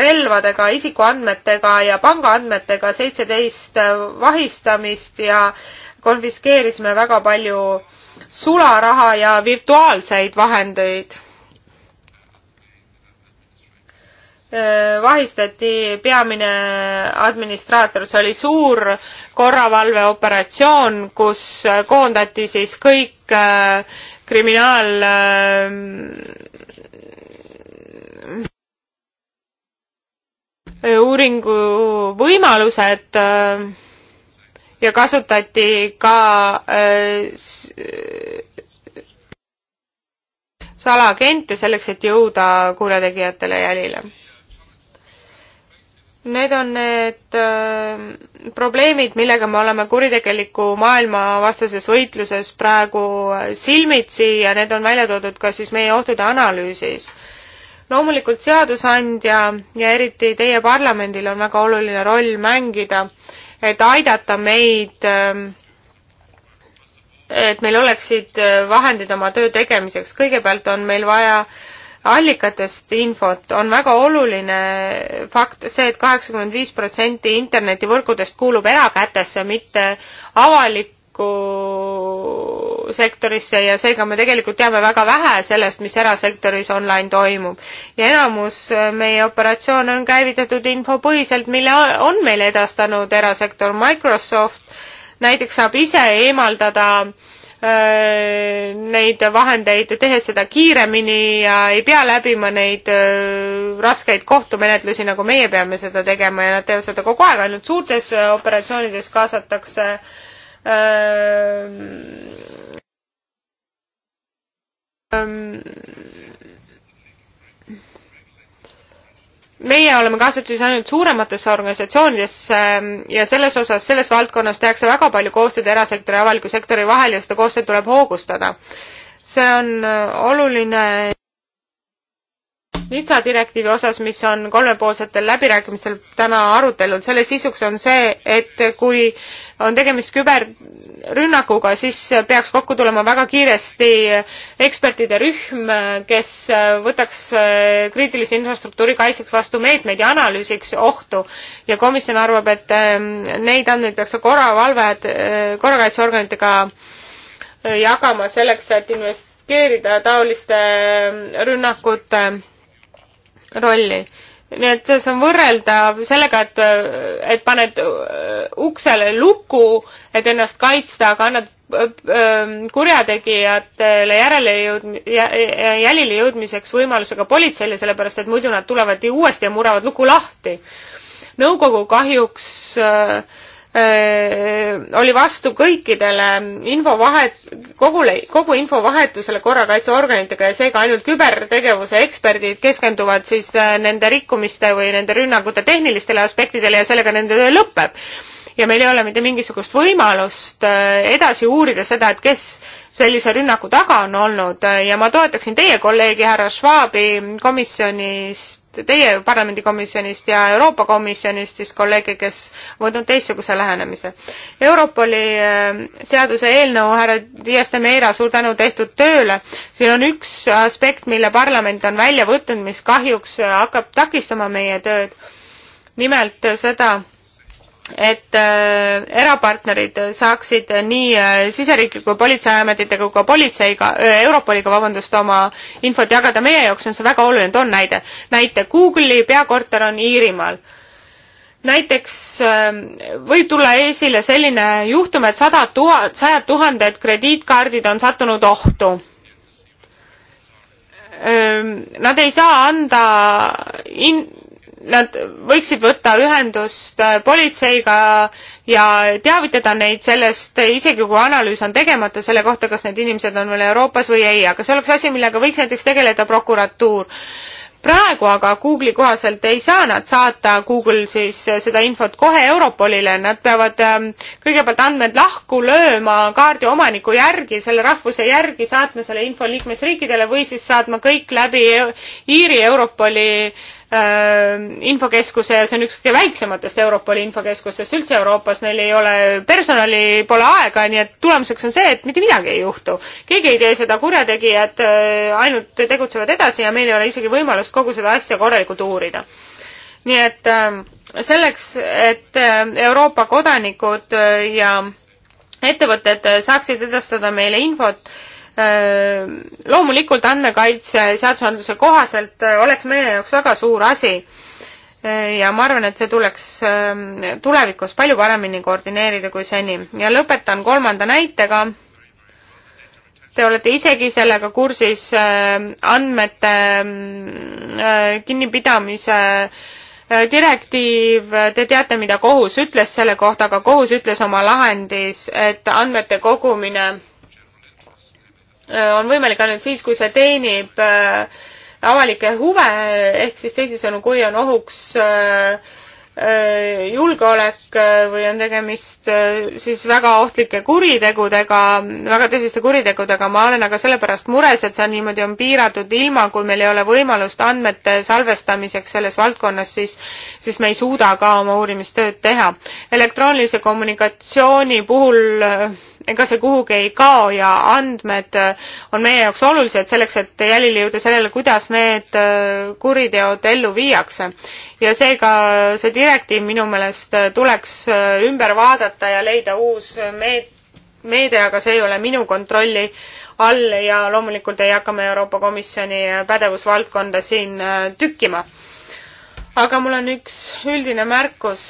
relvadega, isikuandmetega ja pangaandmetega, seitseteist vahistamist ja konfiskeerisime väga palju sularaha ja virtuaalseid vahendeid vahistati peamine administraator, see oli suur korravalveoperatsioon, kus koondati siis kõik kriminaal uuringu võimalused ja kasutati ka salaagente selleks, et jõuda kurjategijatele jälile Need on need äh, probleemid, millega me oleme kuritegeliku maailma vastases võitluses praegu äh, silmitsi ja need on välja toodud ka siis meie ohtude analüüsis. loomulikult seadusandja ja eriti teie parlamendil on väga oluline roll mängida, et aidata meid äh, et meil oleksid äh, vahendid oma töö tegemiseks. kõigepealt on meil vaja äh, allikatest infot, on väga oluline fakt see et, et kaheksakümmend viis protsenti internetivõrkudest kuulub erakätesse, mitte avalikku sektorisse ja seega me tegelikult teame väga vähe sellest, mis erasektoris online toimub. ja enamus meie operatsioone on käivitatud infopõhiselt, mille on meile edastanud erasektor Microsoft, näiteks saab ise eemaldada äh, Äh, neid vahendeid, tehes seda kiiremini ja ei pea läbima neid äh, raskeid kohtumenetlusi, nagu meie peame seda tegema ja nad teevad seda kogu aeg, ainult suurtes äh, operatsioonides kaasatakse ähm, ähm, meie oleme kaasatud siis ainult suurematesse organisatsioonidesse ähm, ja selles osas, selles valdkonnas tehakse väga palju koostööd erasektori ja avaliku sektori vahel ja seda koostööd tuleb hoogustada. see on äh, oluline Nitsa direktiivi osas, mis on kolmepoolsetel läbirääkimistel täna arutelul, selle sisuks on see, et kui on tegemist küberrünnakuga, siis peaks kokku tulema väga kiiresti ekspertide rühm, kes võtaks kriitilise infrastruktuuri kaitseks vastu meetmeid ja analüüsiks ohtu. ja komisjon arvab, et ähm, neid andmeid peaks ka korravalved, äh, korrakaitseorganitega jagama selleks, et investeerida taoliste rünnakute rolli. nii et see on võrreldav sellega, et, et paned äh, uksele luku, et ennast kaitsta, aga annad äh, äh, kurjategijatele järele jõud-, jälile jõudmiseks võimalusega politseile, sellepärast et muidu nad tulevad ju uuesti ja murravad luku lahti. nõukogu kahjuks äh, Äh, oli vastu kõikidele infovahet-, kogule, kogu infovahetusele korrakaitseorganitega ja seega ainult kübertegevuse eksperdid keskenduvad siis äh, nende rikkumiste või nende rünnakute tehnilistele aspektidele ja sellega nende töö lõpeb ja meil ei ole mitte mingisugust võimalust äh, edasi uurida seda, et kes sellise rünnaku taga on olnud ja ma toetaksin teie kolleegi härra Schwabi komisjonist, teie parlamendikomisjonist ja Euroopa Komisjonist siis kolleege, kes võtnud teistsuguse lähenemise. Europoli äh, seaduse eelnõu, härra Dias de Meira, suur tänu tehtud tööle. siin on üks aspekt, mille parlament on välja võtnud, mis kahjuks äh, hakkab takistama meie tööd. nimelt seda et äh, erapartnerid saaksid nii äh, siseriikliku politseiametite kui ka politseiga äh,, Europoliga, vabandust, oma infot jagada. meie jaoks on see väga oluline, toon näide. näite, Google'i peakorter on Iirimaal näiteks ähm, võib tulla esile selline juhtum, et sada tuhat, sajad tuhanded krediitkaardid on sattunud ohtu. Ähm, nad ei saa anda in-, nad võiksid võtta ühendust äh, politseiga ja teavitada neid sellest, äh, isegi kui analüüs on tegemata selle kohta, kas need inimesed on veel Euroopas või ei, aga see oleks asi, millega võiks näiteks tegeleda prokuratuur. praegu aga Google'i kohaselt ei saa nad saata, Google siis äh, seda infot kohe Europolile, nad peavad ähm, kõigepealt andmed lahku lööma kaardi omaniku järgi, selle rahvuse järgi, saatma selle info liikmesriikidele või siis saatma kõik läbi Iiri Europoli Äh, infokeskuse ja see on üks kõige väiksematest Europoli infokeskustest üldse Euroopas, neil ei ole personali, pole aega, nii et tulemuseks on see, et mitte midagi ei juhtu. keegi ei tee seda, kurjategijad äh, ainult tegutsevad edasi ja meil ei ole isegi võimalust kogu seda asja korralikult uurida. nii et äh, selleks, et Euroopa kodanikud ja ettevõtted saaksid edastada meile infot, Äh, loomulikult andmekaitse seadusandluse kohaselt äh, oleks meie jaoks väga suur asi äh, ja ma arvan, et see tuleks ähm, tulevikus palju paremini koordineerida kui seni. ja lõpetan kolmanda näitega. Te olete isegi sellega kursis ähm, andmete ähm, kinnipidamise direktiiv, te teate, mida kohus ütles selle kohta, aga kohus ütles oma lahendis, et andmete kogumine Äh, on võimalik ainult siis, kui see teenib äh, avalikke huve, ehk siis teisisõnu, kui on ohuks äh, Äh, julgeolek äh, või on tegemist äh, siis väga ohtlike kuritegudega, väga tõsiste kuritegudega, ma olen aga sellepärast mures, et see on niimoodi on piiratud ilma, kui meil ei ole võimalust andmete salvestamiseks selles valdkonnas, siis, siis me ei suuda ka oma uurimistööd teha. elektroonilise kommunikatsiooni puhul ega see kuhugi ei kao ja andmed on meie jaoks olulised selleks, et jälile jõuda sellele, kuidas need kuriteod ellu viiakse ja seega see direktiiv minu meelest tuleks äh, ümber vaadata ja leida uus meet-, meede, aga see ei ole minu kontrolli all ja loomulikult ei hakka me Euroopa Komisjoni pädevusvaldkonda siin äh, tükkima. aga mul on üks üldine märkus,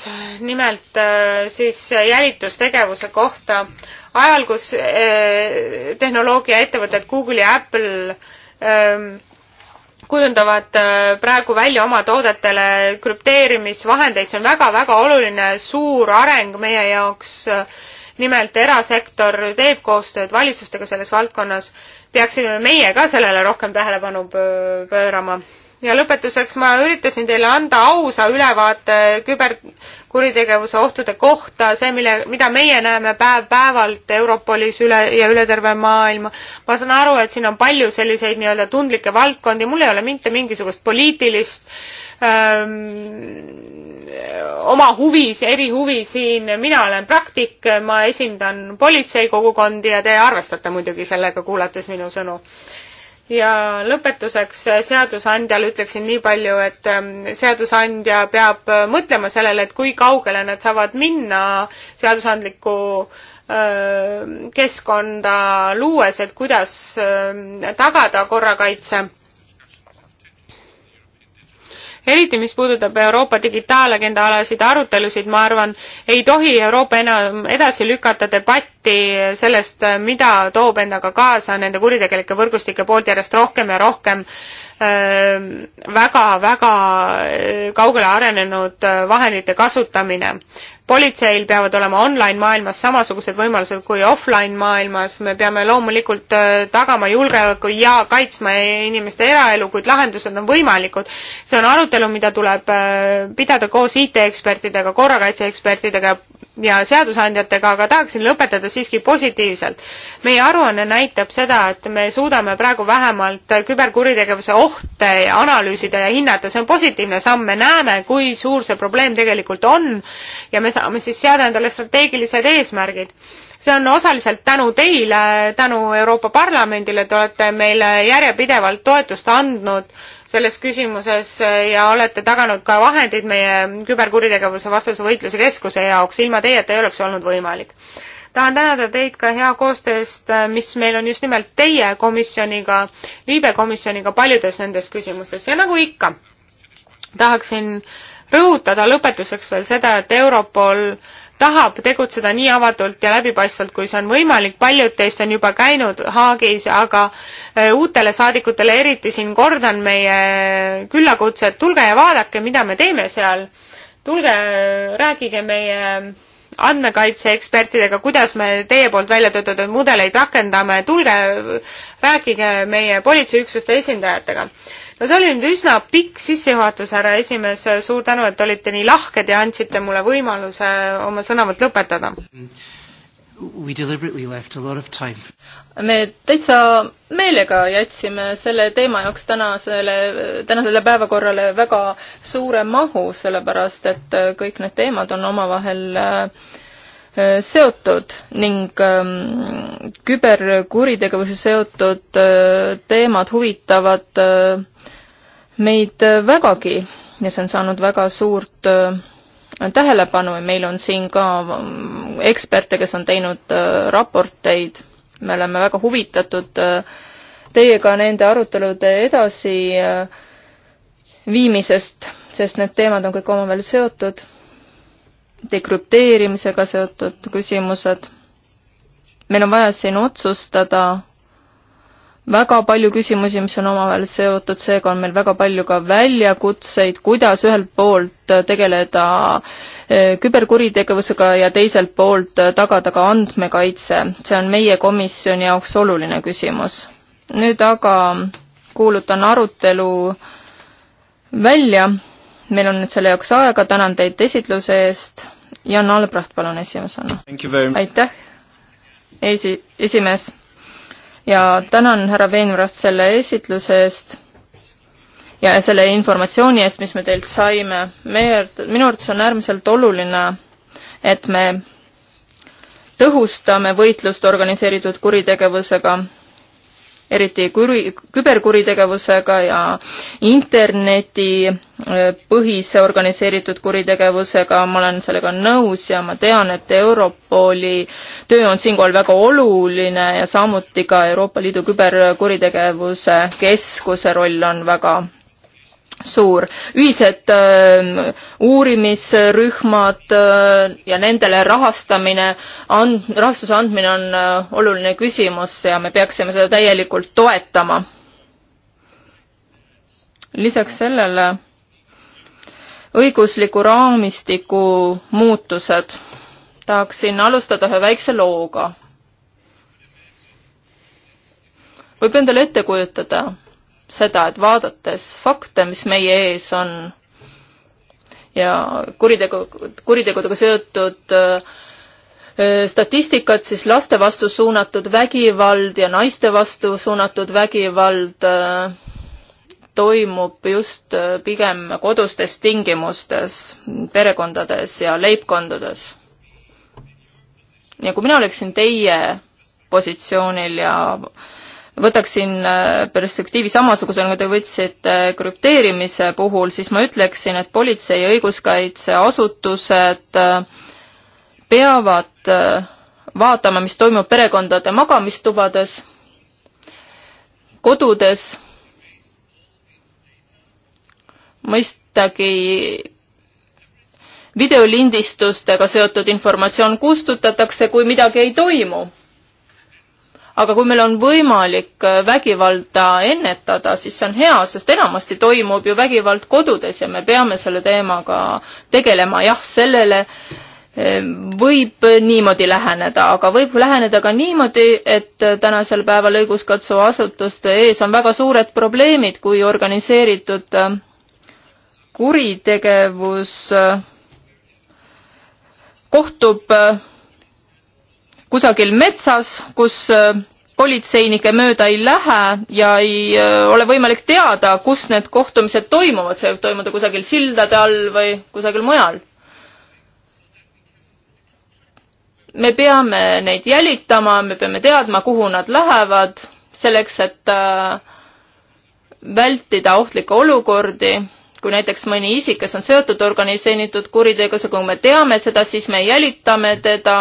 nimelt äh, siis jälitustegevuse kohta. ajal, kus tehnoloogiaettevõtted Google ja Apple ähm, kujundavad äh, praegu välja oma toodetele krüpteerimisvahendeid, see on väga-väga oluline suur areng meie jaoks. nimelt erasektor teeb koostööd valitsustega selles valdkonnas, peaksime meie ka sellele rohkem tähelepanu pöörama ja lõpetuseks ma üritasin teile anda ausa ülevaate küberkuritegevuse ohtude kohta, see, mille, mida meie näeme päev-päevalt Europolis üle ja üle terve maailma. ma saan aru, et siin on palju selliseid nii-öelda tundlikke valdkondi, mul ei ole mitte mingisugust poliitilist öö, ähm, oma huvis, erihuvi siin, mina olen praktik, ma esindan politseikogukondi ja te arvestate muidugi sellega, kuulates minu sõnu ja lõpetuseks äh, seadusandjale ütleksin nii palju, et ähm, seadusandja peab äh, mõtlema sellele, et kui kaugele nad saavad minna seadusandliku äh, keskkonda luues, et kuidas ähm, tagada korrakaitse eriti mis puudutab Euroopa digitaalagenda alasid arutelusid, ma arvan, ei tohi Euroopa enam edasi lükata debatti sellest, mida toob endaga kaasa nende kuritegelike võrgustike poolt järjest rohkem ja rohkem väga-väga ähm, äh, kaugele arenenud äh, vahendite kasutamine politseil peavad olema online maailmas samasugused võimalused kui offline maailmas, me peame loomulikult äh, tagama julgeoleku ja kaitsma inimeste eraelu, kuid lahendused on võimalikud. see on arutelu, mida tuleb äh, pidada koos IT-ekspertidega, korrakaitseekspertidega ja seadusandjatega, aga tahaksin lõpetada siiski positiivselt. meie aruanne näitab seda, et me suudame praegu vähemalt küberkuritegevuse ohte analüüsida ja hinnata, see on positiivne samm, me näeme, kui suur see probleem tegelikult on ja me suudame siis seada endale strateegilised eesmärgid. see on osaliselt tänu teile, tänu Euroopa Parlamendile, te olete meile järjepidevalt toetust andnud selles küsimuses ja olete taganud ka vahendid meie küberkuritegevuse vastase võitluse keskuse jaoks, ilma teieta ei oleks olnud võimalik tahan tänada teid ka hea koostöö eest, mis meil on just nimelt teie komisjoniga, liibekomisjoniga paljudes nendes küsimustes ja nagu ikka, tahaksin äh, rõhutada lõpetuseks veel seda, et Europol tahab tegutseda nii avatult ja läbipaistvalt, kui see on võimalik, paljud teist on juba käinud Haagis, aga äh, uutele saadikutele eriti siin kordan meie küllakutset, tulge ja vaadake, mida me teeme seal. tulge, rääkige meie andmekaitseekspertidega, kuidas me teie poolt välja töötatud mudeleid rakendame, tulge, rääkige meie politseiüksuste esindajatega. no see oli nüüd üsna pikk sissejuhatus, härra esimees, suur tänu, et olite nii lahked ja andsite mulle võimaluse oma sõnavõtt lõpetada me täitsa meelega jätsime selle teema jaoks tänasele, tänasele päevakorrale väga suure mahu, sellepärast et kõik need teemad on omavahel äh, seotud ning ähm, küberkuritegevuse seotud äh, teemad huvitavad äh, meid vägagi ja see on saanud väga suurt tähelepanu ja meil on siin ka ähm, eksperte, kes on teinud raporteid me oleme väga huvitatud äh, teiega nende arutelude edasiviimisest, äh, sest need teemad on kõik omavahel seotud, dekrüpteerimisega seotud küsimused. meil on vaja siin otsustada väga palju küsimusi, mis on omavahel seotud, seega on meil väga palju ka väljakutseid, kuidas ühelt poolt tegeleda e, küberkuritegevusega ja teiselt poolt tagada ka andmekaitse. see on meie komisjoni jaoks oluline küsimus. nüüd aga kuulutan arutelu välja. meil on nüüd selle jaoks aega, tänan teid esitluse eest. Jan Albrecht, palun esimesena. aitäh, esi-, esimees ja tänan härra Veenvrat selle esitluse eest ja selle informatsiooni eest, mis me teilt saime. meie, minu arvates on äärmiselt oluline, et me tõhustame võitlust organiseeritud kuritegevusega eriti kuri, küberkuritegevusega ja interneti äh, põhise organiseeritud kuritegevusega, ma olen sellega nõus ja ma tean, et Europoli töö on siinkohal väga oluline ja samuti ka Euroopa Liidu küberkuritegevuse keskuse roll on väga suur, ühised äh, uurimisrühmad äh, ja nendele rahastamine, and-, rahastuse andmine on äh, oluline küsimus ja me peaksime seda täielikult toetama. lisaks sellele õigusliku raamistiku muutused. tahaksin alustada ühe väikse looga. võib endale ette kujutada seda, et vaadates fakte, mis meie ees on ja kuritegu, kuritegudega seotud äh, äh, statistikat, siis laste vastu suunatud vägivald ja naiste vastu suunatud vägivald äh, toimub just pigem kodustes tingimustes, perekondades ja leibkondades. ja kui mina oleksin teie positsioonil ja äh, võtaksin äh, perspektiivi samasugusena, kui te võtsite äh, krüpteerimise puhul, siis ma ütleksin, et politsei ja õiguskaitseasutused äh, peavad vaatama, mis toimub perekondade magamistubades, kodudes, mõistagi videolindistustega seotud informatsioon kustutatakse, kui midagi ei toimu aga kui meil on võimalik äh, vägivalda ennetada, siis see on hea, sest enamasti toimub ju vägivald kodudes ja me peame selle teemaga tegelema, jah, sellele ähm, võib niimoodi läheneda, aga võib läheneda ka niimoodi, et äh, tänasel päeval õiguskatsuva asutuste ees on väga suured probleemid, kui organiseeritud äh, kuritegevus kohtub kusagil metsas, kus äh, politseinike mööda ei lähe ja ei äh, ole võimalik teada, kus need kohtumised toimuvad, see võib toimuda kusagil sildade all või kusagil mujal. me peame neid jälitama, me peame teadma, kuhu nad lähevad, selleks et äh, vältida ohtlikke olukordi kui näiteks mõni isik, kes on seotud organiseeritud kuritegevusse, kui me teame seda, siis me jälitame teda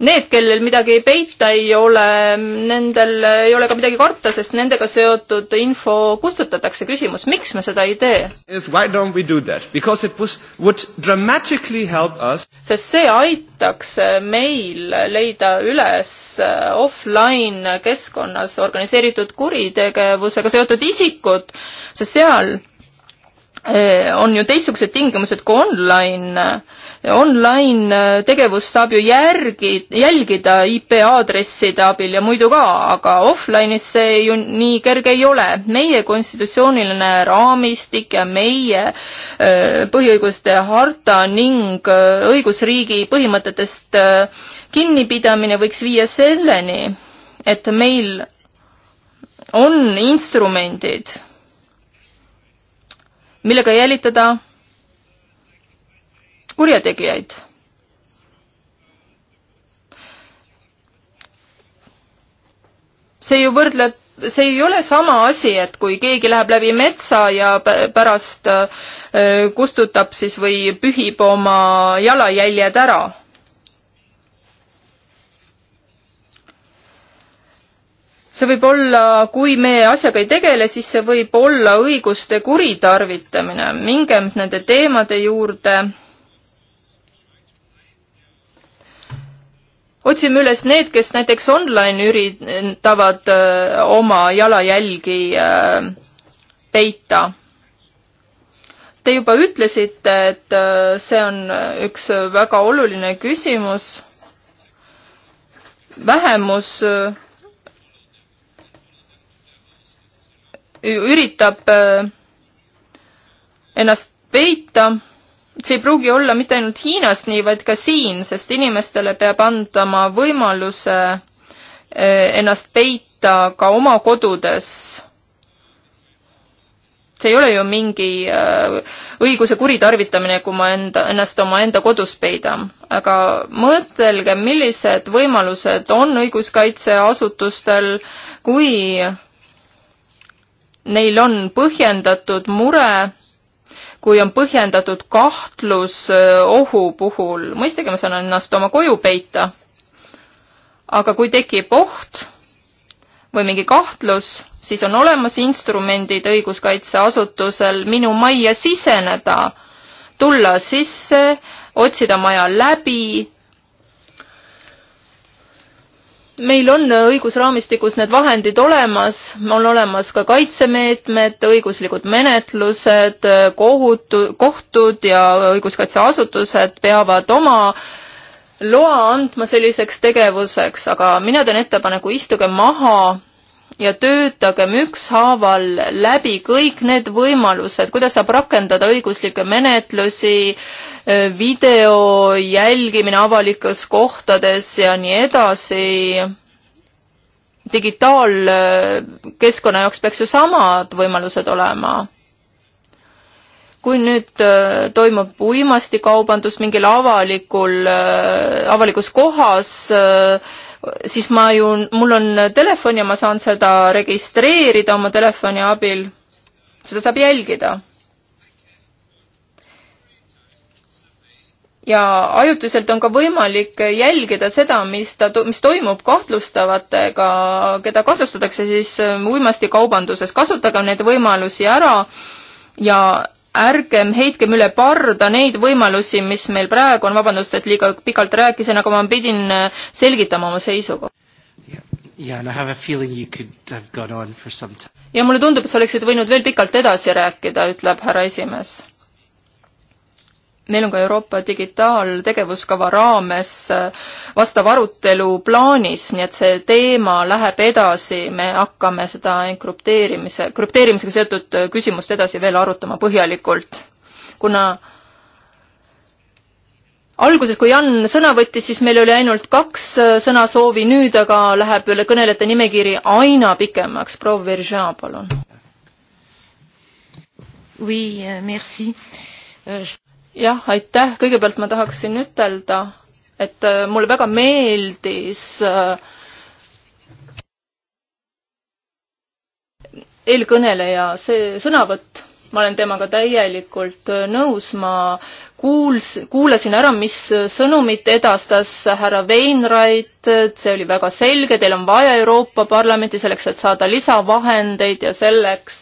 Need, kellel midagi peita ei ole, nendel ei ole ka midagi karta, sest nendega seotud info kustutatakse. küsimus, miks me seda ei tee? sest see aitaks meil leida üles offline keskkonnas organiseeritud kuritegevusega seotud isikud, sest seal eh, on ju teistsugused tingimused kui online online äh, tegevust saab ju järgi, jälgida IP aadresside abil ja muidu ka, aga offline'is see ju nii kerge ei ole. meie konstitutsiooniline raamistik ja meie äh, põhiõiguste harta ning äh, õigusriigi põhimõtetest kinnipidamine võiks viia selleni, et meil on instrumendid, millega jälitada kurjategijaid. see ju võrdleb, see ei ole sama asi, et kui keegi läheb läbi metsa ja pärast äh, kustutab siis või pühib oma jalajäljed ära see võib olla, kui me asjaga ei tegele, siis see võib olla õiguste kuritarvitamine. mingem nende teemade juurde. otsime üles need, kes näiteks online üritavad öö, äh, oma jalajälgi öö, äh, peita. Te juba ütlesite, et öö, äh, see on üks väga oluline küsimus. vähemus öö, üritab öö, ennast peita see ei pruugi olla mitte ainult Hiinas nii, vaid ka siin, sest inimestele peab andma võimaluse eh, ennast peita ka oma kodudes. see ei ole ju mingi eh, õiguse kuritarvitamine, kui ma enda, ennast omaenda kodus peidan. aga mõtelge, millised võimalused on õiguskaitseasutustel, kui neil on põhjendatud mure kui on põhjendatud kahtlus äh, ohu puhul. mõistagi ma saan ennast oma koju peita, aga kui tekib oht või mingi kahtlus, siis on olemas instrumendid õiguskaitseasutusel minu majja siseneda, tulla sisse, otsida maja läbi meil on õigusraamistikus need vahendid olemas, on olemas ka kaitsemeetmed, õiguslikud menetlused, kohutu, kohtud ja õiguskaitseasutused peavad oma loa andma selliseks tegevuseks, aga mina teen ettepaneku, istuge maha ja töötagem ükshaaval läbi kõik need võimalused, kuidas saab rakendada õiguslikke menetlusi, video jälgimine avalikes kohtades ja nii edasi. digitaalkeskkonna jaoks peaks ju samad võimalused olema kui nüüd äh, toimub uimastikaubandus mingil avalikul, äh, avalikus kohas äh,, siis ma ju, mul on telefon ja ma saan seda registreerida oma telefoni abil. seda saab jälgida. ja ajutiselt on ka võimalik jälgida seda, mis ta, mis toimub kahtlustavatega, keda kahtlustatakse siis uimastikaubanduses. kasutage neid võimalusi ära ja ärgem heitkem üle parda neid võimalusi, mis meil praegu on, vabandust, et liiga pikalt rääkisin, aga ma pidin äh, selgitama oma seisukohta. Yeah, and I have a feeling you could have gone on for some time. ja mulle tundub, et sa oleksid võinud veel pikalt edasi rääkida, ütleb härra esimees meil on ka Euroopa digitaaltegevuskava raames äh, vastav arutelu plaanis, nii et see teema läheb edasi, me hakkame seda enkrüpteerimise, krüpteerimisega seotud äh, küsimust edasi veel arutama põhjalikult. kuna alguses, kui Jan sõna võttis, siis meil oli ainult kaks äh, sõnasoovi, nüüd aga läheb üle kõnelejate nimekiri aina pikemaks. proua Veržea, palun. Oui, euh, merci. Euh, jah, aitäh, kõigepealt ma tahaksin ütelda, et äh, mulle väga meeldis äh, eelkõneleja see sõnavõtt, ma olen temaga täielikult äh, nõus, ma kuuls-, kuulasin ära, mis sõnumit edastas härra Veinreit, see oli väga selge, teil on vaja Euroopa Parlamenti selleks, et saada lisavahendeid ja selleks,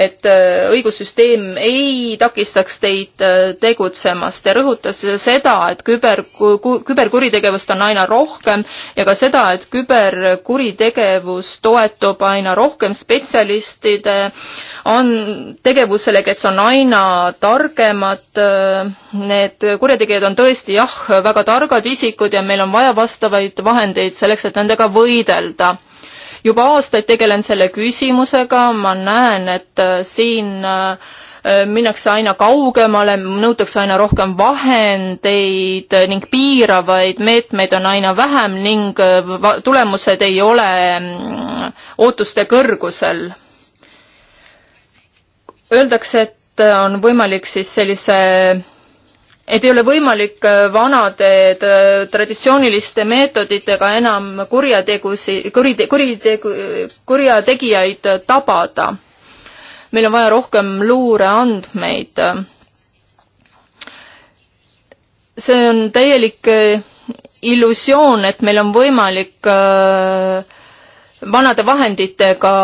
et äh, õigussüsteem ei takistaks teid äh, tegutsemast ja rõhutas seda, et küber, küberkuritegevust on aina rohkem ja ka seda, et küberkuritegevus toetub aina rohkem spetsialistide on tegevusele, kes on aina targemad äh, need kurjategijad on tõesti jah, väga targad isikud ja meil on vaja vastavaid vahendeid selleks, et nendega võidelda. juba aastaid tegelen selle küsimusega, ma näen, et äh, siin äh, minnakse aina kaugemale, nõutakse aina rohkem vahendeid ning piiravaid meetmeid on aina vähem ning äh, tulemused ei ole mm, ootuste kõrgusel. Öeldakse, et on võimalik siis sellise et ei ole võimalik äh, vanade äh, traditsiooniliste meetoditega enam kurjategusi, kurite-, kuritegu, kurjategijaid äh, tabada. meil on vaja rohkem luureandmeid. see on täielik illusioon, et meil on võimalik vanade vahenditega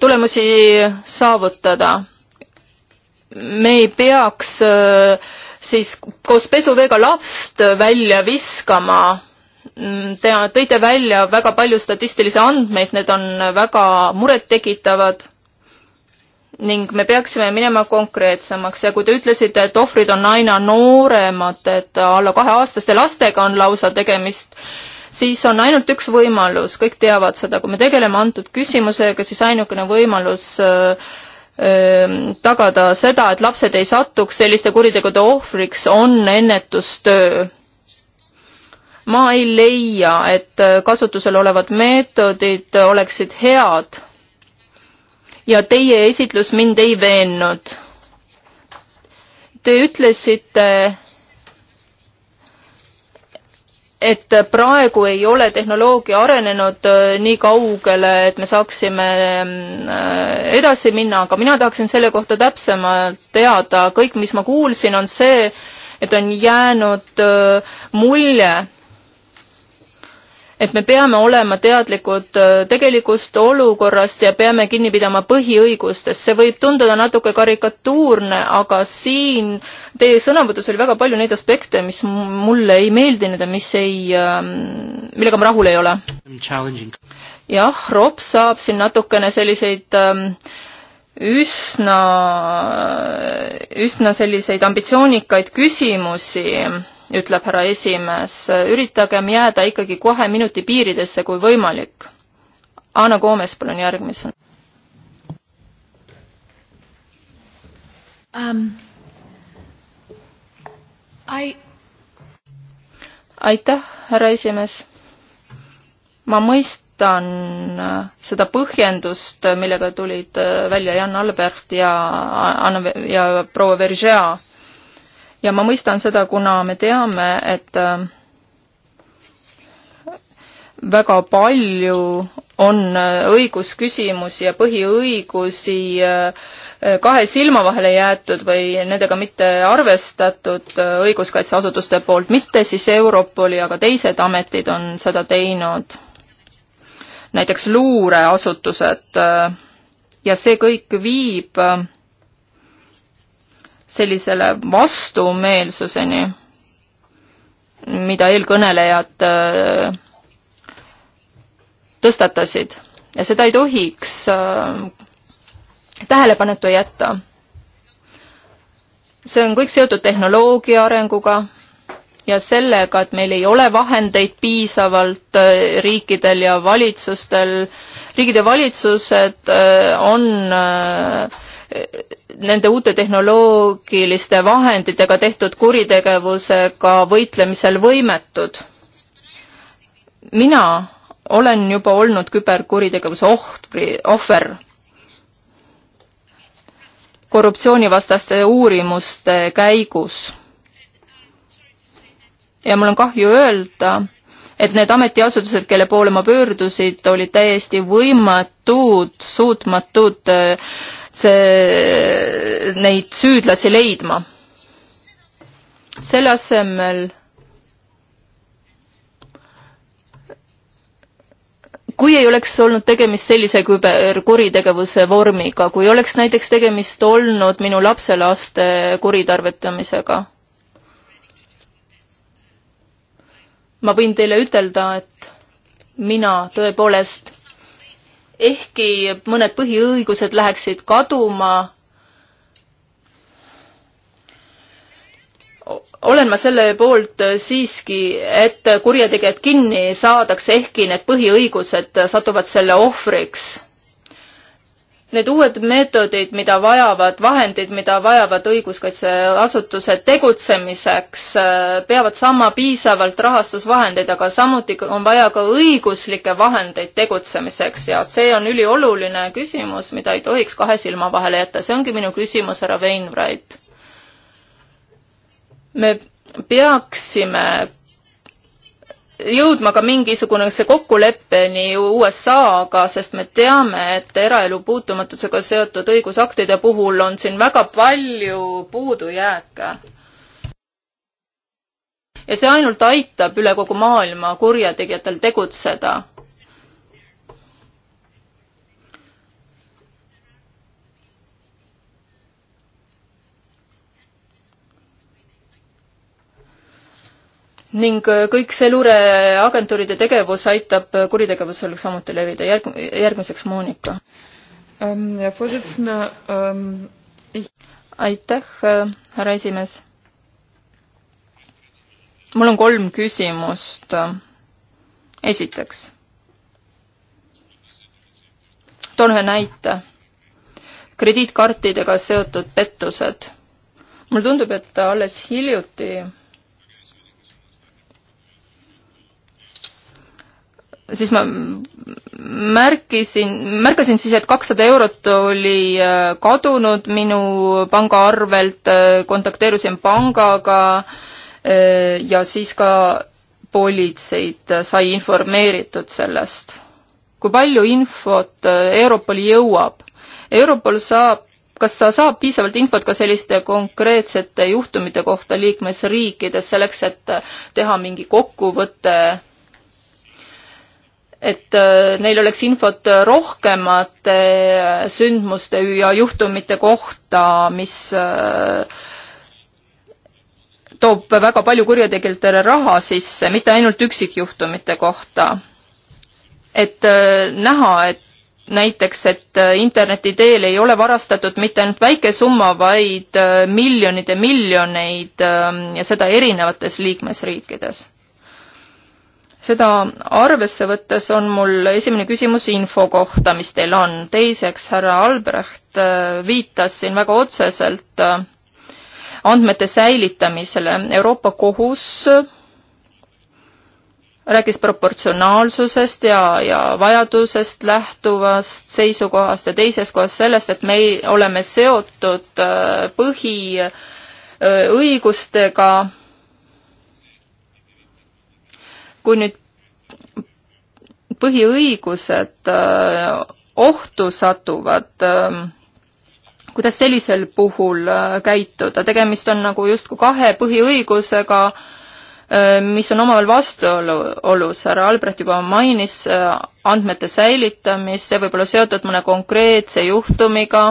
tulemusi saavutada. me ei peaks äh, siis koos pesuveega last välja viskama. Mm, te tõite välja väga palju statistilisi andmeid, need on väga murettekitavad ning me peaksime minema konkreetsemaks ja kui te ütlesite, et ohvrid on aina nooremad, et alla kaheaastaste lastega on lausa tegemist, siis on ainult üks võimalus, kõik teavad seda, kui me tegeleme antud küsimusega, siis ainukene võimalus äh, tagada seda, et lapsed ei satuks selliste kuritegude ohvriks, on ennetustöö. ma ei leia, et kasutusel olevad meetodid oleksid head. ja teie esitlus mind ei veennud. Te ütlesite, et praegu ei ole tehnoloogia arenenud äh, nii kaugele, et me saaksime mm, äh, edasi minna, aga mina tahaksin selle kohta täpsemalt teada. kõik, mis ma kuulsin, on see, et on jäänud äh, mulje, et me peame olema teadlikud äh, tegelikust olukorrast ja peame kinni pidama põhiõigustest. see võib tunduda natuke karikatuurne, aga siin teie sõnavõtus oli väga palju neid aspekte, mis mulle ei meeldinud ja mis ei, ähm, millega ma rahul ei ole. jah, ROP saab siin natukene selliseid ähm, üsna, üsna selliseid ambitsioonikaid küsimusi ütleb härra esimees, üritagem jääda ikkagi kahe minuti piiridesse, kui võimalik. Anna Koomes, palun järgmisena um,. I... aitäh, härra esimees. ma mõistan äh, seda põhjendust, millega tulid äh, välja Jan Albert ja äh, Anna ja proua Veržea ja ma mõistan seda, kuna me teame, et äh, väga palju on äh, õigusküsimusi ja põhiõigusi äh, kahe silma vahele jäetud või nendega mitte arvestatud õiguskaitseasutuste poolt, mitte siis Europoli, aga teised ametid on seda teinud. näiteks luureasutused ja see kõik viib sellisele vastumeelsuseni, mida eelkõnelejad äh, tõstatasid ja seda ei tohiks äh, tähelepanuta jätta. see on kõik seotud tehnoloogia arenguga ja sellega, et meil ei ole vahendeid piisavalt äh, riikidel ja valitsustel. riigid ja valitsused on äh, nende uute tehnoloogiliste vahenditega tehtud kuritegevusega võitlemisel võimetud. mina olen juba olnud küberkuritegevuse ohtri, ohver. korruptsioonivastaste uurimuste käigus. ja mul on kahju öelda, et need ametiasutused, kelle poole ma pöördusid, olid täiesti võimatud, suutmatud äh, see, neid süüdlasi leidma. selle asemel kui ei oleks olnud tegemist sellise küberkuritegevuse vormiga, kui oleks näiteks tegemist olnud minu lapselaste kuritarvitamisega, ma võin teile ütelda, et mina tõepoolest ehkki mõned põhiõigused läheksid kaduma, olen ma selle poolt siiski, et kurjategijad kinni saadakse, ehkki need põhiõigused satuvad selle ohvriks need uued meetodid, mida vajavad, vahendid, mida vajavad õiguskaitseasutused tegutsemiseks, äh, peavad saama piisavalt rahastusvahendeid, aga samuti on vaja ka õiguslikke vahendeid tegutsemiseks ja see on ülioluline küsimus, mida ei tohiks kahe silma vahele jätta. see ongi minu küsimus, härra Veinbreit. me peaksime jõudma ka mingisugune kokkuleppeni USA-ga, sest me teame, et eraelu puutumatusega seotud õigusaktide puhul on siin väga palju puudujääke. ja see ainult aitab üle kogu maailma kurjategijatel tegutseda ning äh, kõik see luureagentuuride tegevus aitab äh, kuritegevusel samuti levida. järg-, järgmiseks Monika ähm,. Ähm, ich... aitäh, äh, härra esimees. mul on kolm küsimust. esiteks, toon ühe näite. krediitkaartidega seotud pettused. mulle tundub, et alles hiljuti siis ma märkisin, märkasin siis, et kakssada eurot oli äh, kadunud minu pangaarvelt, äh, kontakteerusin pangaga äh, ja siis ka politseid sai informeeritud sellest. kui palju infot Europoli jõuab? Europol saab, kas ta saab piisavalt infot ka selliste konkreetsete juhtumite kohta liikmesriikides selleks, et teha mingi kokkuvõte et äh, neil oleks infot rohkemate äh, sündmuste ja juhtumite kohta, mis äh, toob väga palju kurjategijatele raha sisse, mitte ainult üksikjuhtumite kohta. et näha, et näiteks, et interneti teel ei ole varastatud mitte ainult väike summa, vaid miljonid ja miljoneid ähm, ja seda erinevates liikmesriikides seda arvesse võttes on mul esimene küsimus info kohta, mis teil on. teiseks, härra Albrecht äh, viitas siin väga otseselt äh, andmete säilitamisele. Euroopa Kohus äh, rääkis proportsionaalsusest ja, ja vajadusest lähtuvast seisukohast ja teisest kohast sellest, et me oleme seotud põhiõigustega kui nüüd põhiõigused äh, ohtu satuvad, ähm, kuidas sellisel puhul äh, käituda, tegemist on nagu justkui kahe põhiõigusega, äh, mis on omavahel vastuolus, härra Albrecht juba mainis andmete säilitamist, see võib olla seotud mõne konkreetse juhtumiga,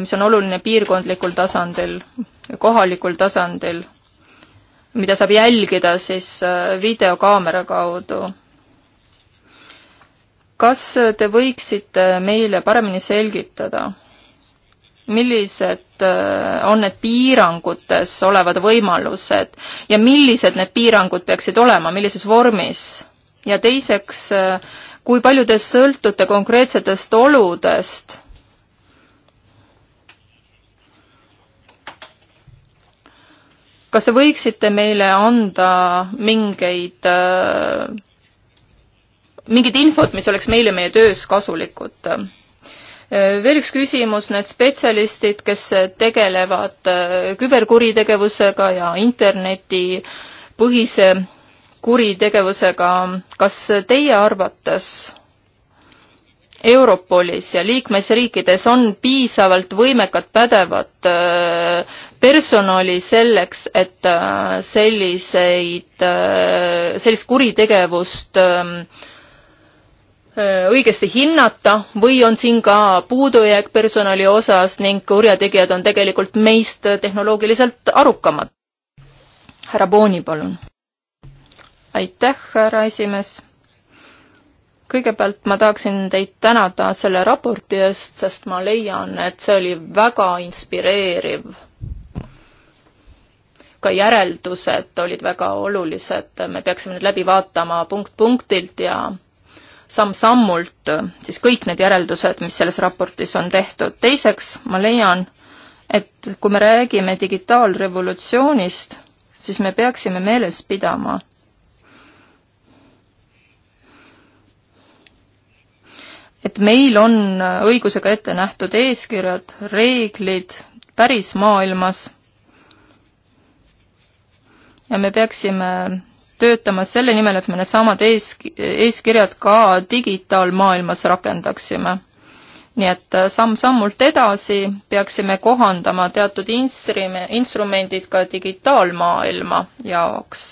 mis on oluline piirkondlikul tasandil, kohalikul tasandil mida saab jälgida siis äh, videokaamera kaudu. kas te võiksite meile paremini selgitada, millised äh, on need piirangutes olevad võimalused ja millised need piirangud peaksid olema, millises vormis? ja teiseks, äh, kui palju te sõltute konkreetsetest oludest kas te võiksite meile anda mingeid, äh, mingit infot, mis oleks meile meie töös kasulikud? Äh, veel üks küsimus, need spetsialistid, kes tegelevad äh, küberkuritegevusega ja internetipõhise kuritegevusega, kas teie arvates Europolis ja liikmesriikides on piisavalt võimekad, pädevad personali selleks, et äh, selliseid, äh, sellist kuritegevust ähm, äh, õigesti hinnata või on siin ka puudujääk personali osas ning kurjategijad on tegelikult meist tehnoloogiliselt arukamad? härra Booni, palun. aitäh, härra esimees. kõigepealt ma tahaksin teid tänada selle raporti eest, sest ma leian, et see oli väga inspireeriv ka järeldused olid väga olulised, me peaksime nüüd läbi vaatama punkt punktilt ja samm-sammult siis kõik need järeldused, mis selles raportis on tehtud. teiseks ma leian, et kui me räägime digitaalrevolutsioonist, siis me peaksime meeles pidama, et meil on õigusega ette nähtud eeskirjad, reeglid päris maailmas ja me peaksime töötama selle nimel, et me needsamad ees, eeskirjad ka digitaalmaailmas rakendaksime. nii et äh, samm-sammult edasi peaksime kohandama teatud instrum-, instrumendid ka digitaalmaailma jaoks.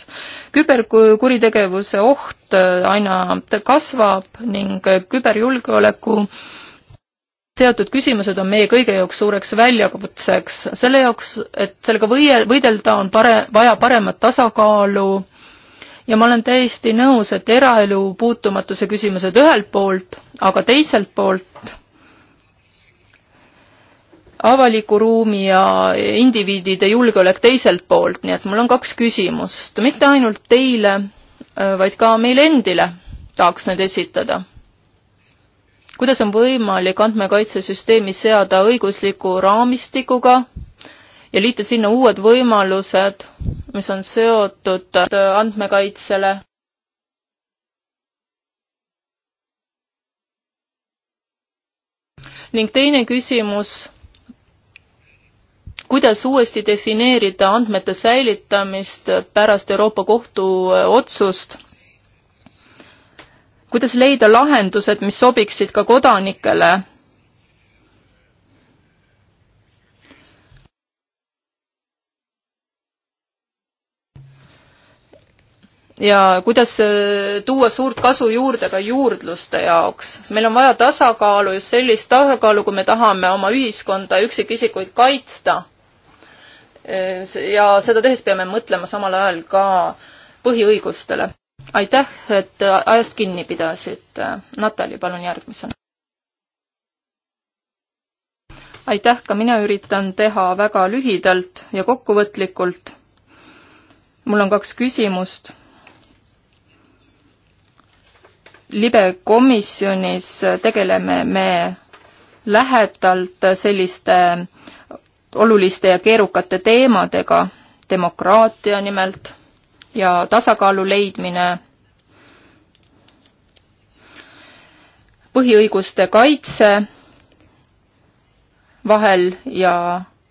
küberkuritegevuse oht äh, aina kasvab ning äh, küberjulgeoleku seotud küsimused on meie kõige jaoks suureks väljakutseks. selle jaoks, et sellega võie-, võidelda, on pare-, vaja paremat tasakaalu ja ma olen täiesti nõus, et eraelu puutumatuse küsimused ühelt poolt, aga teiselt poolt avaliku ruumi ja indiviidide julgeolek teiselt poolt, nii et mul on kaks küsimust, mitte ainult teile, vaid ka meile endile tahaks need esitada kuidas on võimalik andmekaitsesüsteemi seada õigusliku raamistikuga ja liita sinna uued võimalused, mis on seotud andmekaitsele? ning teine küsimus, kuidas uuesti defineerida andmete säilitamist pärast Euroopa Kohtu otsust kuidas leida lahendused, mis sobiksid ka kodanikele. ja kuidas äh, tuua suurt kasu juurde ka juurdluste jaoks. meil on vaja tasakaalu, just sellist tasakaalu, kui me tahame oma ühiskonda, üksikisikuid kaitsta. Äh, ja seda tehes peame mõtlema samal ajal ka põhiõigustele aitäh, et ajast kinni pidasite. Natali, palun järgmisena. aitäh, ka mina üritan teha väga lühidalt ja kokkuvõtlikult. mul on kaks küsimust. libe komisjonis tegeleme me lähedalt selliste oluliste ja keerukate teemadega, demokraatia nimelt ja tasakaalu leidmine põhiõiguste kaitse vahel ja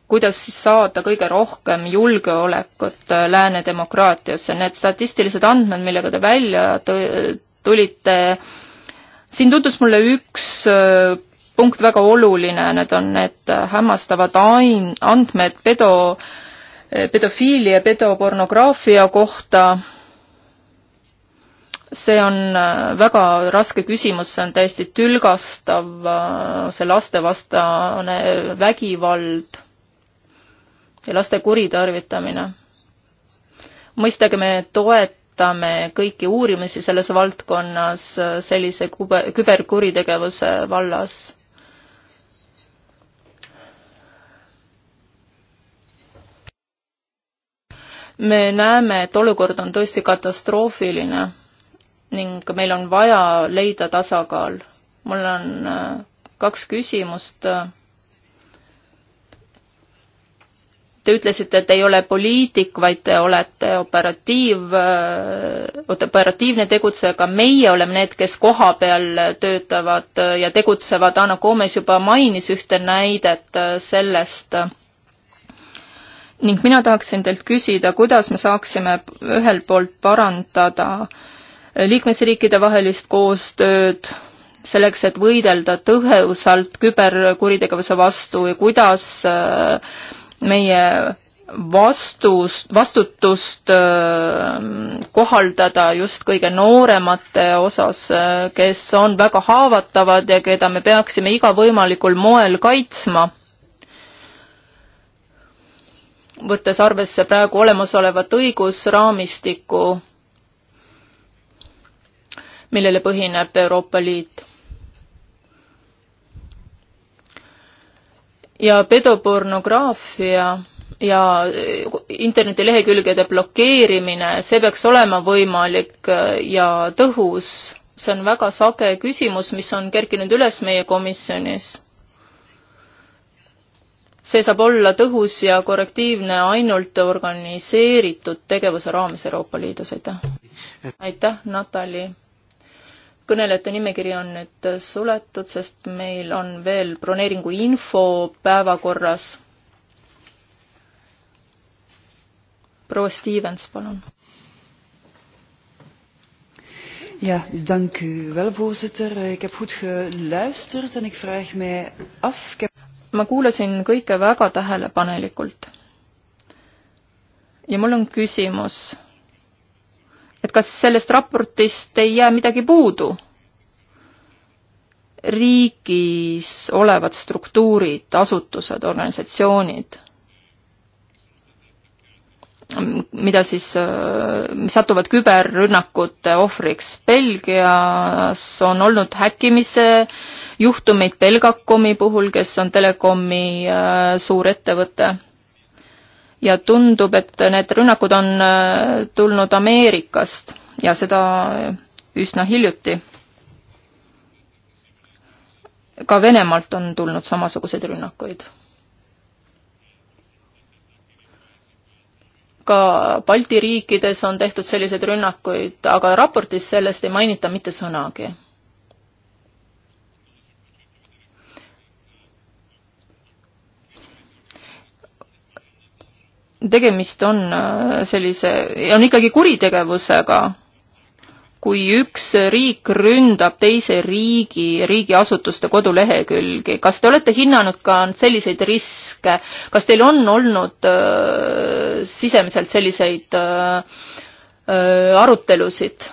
kuidas siis saada kõige rohkem julgeolekut äh, lääne demokraatiasse. Need statistilised andmed, millega te välja tulite, siin tundus mulle üks äh, punkt väga oluline, need on need äh, hämmastavad ain-, andmed pedo pedofiili ja pedopornograafia kohta. see on äh, väga raske küsimus, see on täiesti tülgastav, äh, see lastevastane vägivald ja laste kuritarvitamine. mõistagi me toetame kõiki uurimisi selles valdkonnas äh, sellise küberkuritegevuse vallas me näeme, et olukord on tõesti katastroofiline ning meil on vaja leida tasakaal. mul on äh, kaks küsimust. Te ütlesite, et ei ole poliitik, vaid te olete operatiiv, äh, operatiivne tegutseja, aga meie oleme need, kes koha peal töötavad ja tegutsevad. Anna Koomes juba mainis ühte näidet äh, sellest ning mina tahaksin teilt küsida, kuidas me saaksime ühelt poolt parandada liikmesriikide vahelist koostööd selleks, et võidelda tõhusalt küberkuritegevuse vastu ja kuidas äh, meie vastus, vastutust äh, kohaldada just kõige nooremate osas, äh, kes on väga haavatavad ja keda me peaksime iga võimalikul moel kaitsma võttes arvesse praegu olemasolevat õigusraamistikku, millele põhineb Euroopa Liit. ja pedopornograafia ja internetilehekülgede blokeerimine, see peaks olema võimalik ja tõhus. see on väga sage küsimus, mis on kerkinud üles meie komisjonis see saab olla tõhus ja korrektiivne ainult organiseeritud tegevuse raames Euroopa Liidus, aitäh. aitäh, Natali. kõnelejate nimekiri on nüüd suletud, sest meil on veel broneeringu info päevakorras. proua Stevens, palun. Ja, dank u wel, voorzitter. Ik heb goed geluisterd en ik vraag mij af. Ik heb ma kuulasin kõike väga tähelepanelikult. ja mul on küsimus, et kas sellest raportist ei jää midagi puudu? riigis olevad struktuurid, asutused, organisatsioonid, mida siis, mis satuvad küberrünnakute ohvriks. Belgias on olnud häkkimise äh, juhtumit Belgacomi puhul, kes on Telekomi äh, suurettevõte. ja tundub, et need rünnakud on äh, tulnud Ameerikast ja seda üsna hiljuti. ka Venemaalt on tulnud samasuguseid rünnakuid ka Balti riikides on tehtud selliseid rünnakuid, aga raportis sellest ei mainita mitte sõnagi. tegemist on äh, sellise, on ikkagi kuritegevusega, kui üks riik ründab teise riigi riigiasutuste kodulehekülgi. kas te olete hinnanud ka selliseid riske, kas teil on olnud äh, sisemiselt selliseid äh, äh arutelusid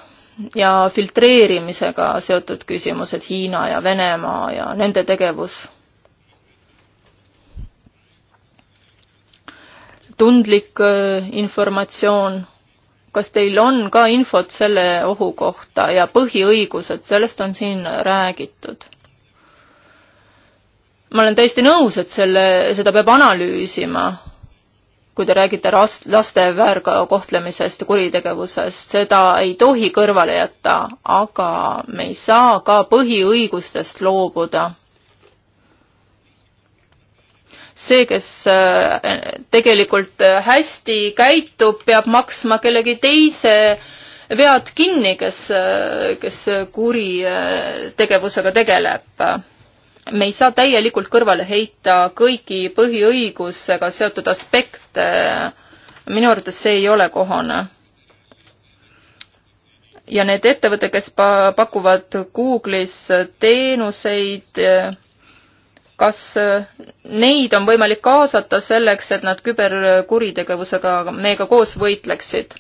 ja filtreerimisega seotud küsimused, Hiina ja Venemaa ja nende tegevus? tundlik äh, informatsioon, kas teil on ka infot selle ohu kohta ja põhiõigused, sellest on siin räägitud? ma olen täiesti nõus, et selle, seda peab analüüsima, kui te räägite rast-, laste väärkohtlemisest ja kuritegevusest, seda ei tohi kõrvale jätta, aga me ei saa ka põhiõigustest loobuda see, kes äh, tegelikult äh, hästi käitub, peab maksma kellegi teise vead kinni, kes, äh, kes kuritegevusega tegeleb. me ei saa täielikult kõrvale heita kõigi põhiõigusega seotud aspekte. minu arvates see ei ole kohane. ja need ettevõtted, kes pakuvad Google'is teenuseid, kas äh, neid on võimalik kaasata selleks, et nad küberkuritegevusega meiega koos võitleksid?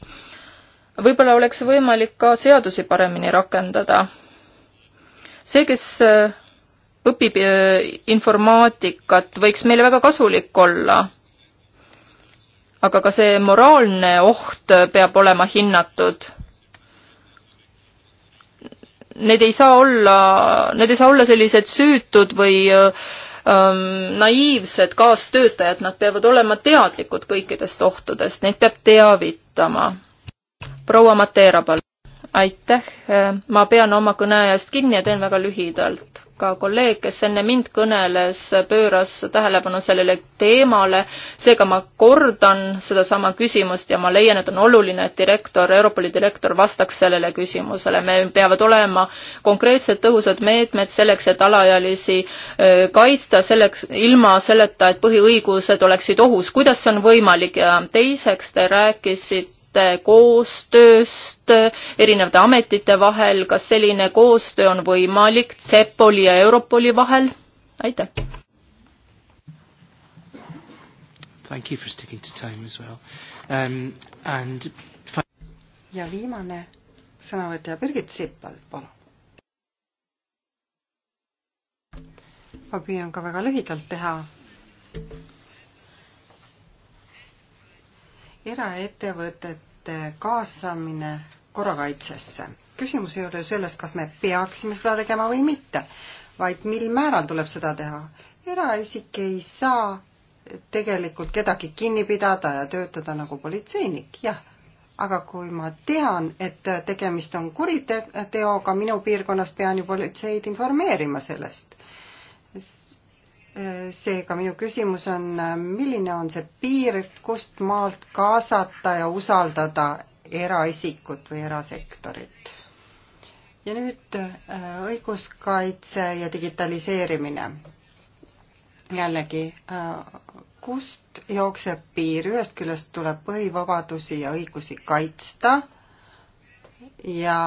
võib-olla oleks võimalik ka seadusi paremini rakendada. see, kes äh, õpib äh, informaatikat, võiks meile väga kasulik olla. aga ka see moraalne oht peab olema hinnatud need ei saa olla, need ei saa olla sellised süütud või ähm, naiivsed kaastöötajad, nad peavad olema teadlikud kõikidest ohtudest, neid peab teavitama. proua Mateera, palun. aitäh, äh, ma pean oma kõne ajast kinni ja teen väga lühidalt ka kolleeg, kes enne mind kõneles, pööras tähelepanu sellele teemale, seega ma kordan sedasama küsimust ja ma leian, et on oluline, et direktor, Europoli direktor vastaks sellele küsimusele. meil peavad olema konkreetsed tõhusad meetmed selleks, et alaealisi kaitsta selleks, ilma selleta, et põhiõigused oleksid ohus. kuidas see on võimalik ja teiseks te rääkisite erinevate koostööst erinevate ametite vahel, kas selline koostöö on võimalik CEPOL-i ja Europoli vahel? aitäh! Thank you for sticking to time as well um,. And ja viimane sõnavõtja Birgit Sippel, palun. ma püüan ka väga lühidalt teha. eraettevõtete kaasamine korrakaitsesse. küsimus ei ole selles, kas me peaksime seda tegema või mitte, vaid mil määral tuleb seda teha. eraisik ei saa tegelikult kedagi kinni pidada ja töötada nagu politseinik, jah. aga kui ma tean, et tegemist on kuriteoga minu piirkonnas, pean ju politseid informeerima sellest seega minu küsimus on, milline on see piir, kust maalt kaasata ja usaldada eraisikut või erasektorit? ja nüüd äh, õiguskaitse ja digitaliseerimine. jällegi, äh, kust jookseb piir, ühest küljest tuleb põhivabadusi ja õigusi kaitsta ja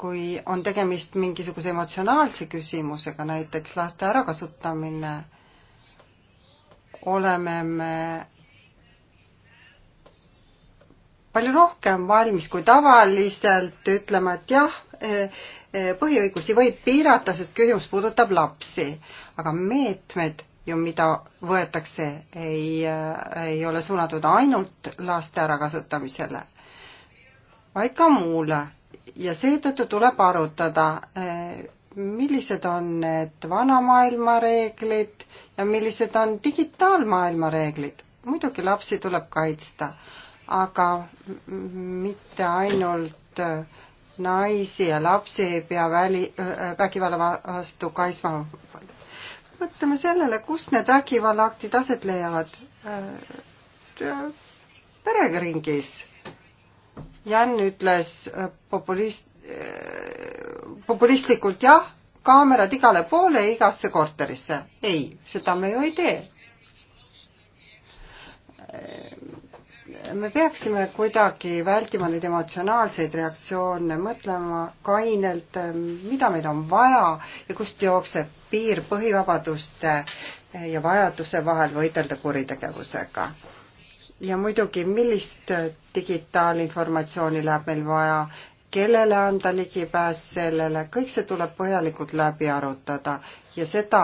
kui on tegemist mingisuguse emotsionaalse küsimusega, näiteks laste ärakasutamine, oleme me palju rohkem valmis kui tavaliselt ütlema, et jah, põhiõigusi võib piirata, sest küsimus puudutab lapsi, aga meetmed ju, mida võetakse, ei, ei ole suunatud ainult laste ärakasutamisele, vaid ka muule ja seetõttu tuleb arutada, eh, millised on need vana maailma reeglid ja millised on digitaalmaailma reeglid. muidugi lapsi tuleb kaitsta, aga mitte ainult eh, naisi ja lapsi ei pea väli, eh, vägivalla vastu kaitsma. mõtleme sellele, kust need vägivallaaktid aset leiavad. pereringis Jan ütles äh, populist, äh, populistlikult jah, kaamerad igale poole ja igasse korterisse. ei, seda me ju ei tee. me peaksime kuidagi vältima neid emotsionaalseid reaktsioone, mõtlema kainelt, äh, mida meil on vaja ja kust jookseb piir põhivabaduste ja vajaduse vahel võidelda kuritegevusega ja muidugi, millist digitaalinformatsiooni läheb meil vaja, kellele anda ligipääs sellele, kõik see tuleb põhjalikult läbi arutada ja seda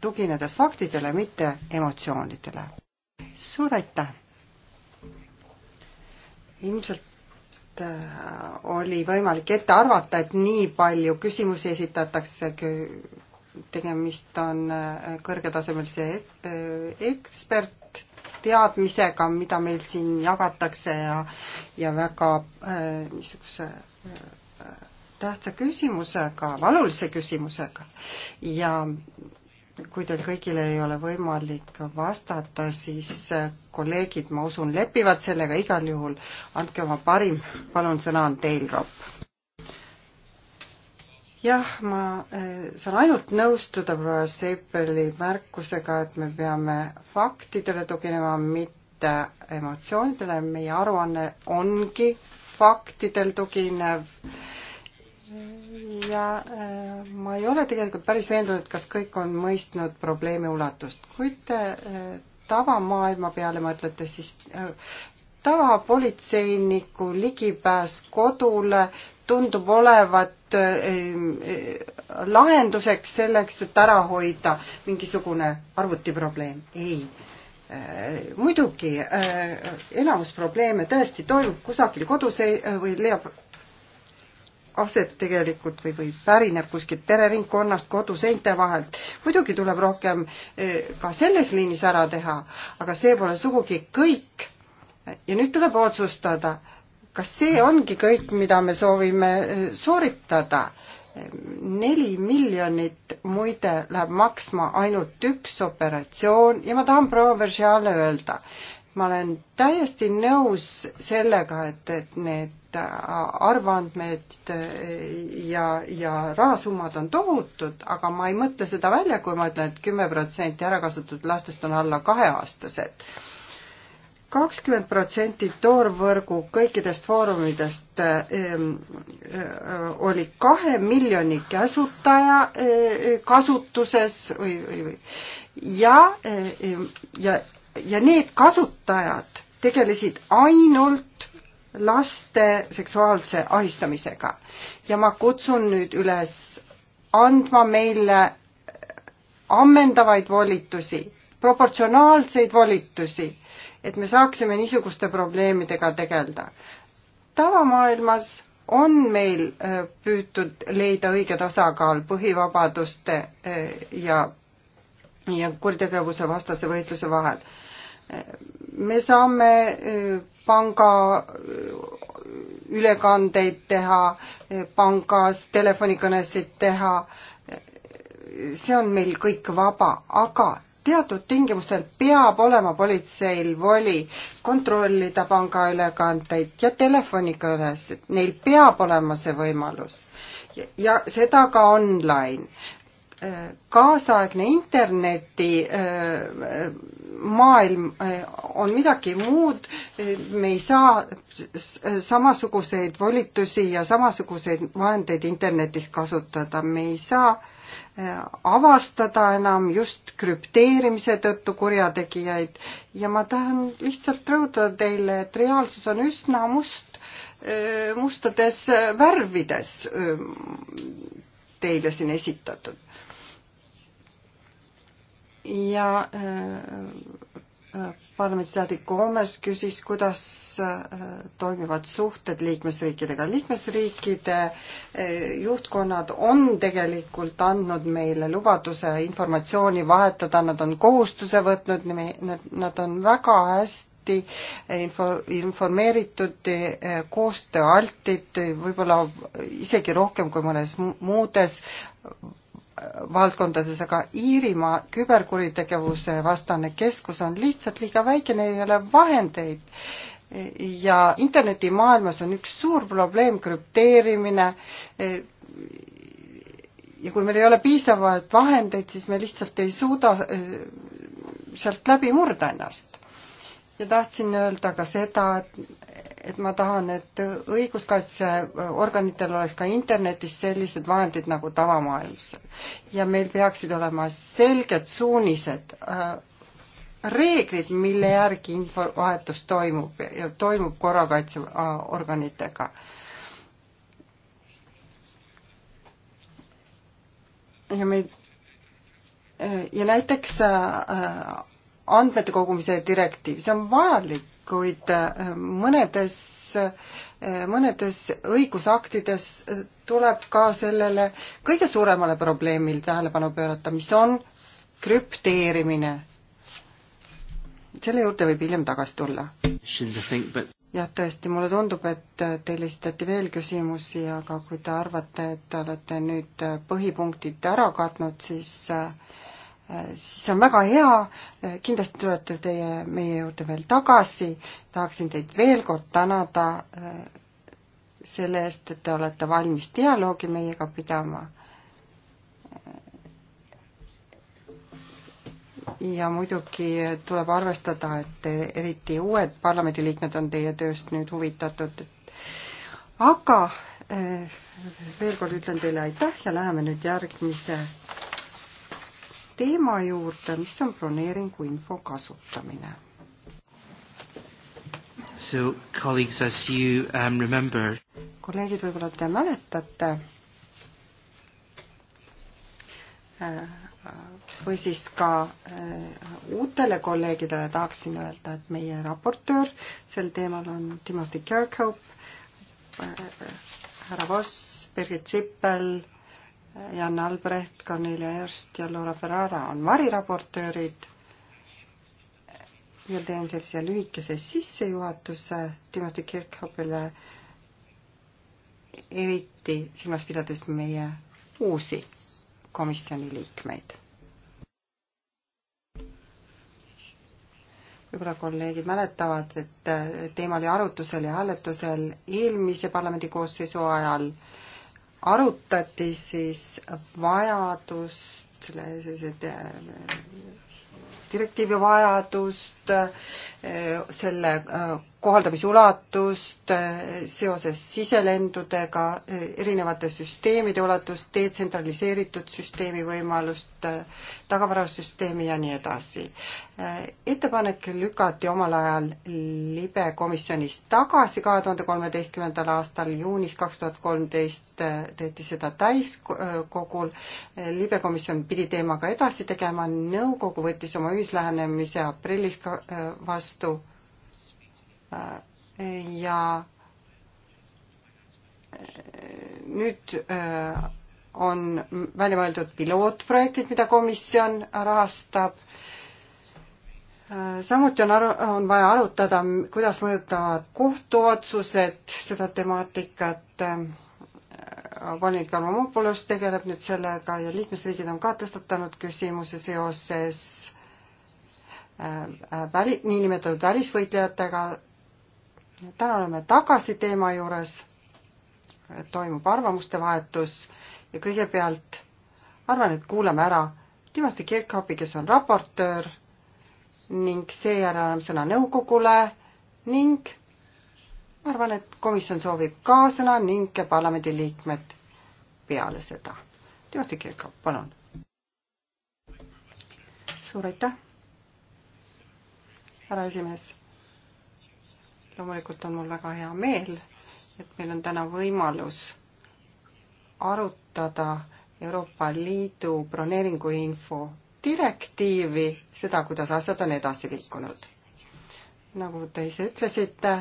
tuginedes faktidele, mitte emotsioonidele. suur aitäh! ilmselt äh, oli võimalik ette arvata, et nii palju küsimusi esitatakse, tegemist on äh, kõrgetasemelise äh, ekspert, teadmisega, mida meil siin jagatakse ja, ja väga äh, niisuguse äh, tähtsa küsimusega, valulise küsimusega ja kui teil kõigil ei ole võimalik vastata, siis äh, kolleegid, ma usun, lepivad sellega igal juhul. andke oma parim, palun, sõna on teil, Ropp jah, ma eh, saan ainult nõustuda proua Seipeli märkusega, et me peame faktidele tuginema, mitte emotsioonidele, meie aruanne ongi faktidel tuginev. ja eh, ma ei ole tegelikult päris veendunud, kas kõik on mõistnud probleemi ulatust. kui te eh, tavamaailma peale mõtlete, siis tavapolitseiniku ligipääs kodule tundub olevat äh, äh, lahenduseks selleks, et ära hoida mingisugune arvutiprobleem. ei äh, muidugi enamus probleeme tõesti toimub kusagil kodus või leiab aset tegelikult või, või pärineb kuskilt pereringkonnast, kodu seinte vahelt. muidugi tuleb rohkem ka selles liinis ära teha, aga see pole sugugi kõik. ja nüüd tuleb otsustada kas see ongi kõik, mida me soovime eh, sooritada? neli miljonit muide läheb maksma ainult üks operatsioon ja ma tahan proua Veržiale öelda, ma olen täiesti nõus sellega, et, et need äh, arvandmed äh, ja, ja rahasummad on tohutud, aga ma ei mõtle seda välja, kui ma ütlen et, et kümme protsenti ärakasutatud lastest on alla kaheaastased kakskümmend protsenti toorvõrgu kõikidest foorumidest eh, eh, oli kahe miljoni käsutaja eh, kasutuses või, või, või ja, ja, ja need kasutajad tegelesid ainult laste seksuaalse ahistamisega. ja ma kutsun nüüd üles andma meile ammendavaid volitusi, proportsionaalseid volitusi et me saaksime niisuguste probleemidega tegeleda. tavamaailmas on meil äh, püütud leida õige tasakaal põhivabaduste äh, ja, ja kuritegevuse vastase võitluse vahel. Äh, me saame panga ülekandeid teha, pangas telefonikõnesid teha, see on meil kõik vaba, aga teatud tingimustel peab olema politseil voli kontrollida pangaülekandeid ja telefonikõnesid, neil peab olema see võimalus ja, ja seda ka online. Äh, kaasaegne interneti äh, maailm äh, on midagi muud, me ei saa samasuguseid volitusi ja samasuguseid vahendeid internetis kasutada, me ei saa äh, Äh, avastada enam just krüpteerimise tõttu kurjategijaid ja ma tahan lihtsalt rõhutada teile, et reaalsus on üsna must, äh, mustades värvides äh, teile siin esitatud. ja parlamendisaadik Gomes küsis, kuidas äh, toimivad suhted liikmesriikidega. liikmesriikide äh, juhtkonnad on tegelikult andnud meile lubaduse informatsiooni vahetada, nad on kohustuse võtnud, nad on väga hästi äh, info, informeeritud, koostööaltid, võib-olla isegi rohkem kui mõnes muudes valdkondades, aga Iirimaa küberkuritegevuse vastane keskus on lihtsalt liiga väike, neil ei ole vahendeid. ja internetimaailmas on üks suur probleem krüpteerimine. ja kui meil ei ole piisavalt vahendeid, siis me lihtsalt ei suuda eh, sealt läbi murda ennast. ja tahtsin öelda ka seda, et et ma tahan, et õiguskaitseorganitel oleks ka internetis sellised vahendid nagu tavamaailmas. ja meil peaksid olema selged suunised, äh, reeglid, mille järgi infovahetus toimub ja toimub korrakaitseorganitega ja meil äh, ja näiteks äh, andmete kogumise direktiiv, see on vajalik, kuid äh, mõnedes, äh, mõnedes õigusaktides äh, tuleb ka sellele kõige suuremale probleemile tähelepanu pöörata, mis on krüpteerimine. selle juurde võib hiljem tagasi tulla. jah, tõesti, mulle tundub, et teile esitati veel küsimusi, aga kui te arvate, et olete nüüd põhipunktid ära katnud, siis äh, Äh, siis on väga hea, äh, kindlasti tulete teie meie juurde veel tagasi, tahaksin teid veel kord tänada äh, selle eest, et te olete valmis dialoogi meiega pidama. ja muidugi tuleb arvestada, et eriti uued parlamendiliikmed on teie tööst nüüd huvitatud, et aga veel kord ütlen teile aitäh ja läheme nüüd järgmise teema juurde, mis on broneeringu info kasutamine. So colleagues, as you um, remember kolleegid, võib-olla te mäletate äh, või siis ka äh, uutele kolleegidele tahaksin öelda, et meie raportöör sel teemal on Timothy Kirkhope, äh, härra Voss, Birgit Sippel, Jan Albrecht, Cornelia Erst ja Laura Ferrara on variraportöörid. ja teen sellise lühikese sissejuhatuse Timothy Kirkhopile, eriti silmas pidades meie uusi komisjoni liikmeid. võib-olla kolleegid mäletavad, et teema oli arutusel ja hääletusel eelmise parlamendi koosseisu ajal äh, arutati siis vajadust, selle sellise äh, direktiivi vajadust, äh, selle äh, kohaldamisulatust äh, seoses siselendudega, äh, erinevate süsteemide ulatust, detsentraliseeritud süsteemi võimalust, äh, tagavarasüsteemi ja nii edasi. ettepanek lükati omal ajal libe komisjonis tagasi kahe tuhande kolmeteistkümnendal aastal, juunis kaks tuhat kolmteist tehti seda täiskogul, libe komisjon pidi teemaga edasi tegema, nõukogu võttis oma ühislähenemise aprillis vastu Äh, ja äh, nüüd äh, on välja mõeldud pilootprojektid, mida komisjon rahastab. samuti on aru, on vaja arutada, kuidas mõjutavad kohtuotsused seda temaatikat. Volinik Kalmamopolos tegeleb nüüd sellega ja liikmesriigid on ka tõstatanud küsimuse seoses väli, niinimetatud välisvõitlejatega täna oleme tagasi teema juures, toimub arvamuste vahetus ja kõigepealt arvan, et kuulame ära Timothy Kirkhopi, kes on raportöör ning seejärel anname sõna nõukogule ning ma arvan, et komisjon soovib ka sõna ning parlamendiliikmed peale seda. Timothy Kirkhop, palun. suur aitäh, härra esimees loomulikult on mul väga hea meel, et meil on täna võimalus arutada Euroopa Liidu broneeringuinfo direktiivi, seda, kuidas asjad on edasi liikunud. nagu te ise ütlesite,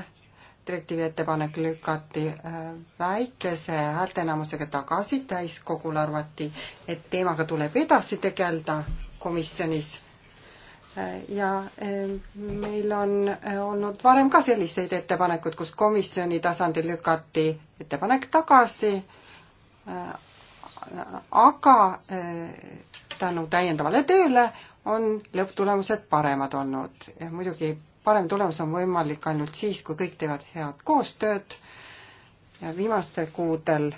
direktiivi ettepanek lükati äh, väikese häälteenamusega tagasi, täiskogul arvati, et teemaga tuleb edasi tegeleda komisjonis ja meil on eh, olnud varem ka selliseid ettepanekuid, kus komisjoni tasandil lükati ettepanek tagasi, eh, aga eh, tänu täiendavale tööle on lõpptulemused paremad olnud ja muidugi parem tulemus on võimalik ainult siis, kui kõik teevad head koostööd ja viimastel kuudel,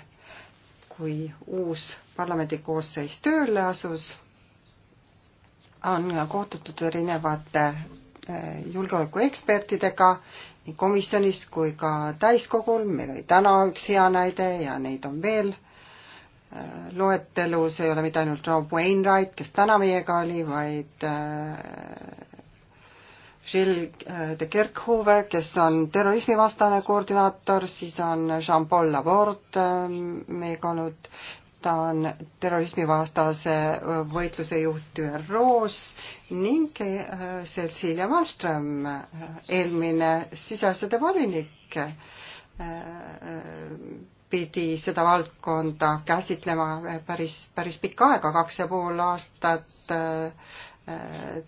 kui uus parlamendi koosseis tööle asus, on kohtutud erinevate eh, julgeolekuekspertidega nii komisjonis kui ka täiskogul, meil oli täna üks hea näide ja neid on veel eh, loetelus, ei ole mitte ainult Rob Wainwright, kes täna meiega oli, vaid Gilles eh, de Kerkhove, kes on terrorismivastane koordinaator, siis on Jean-Paul Laborde meiega olnud, ta on terrorismivastase võitluse juht ÜRO-s ning äh, Cecilia Malmström, äh, eelmine siseasjade volinik, äh, pidi seda valdkonda käsitlema päris, päris pikka aega, kaks ja pool aastat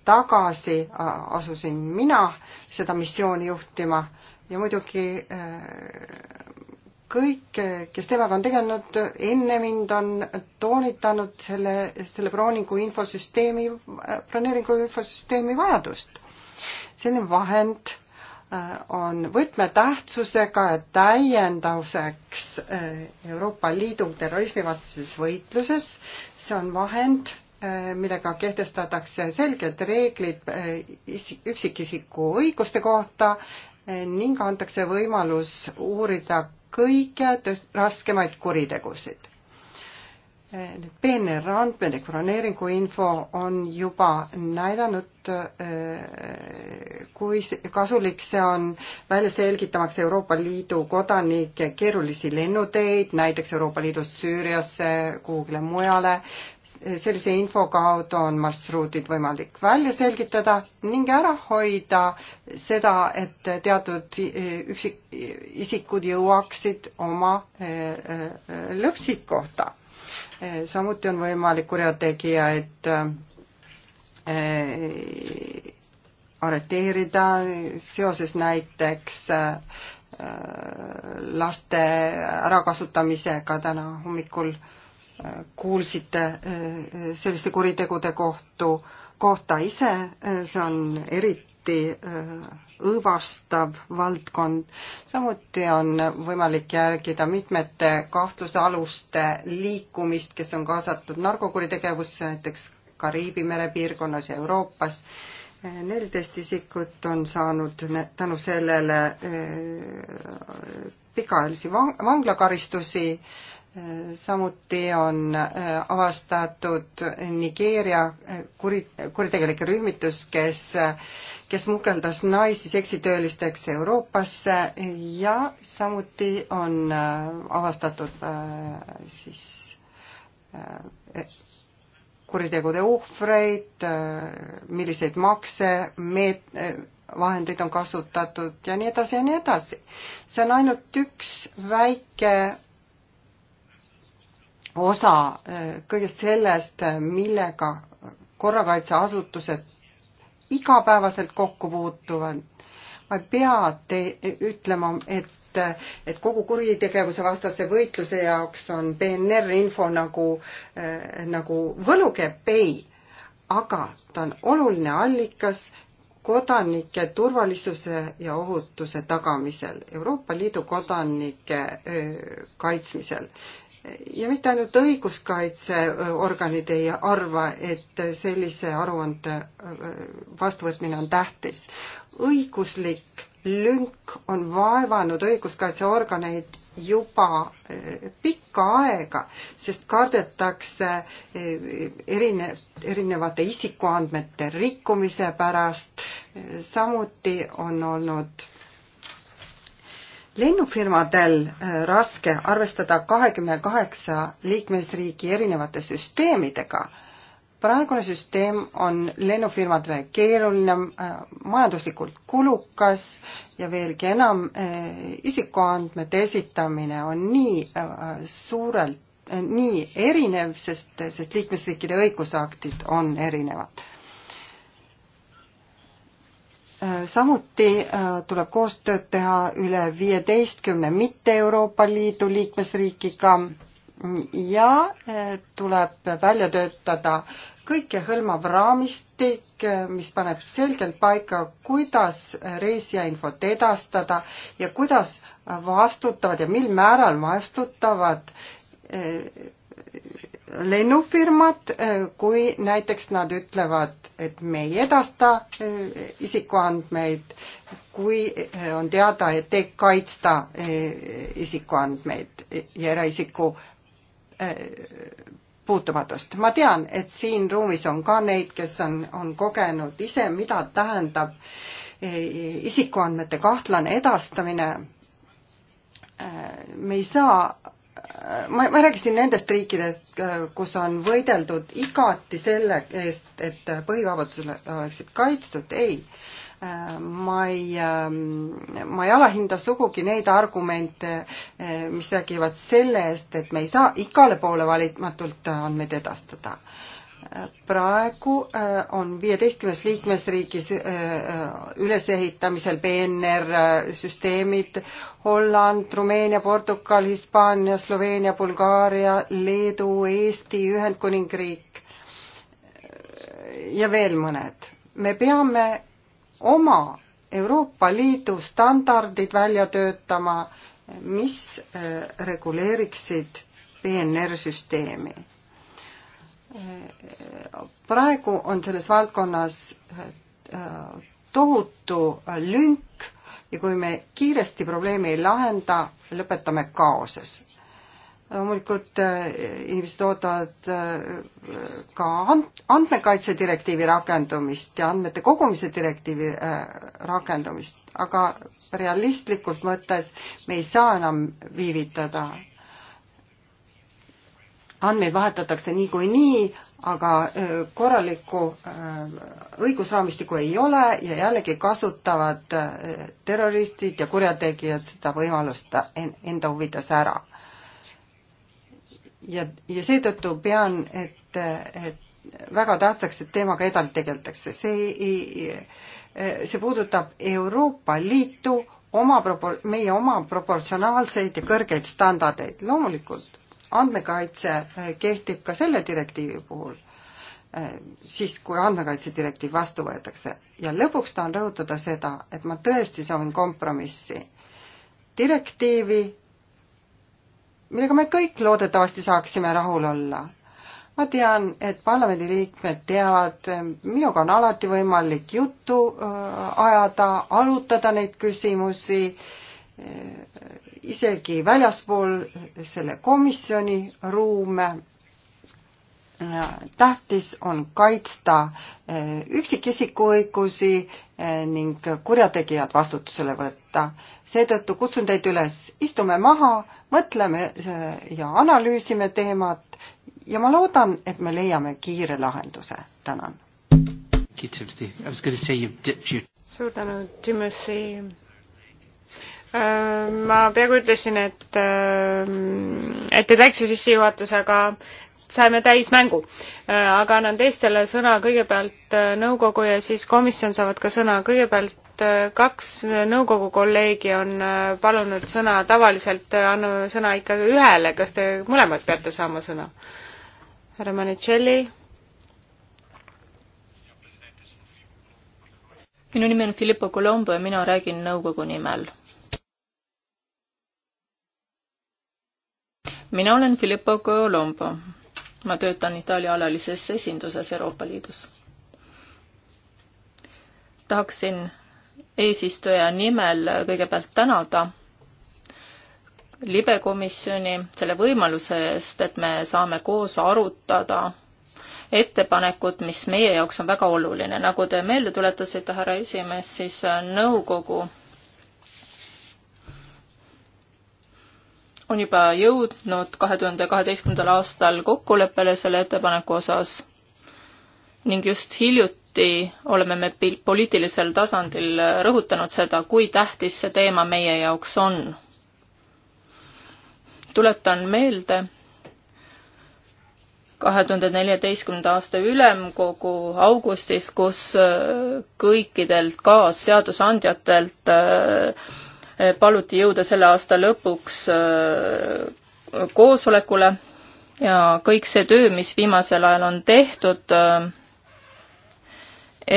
tagasi asusin mina seda missiooni juhtima ja muidugi kõik, kes teemaga on tegelenud, enne mind on toonitanud selle, selle brooniku infosüsteemi, broneeringu infosüsteemi vajadust. selline vahend äh, on võtmetähtsusega ja täiendavuseks äh, Euroopa Liidu terrorismivastases võitluses. see on vahend, äh, millega kehtestatakse selged reeglid üksikisiku õiguste kohta ning antakse võimalus uurida kõige raskemaid kuritegusid need PNR andmed ehk broneeringu info on juba näidanud, eh, kui kasulik see on välja selgitamaks Euroopa Liidu kodanike keerulisi lennuteid, näiteks Euroopa Liidust Süüriasse, kuhugile mujale. sellise info kaudu on marsruudid võimalik välja selgitada ning ära hoida seda, et teatud eh, üksik, isikud jõuaksid oma eh, lõpsikohta Eh, samuti on võimalik kurjategijaid eh, arreteerida seoses näiteks eh, laste ärakasutamisega täna hommikul kuulsite selliste kuritegude kohtu, kohta ise, see on eriti õõvastav valdkond. samuti on võimalik järgida mitmete kahtlusaluste liikumist, kes on kaasatud narkokuritegevusse näiteks Kariibi mere piirkonnas ja Euroopas. neliteist isikut on saanud tänu sellele eh, pikaajalisi vanglakaristusi, samuti on eh, avastatud Nigeeria eh, kuri, kuritegelik rühmitus, kes kes mukeldas naisi seksitöölisteks Euroopasse ja samuti on äh, avastatud äh, siis äh, e-, kuritegude ohvreid, milliseid makse, meet-, vahendeid on kasutatud ja nii edasi ja nii edasi. see on ainult üks väike osa kõigest sellest, millega korrakaitseasutused igapäevaselt kokku puutuvad. ma ei pea te ütlema, et et kogu kuritegevuse vastase võitluse jaoks on PNR info nagu äh,, nagu võlukepp, ei. aga ta on oluline allikas kodanike turvalisuse ja ohutuse tagamisel, Euroopa Liidu kodanike öö, eh, kaitsmisel ja mitte ainult õiguskaitseorganid äh, ei arva, et sellise aruande äh, vastuvõtmine on tähtis. õiguslik lünk on vaevanud õiguskaitseorganeid juba äh, pikka aega, sest kardetakse erine-, erinevate isikuandmete rikkumise pärast, samuti on olnud lennufirmadel äh, raske arvestada kahekümne kaheksa liikmesriigi erinevate süsteemidega. praegune süsteem on lennufirmadele keeruline, äh, majanduslikult kulukas ja veelgi enam, äh, isikuandmete esitamine on nii suurelt, nii erinev, sest, sest liikmesriikide õigusaktid on erinevad samuti äh, tuleb koostööd teha üle viieteistkümne mitte Euroopa Liidu liikmesriigiga ja äh, tuleb välja töötada kõikehõlmav raamistik, äh, mis paneb selgelt paika, kuidas reisijainfot edastada ja kuidas vastutavad ja mil määral vastutavad lennufirmad, eh, kui näiteks nad ütlevad, et me ei edasta eh, isikuandmeid, kui eh, on teada, et ei kaitsta isikuandmeid ja eraisiku puutumatust. ma tean, et siin ruumis on ka neid, kes on, on kogenud ise, mida tähendab isikuandmete kahtlane edastamine. me ei saa ma, ma rääkisin nendest riikidest, kus on võideldud igati selle eest, et põhivabadused oleksid kaitstud, ei. ma ei, ma ei alahinde sugugi neid argumente, mis räägivad selle eest, et me ei saa igale poole valimatult andmeid edastada praegu äh, on viieteistkümnes liikmesriigis äh, äh, ülesehitamisel PNR süsteemid Holland, Rumeenia, Portugal, Hispaania, Sloveenia, Bulgaaria, Leedu, Eesti, Ühendkuningriik ja veel mõned. me peame oma Euroopa Liidu standardid välja töötama, mis reguleeriksid PNR-süsteemi praegu on selles valdkonnas äh, tohutu lünk ja kui me kiiresti probleemi ei lahenda, lõpetame kaoses. loomulikult äh, inimesed ootavad äh, ka andmekaitse direktiivi rakendumist ja andmete kogumise direktiivi rakendumist, aga realistlikult mõttes me ei saa enam viivitada andmeid vahetatakse niikuinii, nii, aga äh, korralikku äh, õigusraamistikku ei ole ja jällegi kasutavad äh, terroristid ja kurjategijad seda võimalust enda huvides ära. ja, ja seetõttu pean, et, et väga tähtsaks, et teemaga edasi tegeldakse, see ei, see puudutab Euroopa Liitu, oma propor-, meie oma proportsionaalseid ja kõrgeid standardeid, loomulikult andmekaitse eh, kehtib ka selle direktiivi puhul, eh, siis kui andmekaitse direktiiv vastu võetakse. ja lõpuks tahan rõhutada seda, et ma tõesti soovin kompromissi. direktiivi, millega me kõik loodetavasti saaksime rahul olla ma tean, et parlamendiliikmed teavad, eh, minuga on alati võimalik juttu ajada, arutada neid küsimusi isegi väljaspool selle komisjoni ruume. tähtis on kaitsta eh, üksikisiku õigusi eh, ning kurjategijad vastutusele võtta. seetõttu kutsun teid üles, istume maha, mõtleme eh, ja analüüsime teemat ja ma loodan, et me leiame kiire lahenduse. tänan. suur tänu, Timothy Äh, ma peaaegu ütlesin, et, äh, et ei täitsa sissejuhatuse, aga saime täismängu. Äh, aga annan teistele sõna, kõigepealt nõukogu ja siis komisjon saavad ka sõna. kõigepealt kaks nõukogu kolleegi on palunud sõna, tavaliselt anname sõna ikka ühele, kas te mõlemad peate saama sõna? härra Manicelli. minu nimi on Filippo Colombo ja mina räägin nõukogu nimel mina olen Filippo Colombo. ma töötan Itaalia alalises esinduses Euroopa Liidus. tahaksin eesistuja nimel kõigepealt tänada libekomisjoni selle võimaluse eest, et me saame koos arutada ettepanekut, mis meie jaoks on väga oluline. nagu te meelde tuletasite, härra esimees, siis nõukogu on juba jõudnud kahe tuhande kaheteistkümnendal aastal kokkuleppele selle ettepaneku osas ning just hiljuti oleme me poliitilisel tasandil rõhutanud seda, kui tähtis see teema meie jaoks on. tuletan meelde kahe tuhande neljateistkümnenda aasta ülemkogu augustis, kus kõikidelt kaasseadusandjatelt äh, Eh, paluti jõuda selle aasta lõpuks eh, koosolekule ja kõik see töö, mis viimasel ajal on tehtud, eh,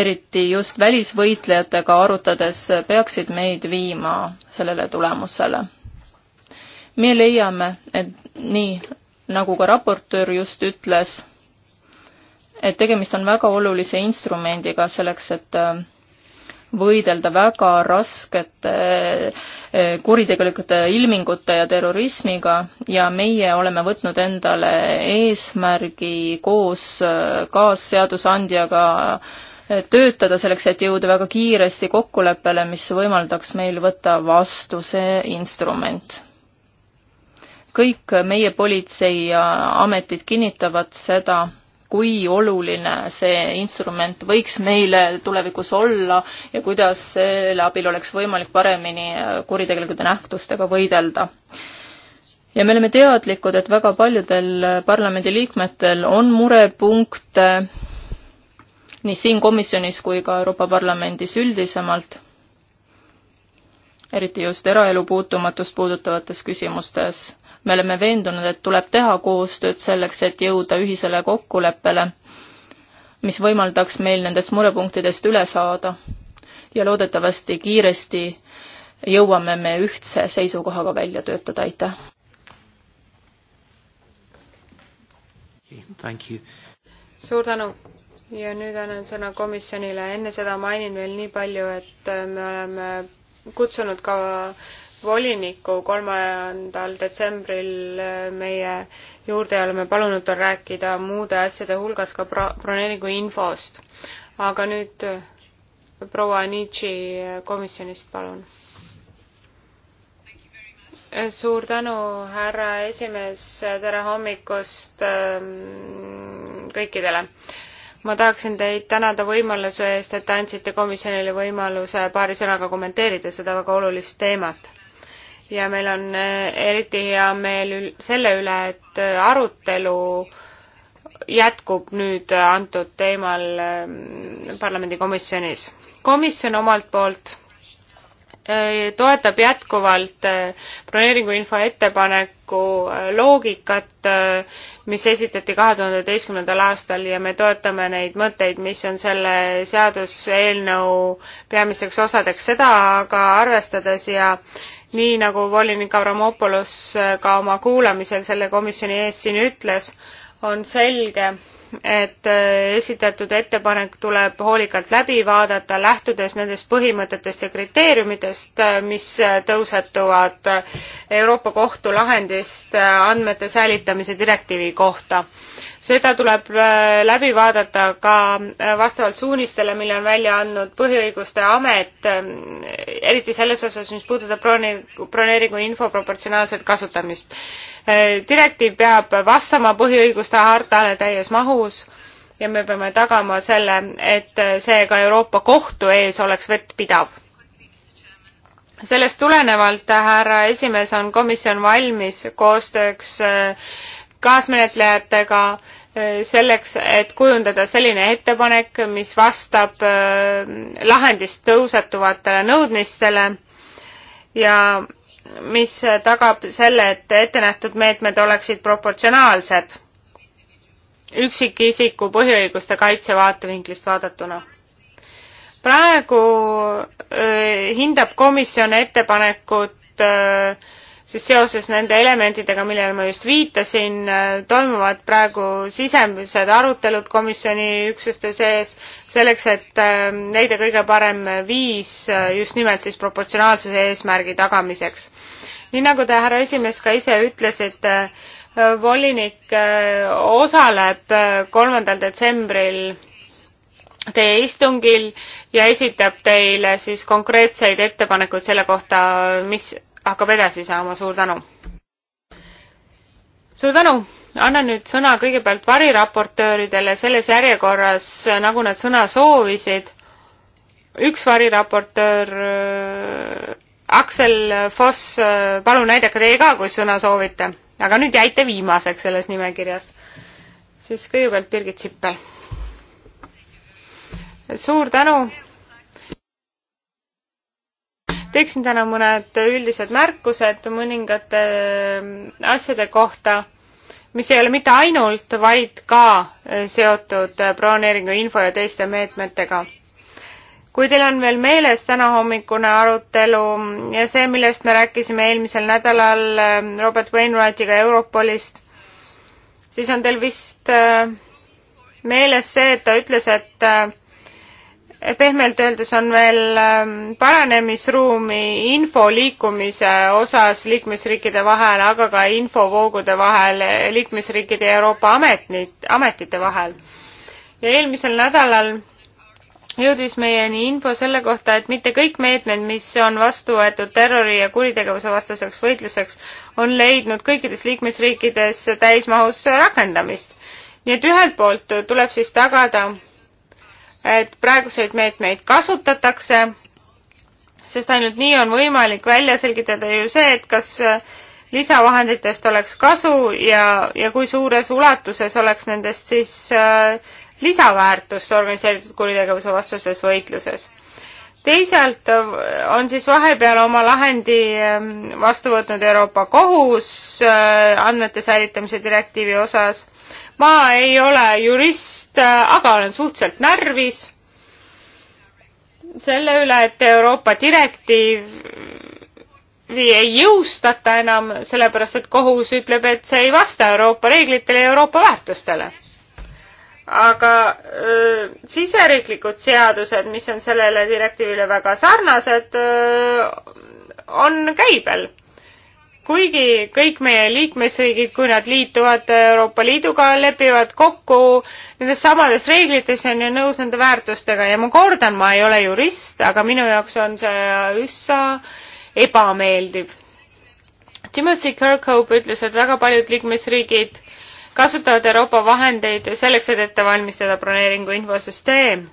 eriti just välisvõitlejatega arutades, peaksid meid viima sellele tulemusele. me leiame, et nii, nagu ka raportöör just ütles, et tegemist on väga olulise instrumendiga selleks, et võidelda väga raskete eh, eh, kuritegelike ilmingute ja terrorismiga ja meie oleme võtnud endale eesmärgi koos eh, kaasseadusandjaga töötada selleks, et jõuda väga kiiresti kokkuleppele, mis võimaldaks meil võtta vastu see instrument. kõik meie politseiametid kinnitavad seda kui oluline see instrument võiks meile tulevikus olla ja kuidas selle abil oleks võimalik paremini äh, kuritegelike nähtustega võidelda. ja me oleme teadlikud, et väga paljudel äh, parlamendiliikmetel on murepunkte nii siin komisjonis kui ka Euroopa Parlamendis üldisemalt, eriti just eraelu puutumatust puudutavates küsimustes me oleme veendunud, et tuleb teha koostööd selleks, et jõuda ühisele kokkuleppele, mis võimaldaks meil nendest murepunktidest üle saada. ja loodetavasti kiiresti jõuame me ühtse seisukohaga välja töötada, aitäh! suur tänu! ja nüüd annan sõna komisjonile, enne seda mainin veel nii palju, et me oleme kutsunud ka voliniku kolmandal detsembril äh, meie juurde ja oleme palunud tal rääkida muude asjade hulgas ka broneeringu infost. aga nüüd äh, proua Nietzsche äh, komisjonist, palun. suur tänu, härra esimees, tere hommikust ähm, kõikidele ma tahaksin teid tänada võimaluse eest, et te andsite komisjonile võimaluse paari sõnaga kommenteerida seda väga olulist teemat ja meil on äh, eriti hea meel selle üle, et äh, arutelu jätkub nüüd äh, antud teemal ähm, parlamendikomisjonis. komisjon omalt poolt toetab jätkuvalt broneeringuinfo ettepaneku loogikat, mis esitati kahe tuhande üheteistkümnendal aastal ja me toetame neid mõtteid, mis on selle seaduseelnõu peamisteks osadeks, seda aga arvestades ja äh, nii nagu volinik Avramopoulos äh, ka oma kuulamisel selle komisjoni ees siin ütles, on selge, et äh, esitatud ettepanek tuleb hoolikalt läbi vaadata, lähtudes nendest põhimõtetest ja kriteeriumitest, äh, mis tõusetuvad Euroopa Kohtu lahendist andmete säilitamise direktiivi kohta seda tuleb äh, läbi vaadata ka äh, vastavalt suunistele, mille on välja andnud Põhiõiguste Amet, ähm, eriti selles osas, mis puudutab broneeringu info proportsionaalset kasutamist. Äh, direktiiv peab vastama põhiõiguste hartale täies mahus ja me peame tagama selle, et see ka Euroopa Kohtu ees oleks vettpidav sellest tulenevalt, härra esimees, on komisjon valmis koostööks kaasmenetlejatega eh, selleks, et kujundada selline ettepanek, mis vastab eh, lahendist tõusetuvatele nõudmistele ja mis tagab selle, et ettenähtud meetmed oleksid proportsionaalsed üksikisiku põhiõiguste kaitse vaatevinklist vaadatuna. praegu öö, eh, hindab komisjon ettepanekut öö, sest seoses nende elementidega, millele ma just viitasin, toimuvad praegu sisemised arutelud komisjoni üksuste sees selleks, et ähm, leida kõige parem viis äh, just nimelt siis proportsionaalsuse eesmärgi tagamiseks. nii nagu te, härra esimees, ka ise ütlesite, äh, volinik äh, osaleb kolmandal detsembril teie istungil ja esitab teile siis konkreetseid ettepanekuid selle kohta, mis hakkab edasi saama, suur tänu! suur tänu! annan nüüd sõna kõigepealt variraportööridele selles järjekorras, nagu nad sõna soovisid. üks variraportöör äh,, Aksel Foss äh,, palun näidake teie ka, kui sõna soovite. aga nüüd jäite viimaseks selles nimekirjas. siis kõigepealt Birgit Sippel. suur tänu! teeksin täna mõned üldised märkused mõningate äh, asjade kohta, mis ei ole mitte ainult, vaid ka äh, seotud äh, broneeringu info ja teiste meetmetega. kui teil on veel meeles tänahommikune arutelu ja see, millest me rääkisime eelmisel nädalal Robert Wainwrightiga Europolist, siis on teil vist meeles see, et ta ütles, et pehmelt öeldes on veel ähm, paranemisruumi info liikumise osas liikmesriikide vahel, aga ka infovoogude vahel eh, liikmesriikide ja Euroopa ametnid, ametite vahel. ja eelmisel nädalal jõudis meieni info selle kohta, et mitte kõik meetmed, mis on vastu võetud terrori ja kuritegevuse vastaseks võitluseks, on leidnud kõikides liikmesriikides täismahus rakendamist. nii et ühelt poolt tuleb siis tagada et praeguseid meetmeid kasutatakse, sest ainult nii on võimalik välja selgitada ju see, et kas äh, lisavahenditest oleks kasu ja, ja kui suures ulatuses oleks nendest siis äh, lisaväärtust organiseeritud kuritegevuse vastases võitluses. teisalt on siis vahepeal oma lahendi ähm, vastu võtnud Euroopa Kohus äh, andmete säilitamise direktiivi osas ma ei ole jurist, aga olen suhteliselt närvis selle üle, et Euroopa direktiivi ei jõustata enam, sellepärast et kohus ütleb, et see ei vasta Euroopa reeglitele ja Euroopa väärtustele. aga öö, siseriiklikud seadused, mis on sellele direktiivile väga sarnased, on käibel kuigi kõik meie liikmesriigid, kui nad liituvad Euroopa Liiduga, lepivad kokku nendes samades reeglites ja on ju nõus nende väärtustega ja ma kordan, ma ei ole jurist, aga minu jaoks on see üsna ebameeldiv. Timothy Kirkhope ütles, et väga paljud liikmesriigid kasutavad Euroopa vahendeid selleks, et ette valmistada broneeringu infosüsteem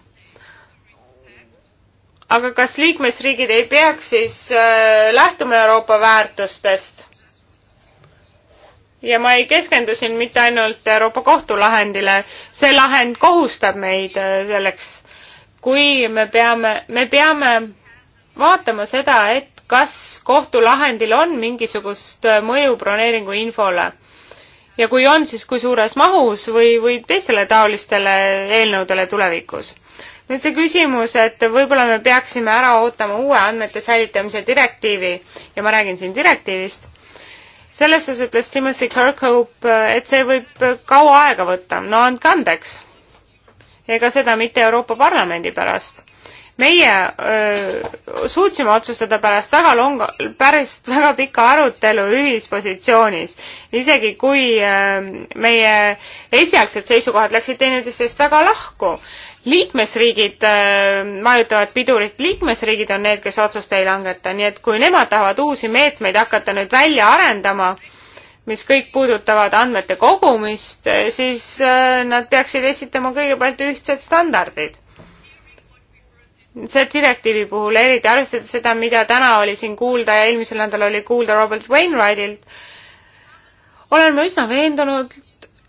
aga kas liikmesriigid ei peaks siis äh, lähtuma Euroopa väärtustest? ja ma ei keskendu siin mitte ainult Euroopa Kohtu lahendile, see lahend kohustab meid äh, selleks, kui me peame, me peame vaatama seda, et kas kohtulahendil on mingisugust äh, mõju broneeringu infole ja kui on, siis kui suures mahus või, või teistele taolistele eelnõudele tulevikus nüüd see küsimus, et võib-olla me peaksime ära ootama uue andmete säilitamise direktiivi ja ma räägin siin direktiivist, selles osas ütles Timothy Kirkhope, et see võib kaua aega võtta, no andke andeks. ega seda mitte Euroopa Parlamendi pärast. meie öö, suutsime otsustada pärast väga longa, pärast väga pika arutelu ühispositsioonis, isegi kui öö, meie esialgsed seisukohad läksid teineteisest väga lahku liikmesriigid vajutavad äh, pidurit, liikmesriigid on need, kes otsust ei langeta, nii et kui nemad tahavad uusi meetmeid hakata nüüd välja arendama, mis kõik puudutavad andmete kogumist, äh, siis äh, nad peaksid esitama kõigepealt ühtsed standardid. see direktiivi puhul, eriti arvestades seda, mida täna oli siin kuulda ja eelmisel nädalal oli kuulda Robert Wainwrightilt, olen ma üsna veendunud,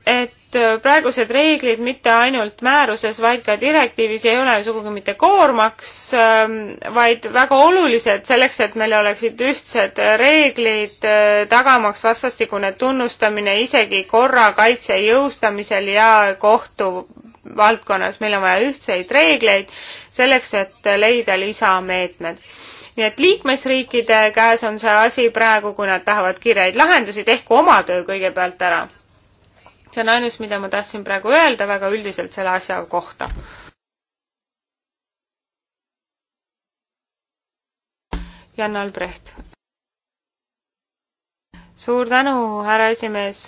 et äh, praegused reeglid mitte ainult määruses, vaid ka direktiivis ei ole sugugi mitte koormaks, ähm, vaid väga olulised selleks, et meil oleksid ühtsed reeglid, äh, tagamaks vastastikune tunnustamine isegi korrakaitse jõustamisel ja kohtu valdkonnas. meil on vaja ühtseid reegleid selleks, et leida lisameetmed nii et liikmesriikide käes on see asi praegu, kui nad tahavad kiireid lahendusi, tehku oma töö kõigepealt ära see on ainus, mida ma tahtsin praegu öelda väga üldiselt selle asja kohta. Jan Albrecht. suur tänu, härra esimees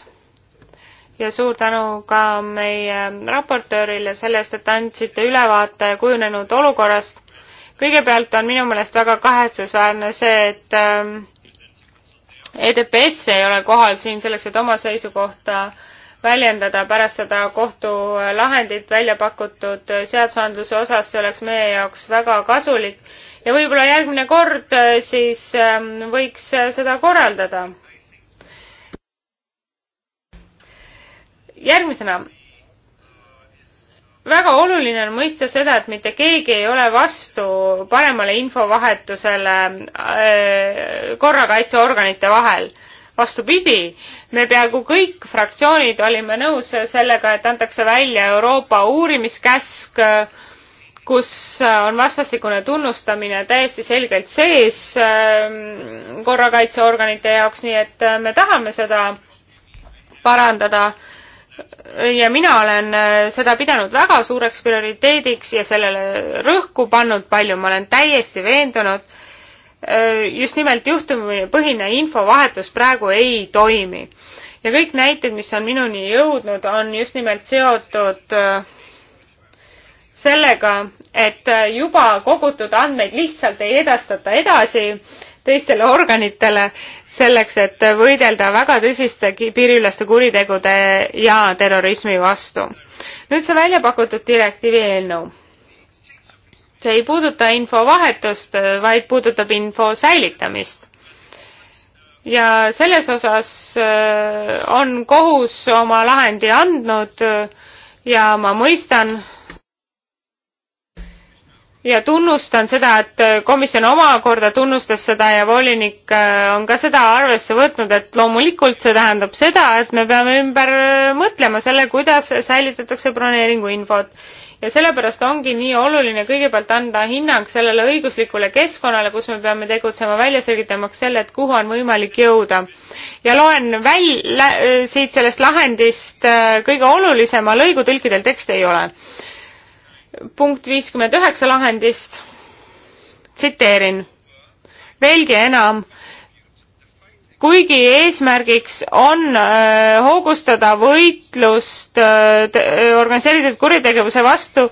ja suur tänu ka meie raportöörile selle eest, et andsite ülevaate kujunenud olukorrast. kõigepealt on minu meelest väga kahetsusväärne see, et ähm, EDPS ei ole kohal siin selleks, et oma seisukohta väljendada pärast seda kohtulahendit välja pakutud seadusandluse osas, see oleks meie jaoks väga kasulik ja võib-olla järgmine kord äh, siis ähm, võiks äh, seda korraldada. järgmisena, väga oluline on mõista seda, et mitte keegi ei ole vastu paremale infovahetusele äh, korrakaitseorganite vahel vastupidi, me peaaegu kõik fraktsioonid olime nõus sellega, et antakse välja Euroopa uurimiskäsk, kus on vastastikune tunnustamine täiesti selgelt sees ähm, korrakaitseorganite jaoks, nii et äh, me tahame seda parandada ja mina olen äh, seda pidanud väga suureks prioriteediks ja sellele rõhku pannud palju, ma olen täiesti veendunud, Äh, just nimelt juhtumipõhine infovahetus praegu ei toimi. ja kõik näited, mis on minuni jõudnud, on just nimelt seotud äh, sellega, et äh, juba kogutud andmeid lihtsalt ei edastata edasi teistele organitele selleks, et võidelda väga tõsiste piiriüleste kuritegude ja terrorismi vastu. nüüd see välja pakutud direktiivi eelnõu see ei puuduta infovahetust, vaid puudutab info säilitamist. ja selles osas äh, on kohus oma lahendi andnud ja ma mõistan ja tunnustan seda, et komisjon omakorda tunnustas seda ja volinik äh, on ka seda arvesse võtnud, et loomulikult see tähendab seda, et me peame ümber äh, mõtlema selle, kuidas säilitatakse broneeringuinfot ja sellepärast ongi nii oluline kõigepealt anda hinnang sellele õiguslikule keskkonnale, kus me peame tegutsema, välja selgitamaks selle, et kuhu on võimalik jõuda. ja loen välja siit sellest lahendist äh, kõige olulisema lõigu, tõlkidel tekste ei ole. punkt viiskümmend üheksa lahendist, tsiteerin veelgi enam kuigi eesmärgiks on äh, hoogustada võitlust äh, organiseeritud kuritegevuse vastu,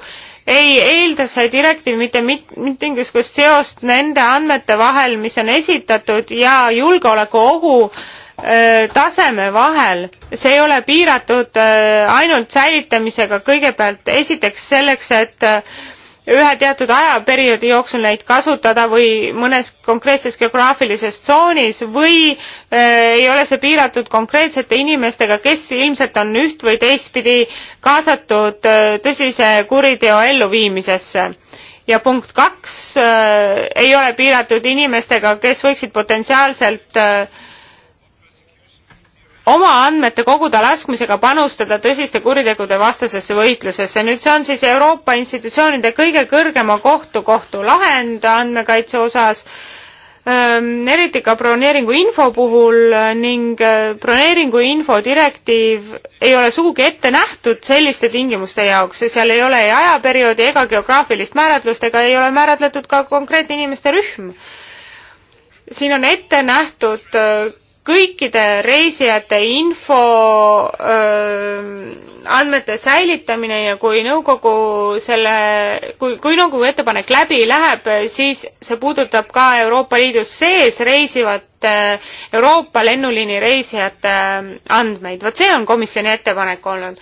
ei eelda see direktiiv mitte mit-, mitte mingisugust seost nende andmete vahel, mis on esitatud ja julgeolekuohu äh, taseme vahel. see ei ole piiratud äh, ainult säilitamisega kõigepealt, esiteks selleks, et äh, ühe teatud ajaperioodi jooksul neid kasutada või mõnes konkreetses geograafilises tsoonis või äh, ei ole see piiratud konkreetsete inimestega, kes ilmselt on üht või teistpidi kaasatud äh, tõsise kuriteo elluviimisesse. ja punkt kaks äh, ei ole piiratud inimestega, kes võiksid potentsiaalselt äh, oma andmete koguda laskmisega panustada tõsiste kuritegude vastasesse võitlusesse. nüüd see on siis Euroopa institutsioonide kõige kõrgema kohtu kohtulahend andmekaitse osas, eriti ka broneeringu info puhul ning broneeringu info direktiiv ei ole sugugi ette nähtud selliste tingimuste jaoks, seal ei ole ei ajaperioodi ega geograafilist määratlust ega ei ole määratletud ka konkreetne inimeste rühm siin on ette nähtud kõikide reisijate info öö, andmete säilitamine ja kui nõukogu selle, kui, kui nõukogu ettepanek läbi läheb, siis see puudutab ka Euroopa Liidus sees reisivate Euroopa lennuliini reisijate andmeid. vot see on komisjoni ettepanek olnud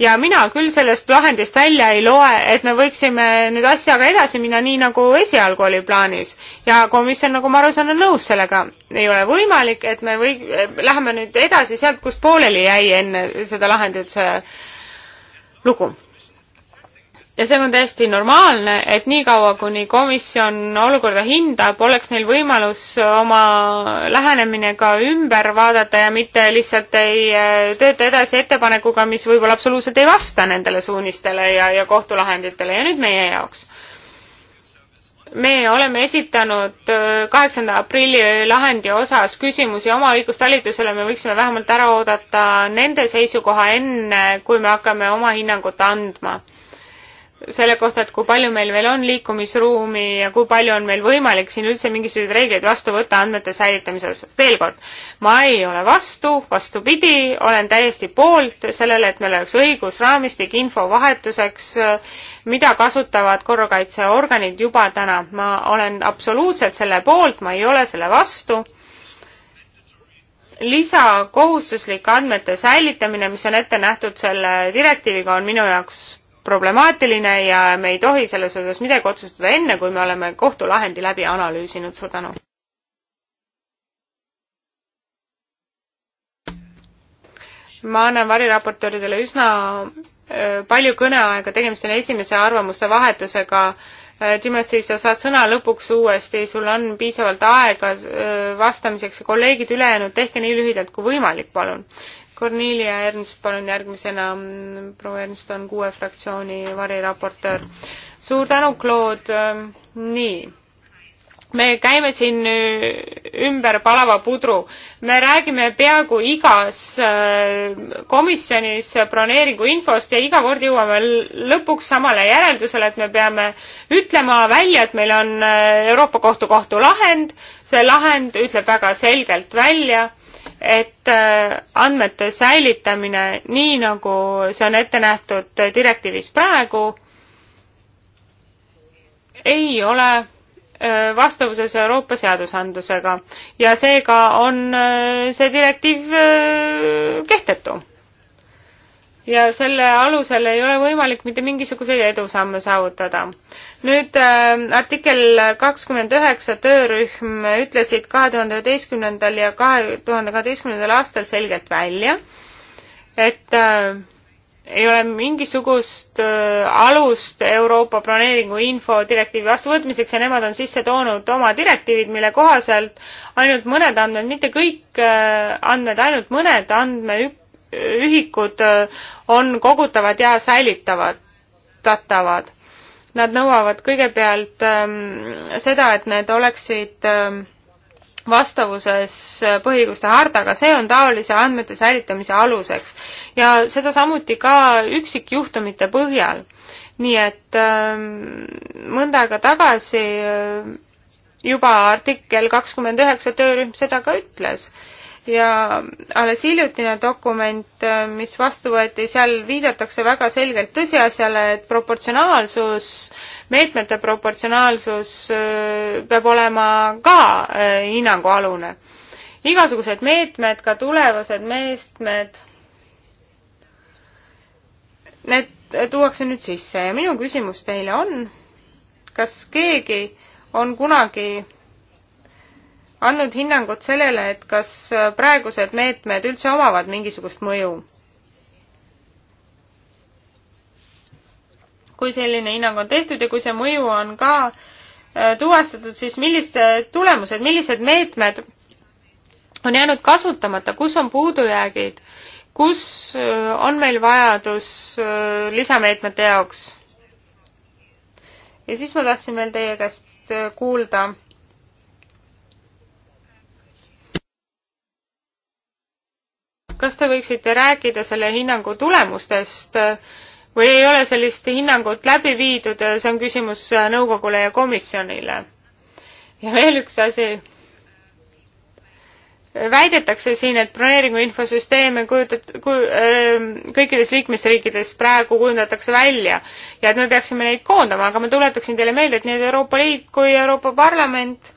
ja mina küll sellest lahendist välja ei loe, et me võiksime nüüd asjaga edasi minna, nii nagu esialgu oli plaanis. ja komisjon, nagu ma aru saan, on nõus sellega. ei ole võimalik, et me või-, läheme nüüd edasi sealt, kus pooleli jäi enne seda lahenduse lugu ja see on täiesti normaalne, et niikaua, kuni komisjon olukorda hindab, oleks neil võimalus oma lähenemine ka ümber vaadata ja mitte lihtsalt ei äh, tööta edasi ettepanekuga, mis võib-olla absoluutselt ei vasta nendele suunistele ja, ja kohtulahenditele ja nüüd meie jaoks me oleme esitanud äh, kaheksanda aprilli lahendi osas küsimusi oma õigustalitusele, me võiksime vähemalt ära oodata nende seisukoha enne, kui me hakkame oma hinnangut andma selle kohta, et kui palju meil veel on liikumisruumi ja kui palju on meil võimalik siin üldse mingisuguseid reegleid vastu võtta andmete säilitamises. veel kord, ma ei ole vastu, vastupidi, olen täiesti poolt sellele, et meil oleks õigusraamistik infovahetuseks, mida kasutavad korrakaitseorganid juba täna. ma olen absoluutselt selle poolt, ma ei ole selle vastu lisakohustuslik andmete säilitamine, mis on ette nähtud selle direktiiviga, on minu jaoks problemaatiline ja me ei tohi selles osas midagi otsustada enne, kui me oleme kohtulahendi läbi analüüsinud. suur tänu. ma annan variraportööridele üsna äh, palju kõneaega, tegemist on esimese arvamuste vahetusega. Äh, Timothy, sa saad sõna lõpuks uuesti, sul on piisavalt aega äh, vastamiseks ja kolleegid ülejäänud, tehke nii lühidalt kui võimalik, palun. Cornelia Ernst, palun järgmisena, proua Ernst on kuue fraktsiooni variraportöör. suur tänu, Claude, nii me käime siin ümber palava pudru. me räägime peaaegu igas äh, komisjonis broneeringu infost ja iga kord jõuame lõpuks samale järeldusele, et me peame ütlema välja, et meil on äh, Euroopa Kohtu kohtulahend, see lahend ütleb väga selgelt välja et äh, andmete säilitamine, nii nagu see on ette nähtud direktiivis praegu, ei ole äh, vastavuses Euroopa seadusandlusega ja seega on äh, see direktiiv kehtetu ja selle alusel ei ole võimalik mitte mingisuguseid edusamme saavutada. nüüd äh, artikkel kakskümmend üheksa töörühm ütlesid kahe tuhande üheteistkümnendal ja kahe tuhande kaheteistkümnendal aastal selgelt välja, et äh, ei ole mingisugust äh, alust Euroopa planeeringu infodirektiivi vastuvõtmiseks ja nemad on sisse toonud oma direktiivid, mille kohaselt ainult mõned andmed, mitte kõik äh, andmed, ainult mõned andme, ühikud äh, on kogutavad ja säilitavad, tatavad. Nad nõuavad kõigepealt ähm, seda, et need oleksid ähm, vastavuses äh, põhiõiguste hardaga, see on taolise andmete säilitamise aluseks ja seda samuti ka üksikjuhtumite põhjal. nii et ähm, mõnda aega tagasi äh, juba artikkel kakskümmend üheksa töörühm seda ka ütles äh, ja alles hiljutine dokument, äh, mis vastu võeti, seal viidatakse väga selgelt tõsiasjale, et proportsionaalsus, meetmete proportsionaalsus äh, peab olema ka äh, hinnangualune. igasugused meetmed, ka tulevased meetmed, need tuuakse nüüd sisse ja minu küsimus teile on, kas keegi on kunagi andnud hinnangut sellele, et kas praegused meetmed üldse omavad mingisugust mõju. kui selline hinnang on tehtud ja kui see mõju on ka äh, tuvastatud, siis millised tulemused, millised meetmed on jäänud kasutamata, kus on puudujäägid, kus äh, on meil vajadus äh, lisameetmete jaoks? ja siis ma tahtsin veel teie käest kuulda kas te võiksite rääkida selle hinnangu tulemustest või ei ole sellist hinnangut läbi viidud, see on küsimus nõukogule ja komisjonile. ja veel üks asi. väidetakse siin, et broneeringu infosüsteeme kujutat-, ku-, ähm, kõikides liikmesriikides praegu kujundatakse välja ja et me peaksime neid koondama, aga ma tuletaksin teile meelde, et nii Euroopa Liit kui Euroopa Parlament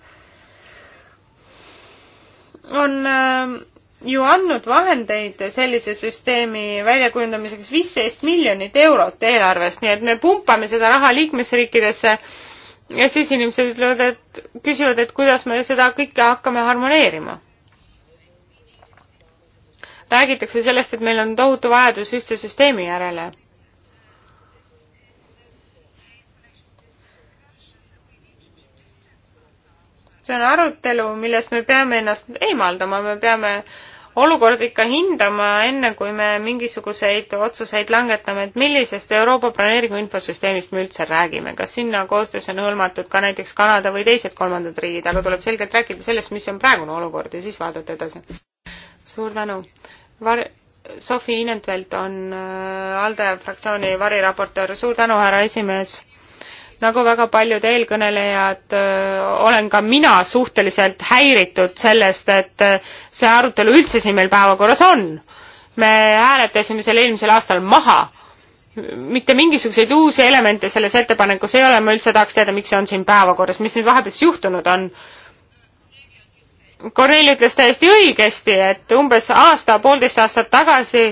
on äh, ju andnud vahendeid sellise süsteemi väljakujundamiseks viisteist miljonit eurot eelarvest, nii et me pumpame seda raha liikmesriikidesse ja siis inimesed ütlevad, et küsivad, et kuidas me seda kõike hakkame harmoneerima. räägitakse sellest, et meil on tohutu vajadus ühtse süsteemi järele see on arutelu, millest me peame ennast eemaldama, me peame olukorda ikka hindama, enne kui me mingisuguseid otsuseid langetame, et millisest Euroopa planeeringu infosüsteemist me üldse räägime, kas sinna koostöös on hõlmatud ka näiteks Kanada või teised kolmandad riigid, aga tuleb selgelt rääkida sellest, mis on praegune olukord ja siis vaadata edasi. suur tänu. Var-, Sofi Inentvelt on äh, ALDE fraktsiooni variraportöör, suur tänu, härra esimees nagu väga paljud eelkõnelejad olen ka mina suhteliselt häiritud sellest, et see arutelu üldse siin meil päevakorras on. me hääletasime selle eelmisel aastal maha. mitte mingisuguseid uusi elemente selles ettepanekus ei ole, ma üldse tahaks teada, miks see on siin päevakorras, mis nüüd vahepeal siis juhtunud on Kornel ütles täiesti õigesti, et umbes aasta-poolteist aastat tagasi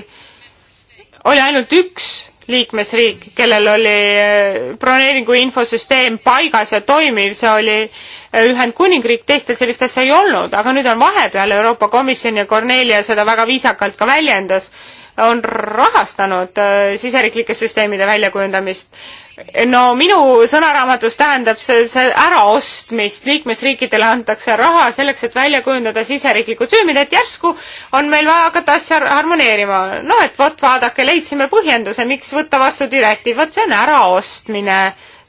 oli ainult üks liikmesriik, kellel oli eh, broneeringu infosüsteem paigas ja toimiv, see oli eh, Ühendkuningriik, teistel sellist asja ei olnud, aga nüüd on vahepeal Euroopa Komisjon ja Cornelia seda väga viisakalt ka väljendas, on rahastanud eh, siseriiklike süsteemide väljakujundamist no minu sõnaraamatus tähendab see, see äraostmist, liikmesriikidele antakse raha selleks, et välja kujundada siseriiklikud süümid, et järsku on meil vaja hakata asja harmoneerima. no et vot, vaadake, leidsime põhjenduse, miks võtta vastu direktiiv, vot see on äraostmine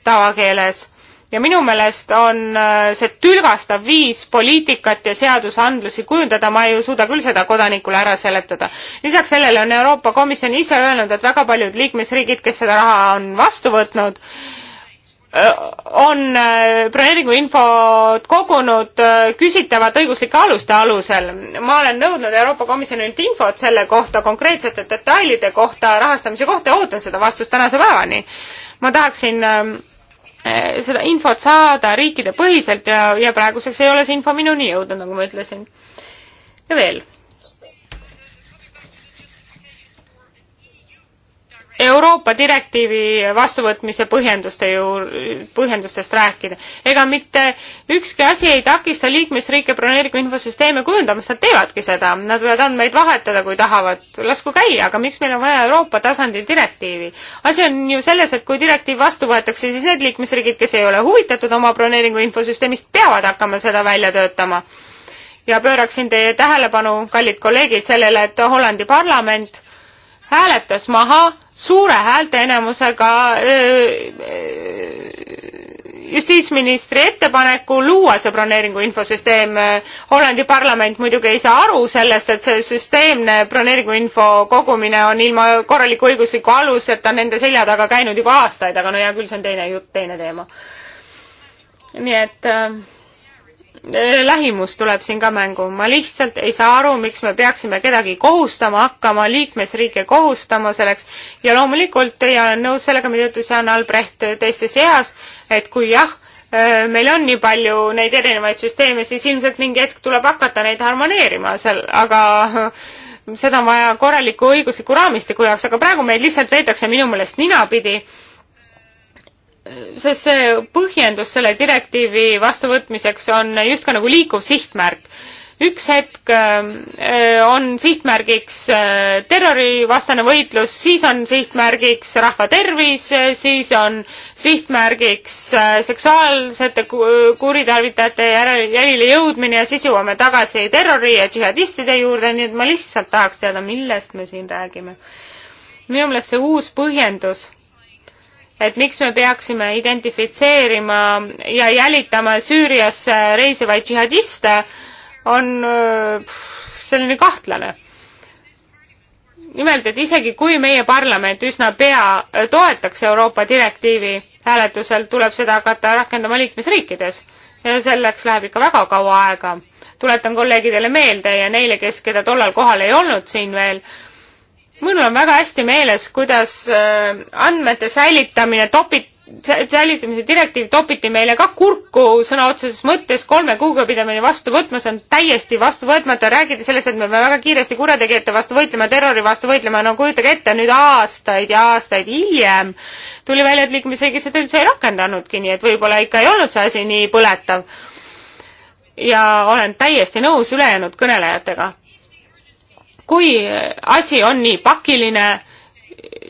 tavakeeles ja minu meelest on äh, see tülgastav viis poliitikat ja seadusandlusi kujundada, ma ei suuda küll seda kodanikule ära seletada. lisaks sellele on Euroopa Komisjon ise öelnud, et väga paljud liikmesriigid, kes seda raha on vastu võtnud, äh, on äh, broneeringuinfot kogunud küsitavat õiguslike aluste alusel. ma olen nõudnud Euroopa Komisjonilt infot selle kohta, konkreetsete detailide kohta, rahastamise kohta ja ootan seda vastust tänase päevani. ma tahaksin ähm, Eh, seda infot saada riikide põhiselt ja, ja praeguseks ei ole see info minuni jõudnud, nagu ma ütlesin. ja veel Euroopa direktiivi vastuvõtmise põhjenduste ju, põhjendustest rääkida. ega mitte ükski asi ei takista liikmesriike broneeringu infosüsteeme kujundamast, nad teevadki seda, nad võivad andmeid vahetada, kui tahavad, lasku käia, aga miks meil on vaja Euroopa tasandi direktiivi? asi on ju selles, et kui direktiiv vastu võetakse, siis need liikmesriigid, kes ei ole huvitatud oma broneeringu infosüsteemist, peavad hakkama seda välja töötama. ja pööraksin teie tähelepanu, kallid kolleegid, sellele, et Hollandi parlament hääletas maha suure häälteenamusega justiitsministri ettepaneku luua see broneeringu infosüsteem. Hollandi parlament muidugi ei saa aru sellest, et see süsteemne broneeringu info kogumine on ilma korraliku õigusliku aluseta nende selja taga käinud juba aastaid, aga no hea küll, see on teine jutt, teine teema. nii et äh, Äh, lähimus tuleb siin ka mängu. ma lihtsalt ei saa aru, miks me peaksime kedagi kohustama hakkama, liikmesriike kohustama selleks ja loomulikult teie olen nõus sellega, mida ütles Jan Albrecht teistes eas, et kui jah, äh, meil on nii palju neid erinevaid süsteeme, siis ilmselt mingi hetk tuleb hakata neid harmoneerima seal, aga äh, seda on vaja korraliku õigusliku raamistiku jaoks, aga praegu meid lihtsalt veetakse minu meelest ninapidi sest see põhjendus selle direktiivi vastuvõtmiseks on justkui nagu liikuv sihtmärk. üks hetk äh, on sihtmärgiks äh, terrorivastane võitlus, siis on sihtmärgiks rahva tervis, siis on sihtmärgiks äh, seksuaalsete kuritarvitajate jälile jõudmine ja siis jõuame tagasi terrori ja džihadistide juurde, nii et ma lihtsalt tahaks teada, millest me siin räägime. minu meelest see uus põhjendus et miks me peaksime identifitseerima ja jälitama Süüriasse reisivaid džihadiste, on selline kahtlane. nimelt, et isegi kui meie parlament üsna pea toetaks Euroopa direktiivi hääletusel, tuleb seda hakata rakendama liikmesriikides ja selleks läheb ikka väga kaua aega. tuletan kolleegidele meelde ja neile, kes, keda tollal kohal ei olnud siin veel, mul on väga hästi meeles, kuidas äh, andmete säilitamine topib säilitamise direktiiv topiti meile ka kurku sõna otseses mõttes kolme kuuga pidime meile vastu võtma, see on täiesti vastuvõtmatu, räägiti sellest, et me peame väga kiiresti kurjategijate vastu võitlema, terrori vastu võitlema, no kujutage ette, nüüd aastaid ja aastaid hiljem tuli välja, et liikmesriigid seda üldse ei rakendanudki, nii et võib-olla ikka ei olnud see asi nii põletav. ja olen täiesti nõus ülejäänud kõnelejatega kui asi on nii pakiline,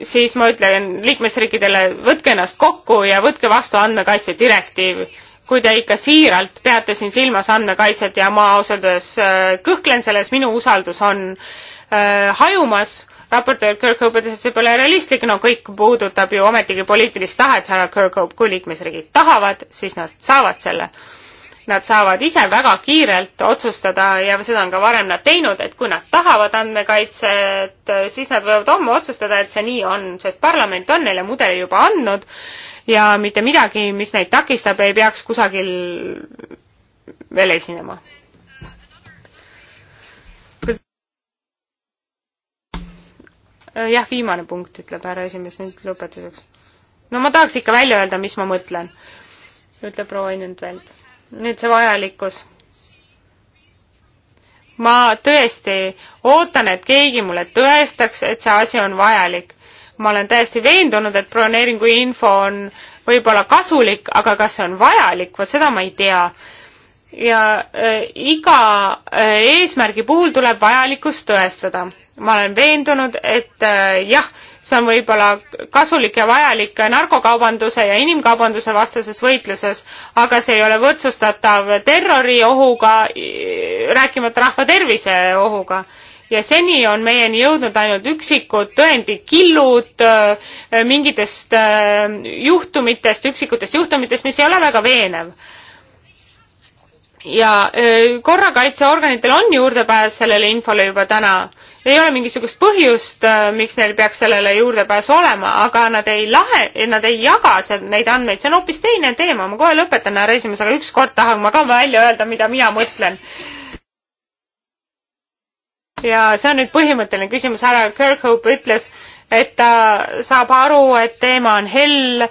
siis ma ütlen liikmesriikidele, võtke ennast kokku ja võtke vastu andmekaitse direktiiv. kui te ikka siiralt peate siin silmas andmekaitset ja ma ausalt öeldes äh, kõhklen selles, minu usaldus on äh, hajumas, raportöör Kirkhope ütles, et see pole realistlik, no kõik puudutab ju ometigi poliitilist tahet, härra Kirkhope, kui liikmesriigid tahavad, siis nad saavad selle nad saavad ise väga kiirelt otsustada ja seda on ka varem nad teinud, et kui nad tahavad andmekaitset, siis nad võivad homme otsustada, et see nii on, sest parlament on neile mudeli juba andnud ja mitte midagi, mis neid takistab, ei peaks kusagil veel esinema. jah, viimane punkt, ütleb härra esimees nüüd lõpetuseks. no ma tahaks ikka välja öelda, mis ma mõtlen, ütleb proua Einentveld nüüd see vajalikkus. ma tõesti ootan, et keegi mulle tõestaks, et see asi on vajalik. ma olen täiesti veendunud, et broneeringu info on võib-olla kasulik, aga kas see on vajalik, vot seda ma ei tea. ja äh, iga äh, eesmärgi puhul tuleb vajalikkust tõestada. ma olen veendunud, et äh, jah, see on võib-olla kasulik ja vajalik narkokaubanduse ja inimkaubanduse vastases võitluses, aga see ei ole võrdsustatav terroriohuga, rääkimata rahva tervise ohuga ja seni on meieni jõudnud ainult üksikud tõendikillud äh, mingitest äh, juhtumitest, üksikutest juhtumitest, mis ei ole väga veenev. ja äh, korrakaitseorganitel on juurdepääs sellele infole juba täna ei ole mingisugust põhjust, äh, miks neil peaks sellele juurdepääs olema, aga nad ei lahe, nad ei jaga seal neid andmeid, see on hoopis teine teema, ma kohe lõpetan, härra esimees, aga ükskord tahan ma ka välja öelda, mida mina mõtlen. ja see on nüüd põhimõtteline küsimus, härra Kirkhope ütles, et ta saab aru, et teema on hell,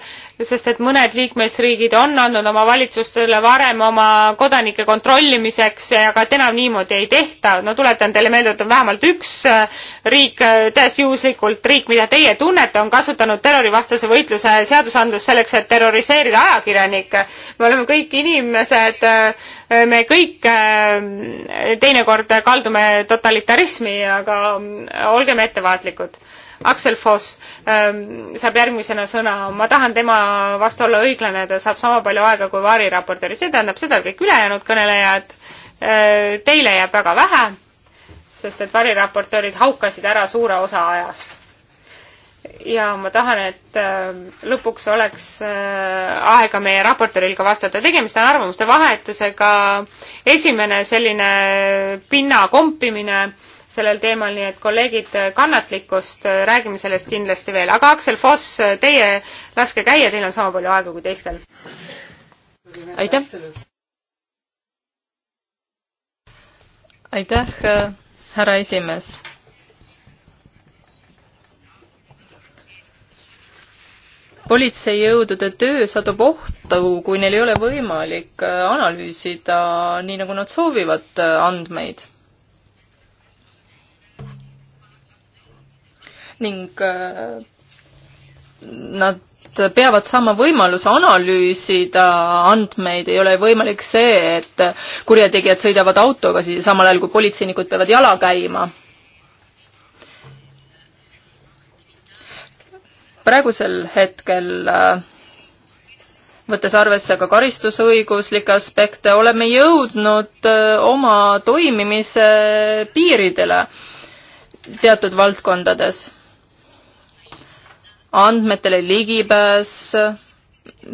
sest et mõned liikmesriigid on andnud oma valitsustele varem oma kodanike kontrollimiseks, aga et enam niimoodi ei tehta. no tuletan teile meelde, et on vähemalt üks äh, riik, äh, täiesti juhuslikult riik, mida teie tunnete, on kasutanud terrorivastase võitluse seadusandlust selleks, et terroriseerida ajakirjanikke. me oleme kõik inimesed, äh, me kõik teinekord kaldume totalitarismi, aga olgem ettevaatlikud Axel Foss ähm, saab järgmisena sõna, ma tahan tema vastu olla õiglane, ta saab sama palju aega kui variraportööri, see tähendab seda, et kõik ülejäänud kõnelejad äh,, teile jääb väga vähe, sest et variraportöörid haukasid ära suure osa ajast. ja ma tahan, et äh, lõpuks oleks äh, aega meie raportööril ka vastata, tegemist on arvamuste vahetusega, esimene selline pinna kompimine äh, sellel teemal, nii et kolleegid, kannatlikkust, äh, räägime sellest kindlasti veel, aga Aksel Foss, äh, teie laske käia, teil on sama palju aega kui teistel. aitäh! aitäh, äh, härra esimees! politseijõudude töö satub ohtu, kui neil ei ole võimalik analüüsida nii, nagu nad soovivad, andmeid ning äh, nad peavad saama võimaluse analüüsida andmeid, ei ole võimalik see, et kurjategijad sõidavad autoga, siis samal ajal kui politseinikud peavad jala käima. praegusel hetkel äh, võttes arvesse ka karistusõiguslikke aspekte, oleme jõudnud äh, oma toimimise piiridele teatud valdkondades andmetele ligipääs,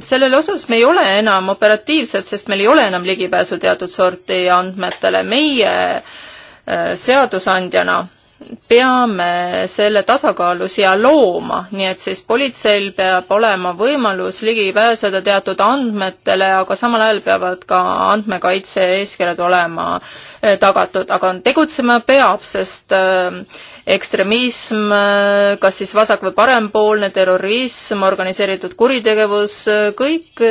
sellele osas me ei ole enam operatiivsed, sest meil ei ole enam ligipääsu teatud sorti andmetele. meie äh, seadusandjana peame selle tasakaalu siia looma, nii et siis politseil peab olema võimalus ligi pääseda teatud andmetele, aga samal ajal peavad ka andmekaitse eeskirjad olema eh, tagatud, aga tegutsema peab, sest eh, ekstremism, eh, kas siis vasak- või parempoolne terrorism, organiseeritud kuritegevus, kõik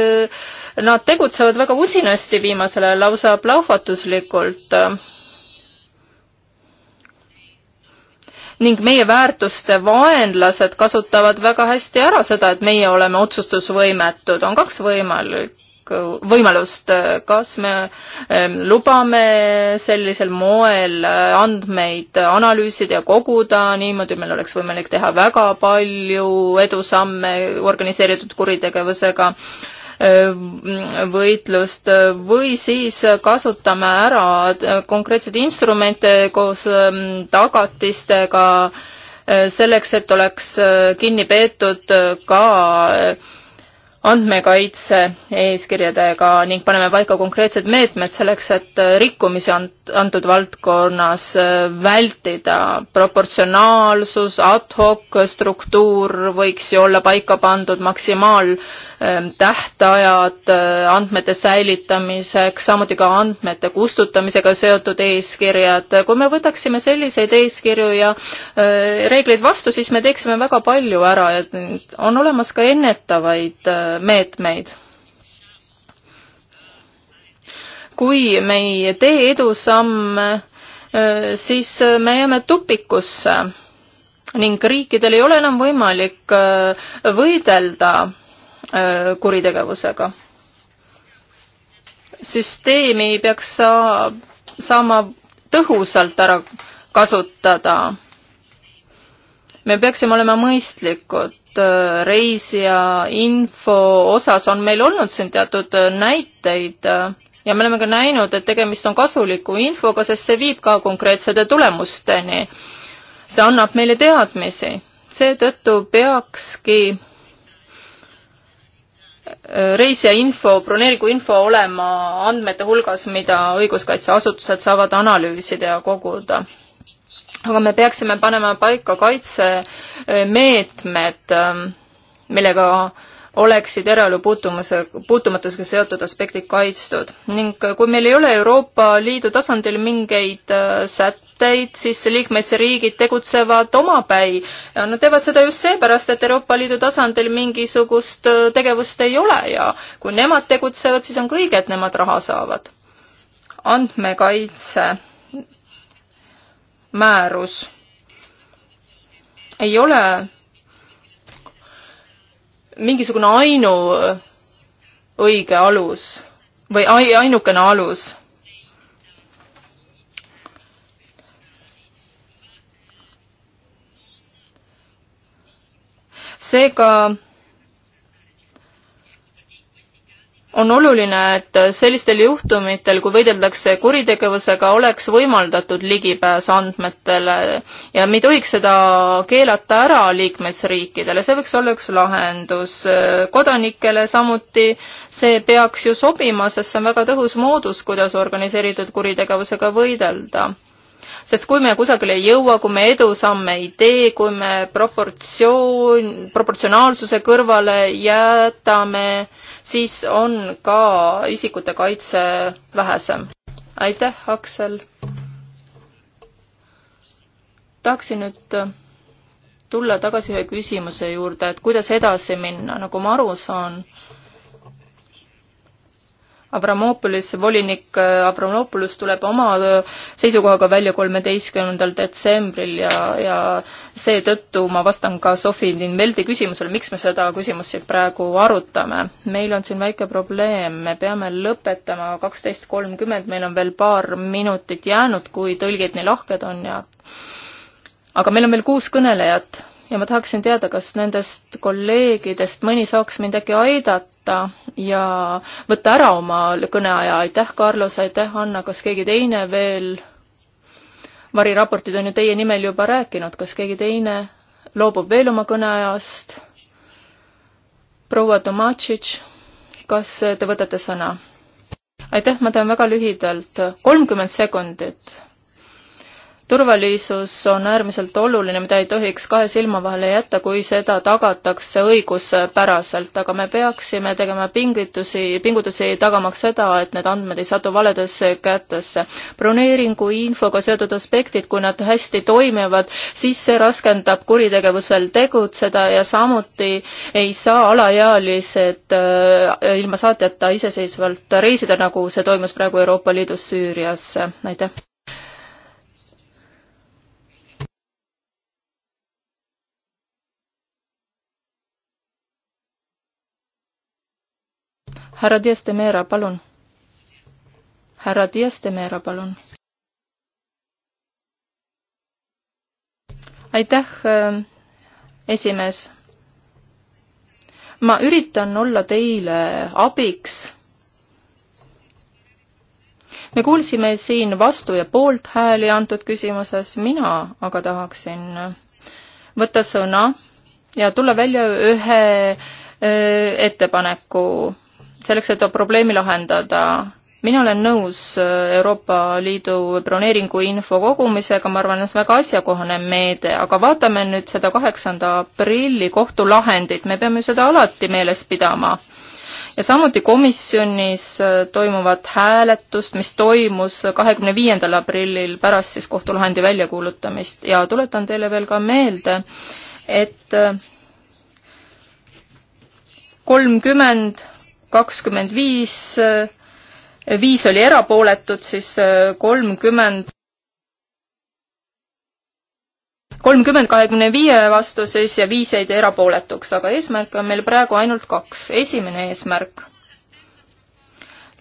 nad tegutsevad väga usinasti viimasel ajal, lausa plahvatuslikult ning meie väärtuste vaenlased kasutavad väga hästi ära seda, et meie oleme otsustusvõimetud, on kaks võimalikku võimalust, kas me lubame sellisel moel andmeid analüüsida ja koguda, niimoodi meil oleks võimalik teha väga palju edusamme organiseeritud kuritegevusega Äh, võitlust või siis kasutame ära konkreetseid instrumente koos ähm, tagatistega äh, selleks, et oleks äh, kinni peetud ka andmekaitse eeskirjadega ning paneme paika konkreetsed meetmed selleks, et rikkumisi antud valdkonnas vältida. proportsionaalsus, ad hoc struktuur võiks ju olla paika pandud, maksimaaltähtajad ehm, ehm, andmete säilitamiseks, samuti ka andmete kustutamisega seotud eeskirjad. kui me võtaksime selliseid eeskirju ja ehm, reegleid vastu, siis me teeksime väga palju ära ja on olemas ka ennetavaid meetmeid. kui me ei tee edusamme, äh, siis me jääme tupikusse ning riikidel ei ole enam võimalik äh, võidelda äh, kuritegevusega. süsteemi peaks saa-, saama tõhusalt ära kasutada. me peaksime olema mõistlikud. Äh, reisija info osas on meil olnud siin teatud äh, näiteid äh, ja me oleme ka näinud, et tegemist on kasuliku infoga, sest see viib ka konkreetsete tulemusteni. see annab meile teadmisi, seetõttu peakski reisija info, broneeringu info olema andmete hulgas, mida õiguskaitseasutused saavad analüüsida ja koguda aga me peaksime panema paika kaitsemeetmed, ähm, millega oleksid eraelu puutumuse, puutumatusega seotud aspektid kaitstud. ning äh, kui meil ei ole Euroopa Liidu tasandil mingeid äh, sätteid, siis liikmesriigid tegutsevad omapäi. Nad teevad seda just seepärast, et Euroopa Liidu tasandil mingisugust äh, tegevust ei ole ja kui nemad tegutsevad, siis on ka õige, et nemad raha saavad. andmekaitse määrus ei ole mingisugune ainuõige alus või ainukene alus. seega on oluline, et sellistel juhtumitel, kui võideldakse kuritegevusega, oleks võimaldatud ligipääs andmetele ja me ei tohiks seda keelata ära liikmesriikidele, see võiks olla üks lahendus kodanikele samuti. see peaks ju sobima, sest see on väga tõhus moodus, kuidas organiseeritud kuritegevusega võidelda sest kui me kusagile ei jõua, kui me edusamme ei tee, kui me proportsioon, proportsionaalsuse kõrvale jätame äh, siis on ka isikute kaitse vähesem. aitäh, Aksel! tahaksin nüüd tulla tagasi ühe küsimuse juurde, et kuidas edasi minna, nagu ma aru saan, Avramopolis, volinik äh, Avramopolis tuleb oma äh, seisukohaga välja kolmeteistkümnendal detsembril ja, ja seetõttu ma vastan ka Sofi Dinveldi küsimusele, miks me seda küsimust siin praegu arutame. meil on siin väike probleem, me peame lõpetama kaksteist kolmkümmend, meil on veel paar minutit jäänud, kui tõlgid nii lahked on ja aga meil on veel kuus kõnelejat ja ma tahaksin teada, kas nendest kolleegidest mõni saaks mind äkki aidata ja võtta ära oma kõneaja. aitäh, Carlos, aitäh, Anna, kas keegi teine veel? variraportid on ju teie nimel juba rääkinud, kas keegi teine loobub veel oma kõneajast? proua Tomatšitš, kas te võtate sõna? aitäh, ma teen väga lühidalt, kolmkümmend sekundit turvalisus on äärmiselt oluline, mida ei tohiks kahe silma vahele jätta, kui seda tagatakse õiguspäraselt, aga me peaksime tegema pingutusi, pingutusi tagamaks seda, et need andmed ei satu valedesse kätesse. broneeringu infoga seotud aspektid, kui nad hästi toimivad, siis see raskendab kuritegevusel tegutseda ja samuti ei saa alaealised äh, ilma saatjata iseseisvalt reisida, nagu see toimus praegu Euroopa Liidus Süüriasse. aitäh! härra Dias de Meera, palun. härra Dias de Meera, palun. aitäh, ähm, esimees. ma üritan olla teile abiks. me kuulsime siin vastu- ja poolthääli antud küsimuses, mina aga tahaksin võtta sõna ja tulla välja ühe äh, ettepaneku selleks, et probleemi lahendada. mina olen nõus äh, Euroopa Liidu broneeringuinfo kogumisega, ma arvan, et see on väga asjakohane meede, aga vaatame nüüd seda kaheksanda aprilli kohtulahendit, me peame seda alati meeles pidama ja samuti komisjonis äh, toimuvat hääletust, mis toimus kahekümne viiendal aprillil pärast siis kohtulahendi väljakuulutamist ja tuletan teile veel ka meelde, et äh, kolmkümmend kakskümmend viis, viis oli erapooletud, siis äh, kolmkümmend, kolmkümmend kahekümne viie vastu siis ja viis jäid erapooletuks, aga eesmärke on meil praegu ainult kaks. esimene eesmärk,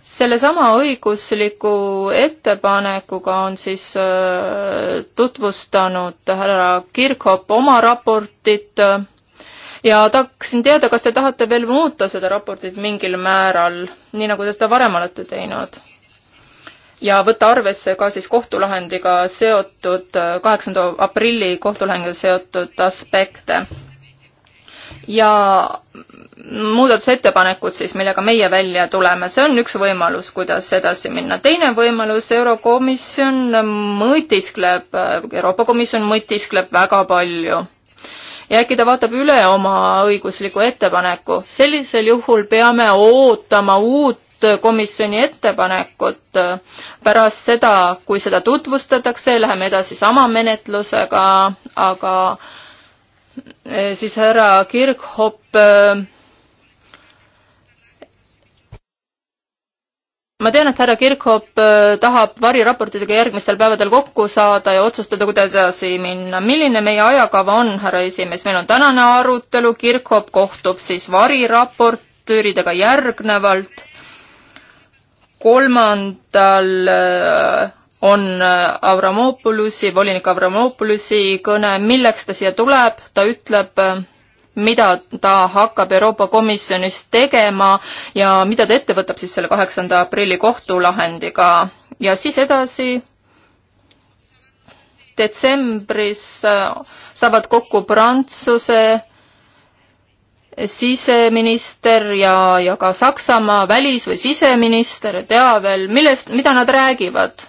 sellesama õigusliku ettepanekuga on siis äh, tutvustanud härra Kirchhoff oma raportit äh, ja tahaksin teada, kas te tahate veel muuta seda raportit mingil määral, nii nagu te seda varem olete teinud? ja võtta arvesse ka siis kohtulahendiga seotud, kaheksanda aprilli kohtulahendiga seotud aspekte. ja muudatusettepanekud siis, millega meie välja tuleme, see on üks võimalus, kuidas edasi minna. teine võimalus, Eurokomisjon mõtiskleb, Euroopa Komisjon mõtiskleb väga palju ja äkki ta vaatab üle oma õigusliku ettepaneku. sellisel juhul peame ootama uut komisjoni ettepanekut. pärast seda, kui seda tutvustatakse, läheme edasi sama menetlusega, aga eh, siis härra Kirchhoff eh, ma tean, et härra Kirchhoff äh, tahab variraportidega järgmistel päevadel kokku saada ja otsustada, kuidas edasi minna. milline meie ajakava on, härra esimees, meil on tänane arutelu, Kirchhoff kohtub siis variraportööridega järgnevalt. kolmandal äh, on äh, Avramopolusi, volinik Avramopolusi kõne, milleks ta siia tuleb, ta ütleb mida ta hakkab Euroopa Komisjonis tegema ja mida ta ette võtab siis selle kaheksanda aprilli kohtulahendiga ja siis edasi detsembris äh, saavad kokku Prantsuse siseminister ja, ja ka Saksamaa välis- või siseminister, ei tea veel, millest, mida nad räägivad.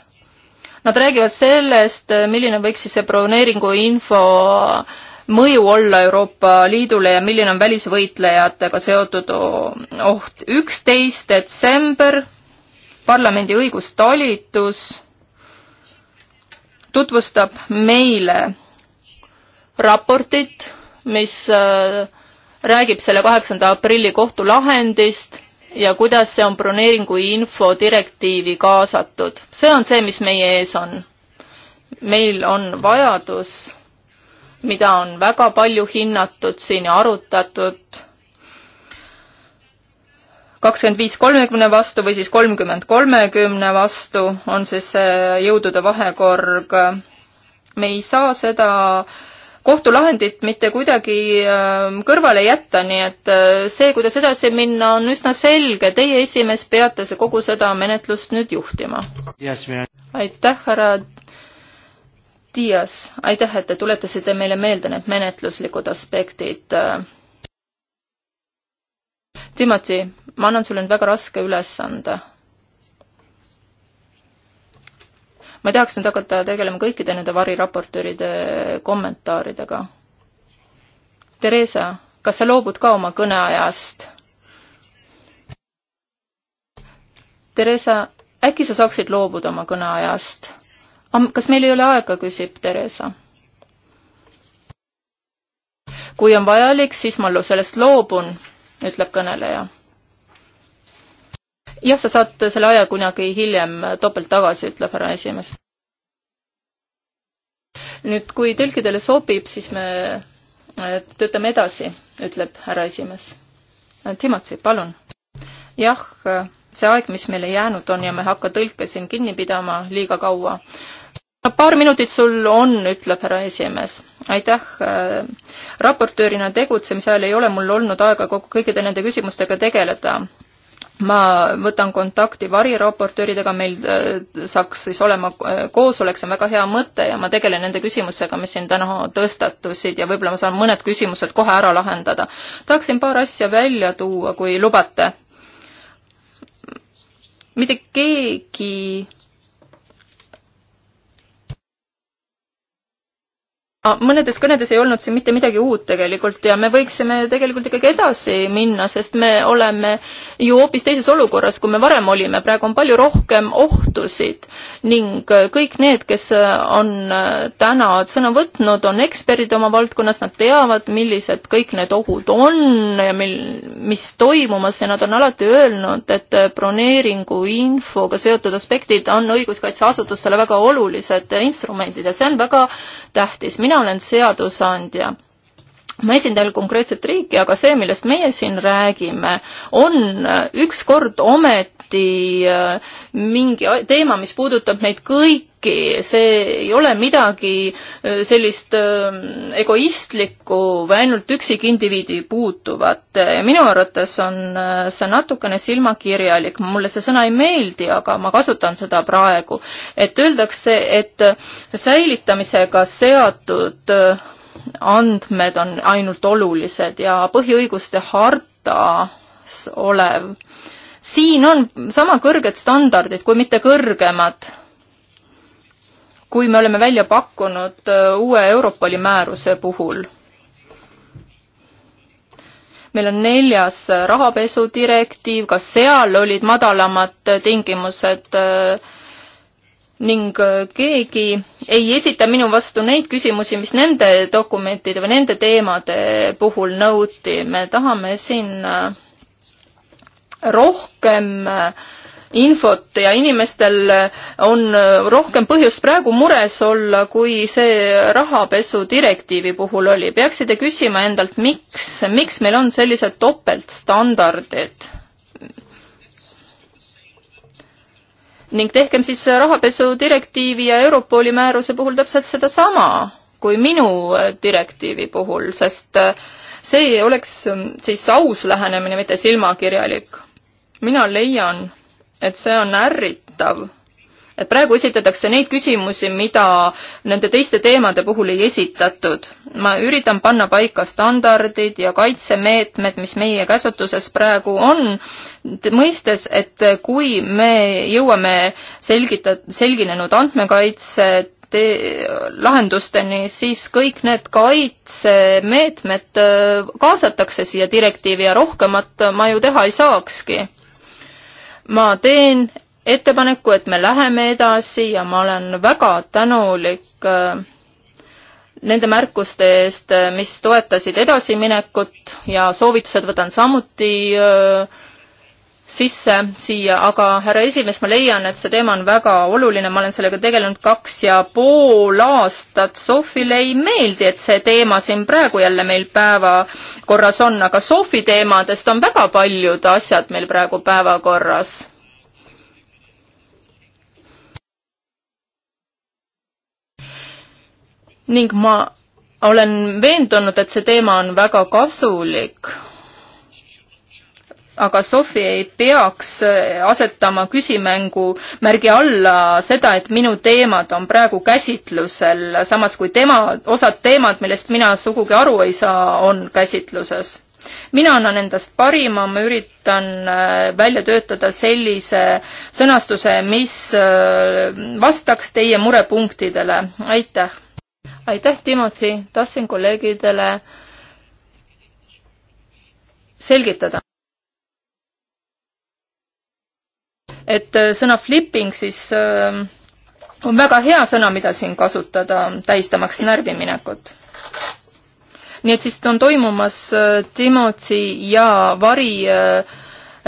Nad räägivad sellest, milline võiks siis see broneeringu info äh, mõju olla Euroopa Liidule ja milline on välisvõitlejatega seotud oht. üksteist detsember, parlamendi õigustalitus tutvustab meile raportit, mis äh, räägib selle kaheksanda aprilli kohtulahendist ja kuidas see on broneeringu info direktiivi kaasatud. see on see, mis meie ees on. meil on vajadus mida on väga palju hinnatud siin ja arutatud. kakskümmend viis kolmekümne vastu või siis kolmkümmend kolmekümne vastu on siis see jõudude vahekorg. me ei saa seda kohtulahendit mitte kuidagi ähm, kõrvale jätta, nii et äh, see, kuidas edasi minna, on üsna selge. Teie esimees peate see kogu seda menetlust nüüd juhtima. aitäh, härra Dias, aitäh, et te tuletasite meile meelde need menetluslikud aspektid. Timothy, ma annan sulle nüüd väga raske ülesande. ma ei tahaks nüüd hakata tegelema kõikide nende variraportööride kommentaaridega. Theresa, kas sa loobud ka oma kõneajast? Theresa, äkki sa saaksid loobuda oma kõneajast? kas meil ei ole aega, küsib Theresa. kui on vajalik, siis ma sellest loobun, ütleb kõneleja. jah, sa saad selle aja kunagi hiljem topelt tagasi, ütleb härra esimees. nüüd, kui tõlkidele sobib, siis me äh, töötame edasi, ütleb härra esimees. Äh, Timotsi, palun. jah äh, see aeg, mis meile jäänud on ja me ei hakka tõlke siin kinni pidama liiga kaua paar minutit sul on, ütleb härra esimees. aitäh. Äh, raportöörina tegutsemise ajal ei ole mul olnud aega kogu, kõikide nende küsimustega tegeleda. ma võtan kontakti variraportööridega, meil äh, saaks siis olema äh, koosolek, see on väga hea mõte ja ma tegelen nende küsimustega, mis siin täna tõstatusid ja võib-olla ma saan mõned küsimused kohe ära lahendada. tahaksin paar asja välja tuua, kui lubate. mitte keegi Ah, mõnedes kõnedes ei olnud siin mitte midagi uut tegelikult ja me võiksime tegelikult ikkagi edasi minna, sest me oleme ju hoopis teises olukorras, kui me varem olime, praegu on palju rohkem ohtusid ning äh, kõik need, kes äh, on äh, täna sõna võtnud, on eksperdid oma valdkonnas, nad teavad, millised kõik need ohud on ja mil, mis toimumas ja nad on alati öelnud, et broneeringu infoga seotud aspektid on õiguskaitseasutustele väga olulised instrumendid ja see on väga tähtis. mina mina olen seadusandja ma esindan konkreetset riiki, aga see, millest meie siin räägime, on ükskord ometi alati äh, mingi teema, mis puudutab meid kõiki, see ei ole midagi äh, sellist äh, egoistlikku või ainult üksikindiviidi puutuvat. minu arvates on see natukene silmakirjalik, mulle see sõna ei meeldi, aga ma kasutan seda praegu. et öeldakse, et säilitamisega seatud andmed on ainult olulised ja põhiõiguste hartas olev siin on sama kõrged standardid, kui mitte kõrgemad, kui me oleme välja pakkunud äh, uue Europoli määruse puhul. meil on neljas rahapesudirektiiv, ka seal olid madalamad tingimused äh, ning äh, keegi ei esita minu vastu neid küsimusi, mis nende dokumentide või nende teemade puhul nõuti. me tahame siin rohkem äh, infot ja inimestel äh, on äh, rohkem põhjust praegu mures olla, kui see rahapesu direktiivi puhul oli. peaksite küsima endalt, miks, miks meil on sellised topeltstandardid? ning tehkem siis rahapesu direktiivi ja Europoli määruse puhul täpselt sedasama kui minu direktiivi puhul, sest see oleks siis aus lähenemine, mitte silmakirjalik mina leian, et see on ärritav, et praegu esitatakse neid küsimusi, mida nende teiste teemade puhul ei esitatud. ma üritan panna paika standardid ja kaitsemeetmed, mis meie käsutuses praegu on, mõistes, et kui me jõuame selgita-, selginenud andmekaitse te-, lahendusteni, siis kõik need kaitsemeetmed äh, kaasatakse siia direktiivi ja rohkemat ma ju teha ei saakski ma teen ettepaneku, et me läheme edasi ja ma olen väga tänulik äh, nende märkuste eest, äh, mis toetasid edasiminekut ja soovitused võtan samuti äh, sisse siia, aga härra esimees, ma leian, et see teema on väga oluline, ma olen sellega tegelenud kaks ja pool aastat. Sofile ei meeldi, et see teema siin praegu jälle meil päevakorras on, aga Sofi teemadest on väga paljud asjad meil praegu päevakorras. ning ma olen veendunud, et see teema on väga kasulik aga Sofi ei peaks eh, asetama küsimängu märgi alla seda, et minu teemad on praegu käsitlusel, samas kui tema, osad teemad, millest mina sugugi aru ei saa, on käsitluses. mina annan endast parima, ma üritan eh, välja töötada sellise sõnastuse, mis eh, vastaks teie murepunktidele. aitäh! aitäh, Timothy, tahtsin kolleegidele selgitada et äh, sõna flipping siis äh, on väga hea sõna, mida siin kasutada, tähistamaks närviminekut. nii et siis on toimumas äh, Timothy ja Vari äh,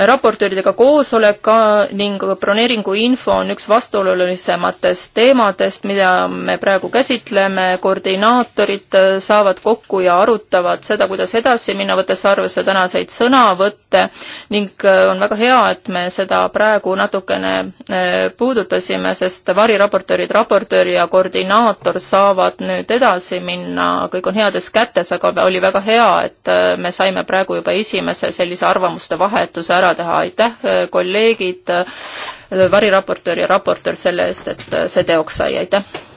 raportööridega koosolek ka ning broneeringu info on üks vastuolulisematest teemadest, mida me praegu käsitleme. koordinaatorid saavad kokku ja arutavad seda, kuidas edasi minna, võttes arvesse tänaseid sõnavõtte ning äh, on väga hea, et me seda praegu natukene äh, puudutasime, sest variraportöörid, raportöör ja koordinaator saavad nüüd edasi minna, kõik on heades kätes, aga oli väga hea, et äh, me saime praegu juba esimese sellise arvamuste vahetuse ära ära teha. aitäh, äh, kolleegid, äh, variraportöör ja raportöör selle eest, et äh, see teoks sai, aitäh!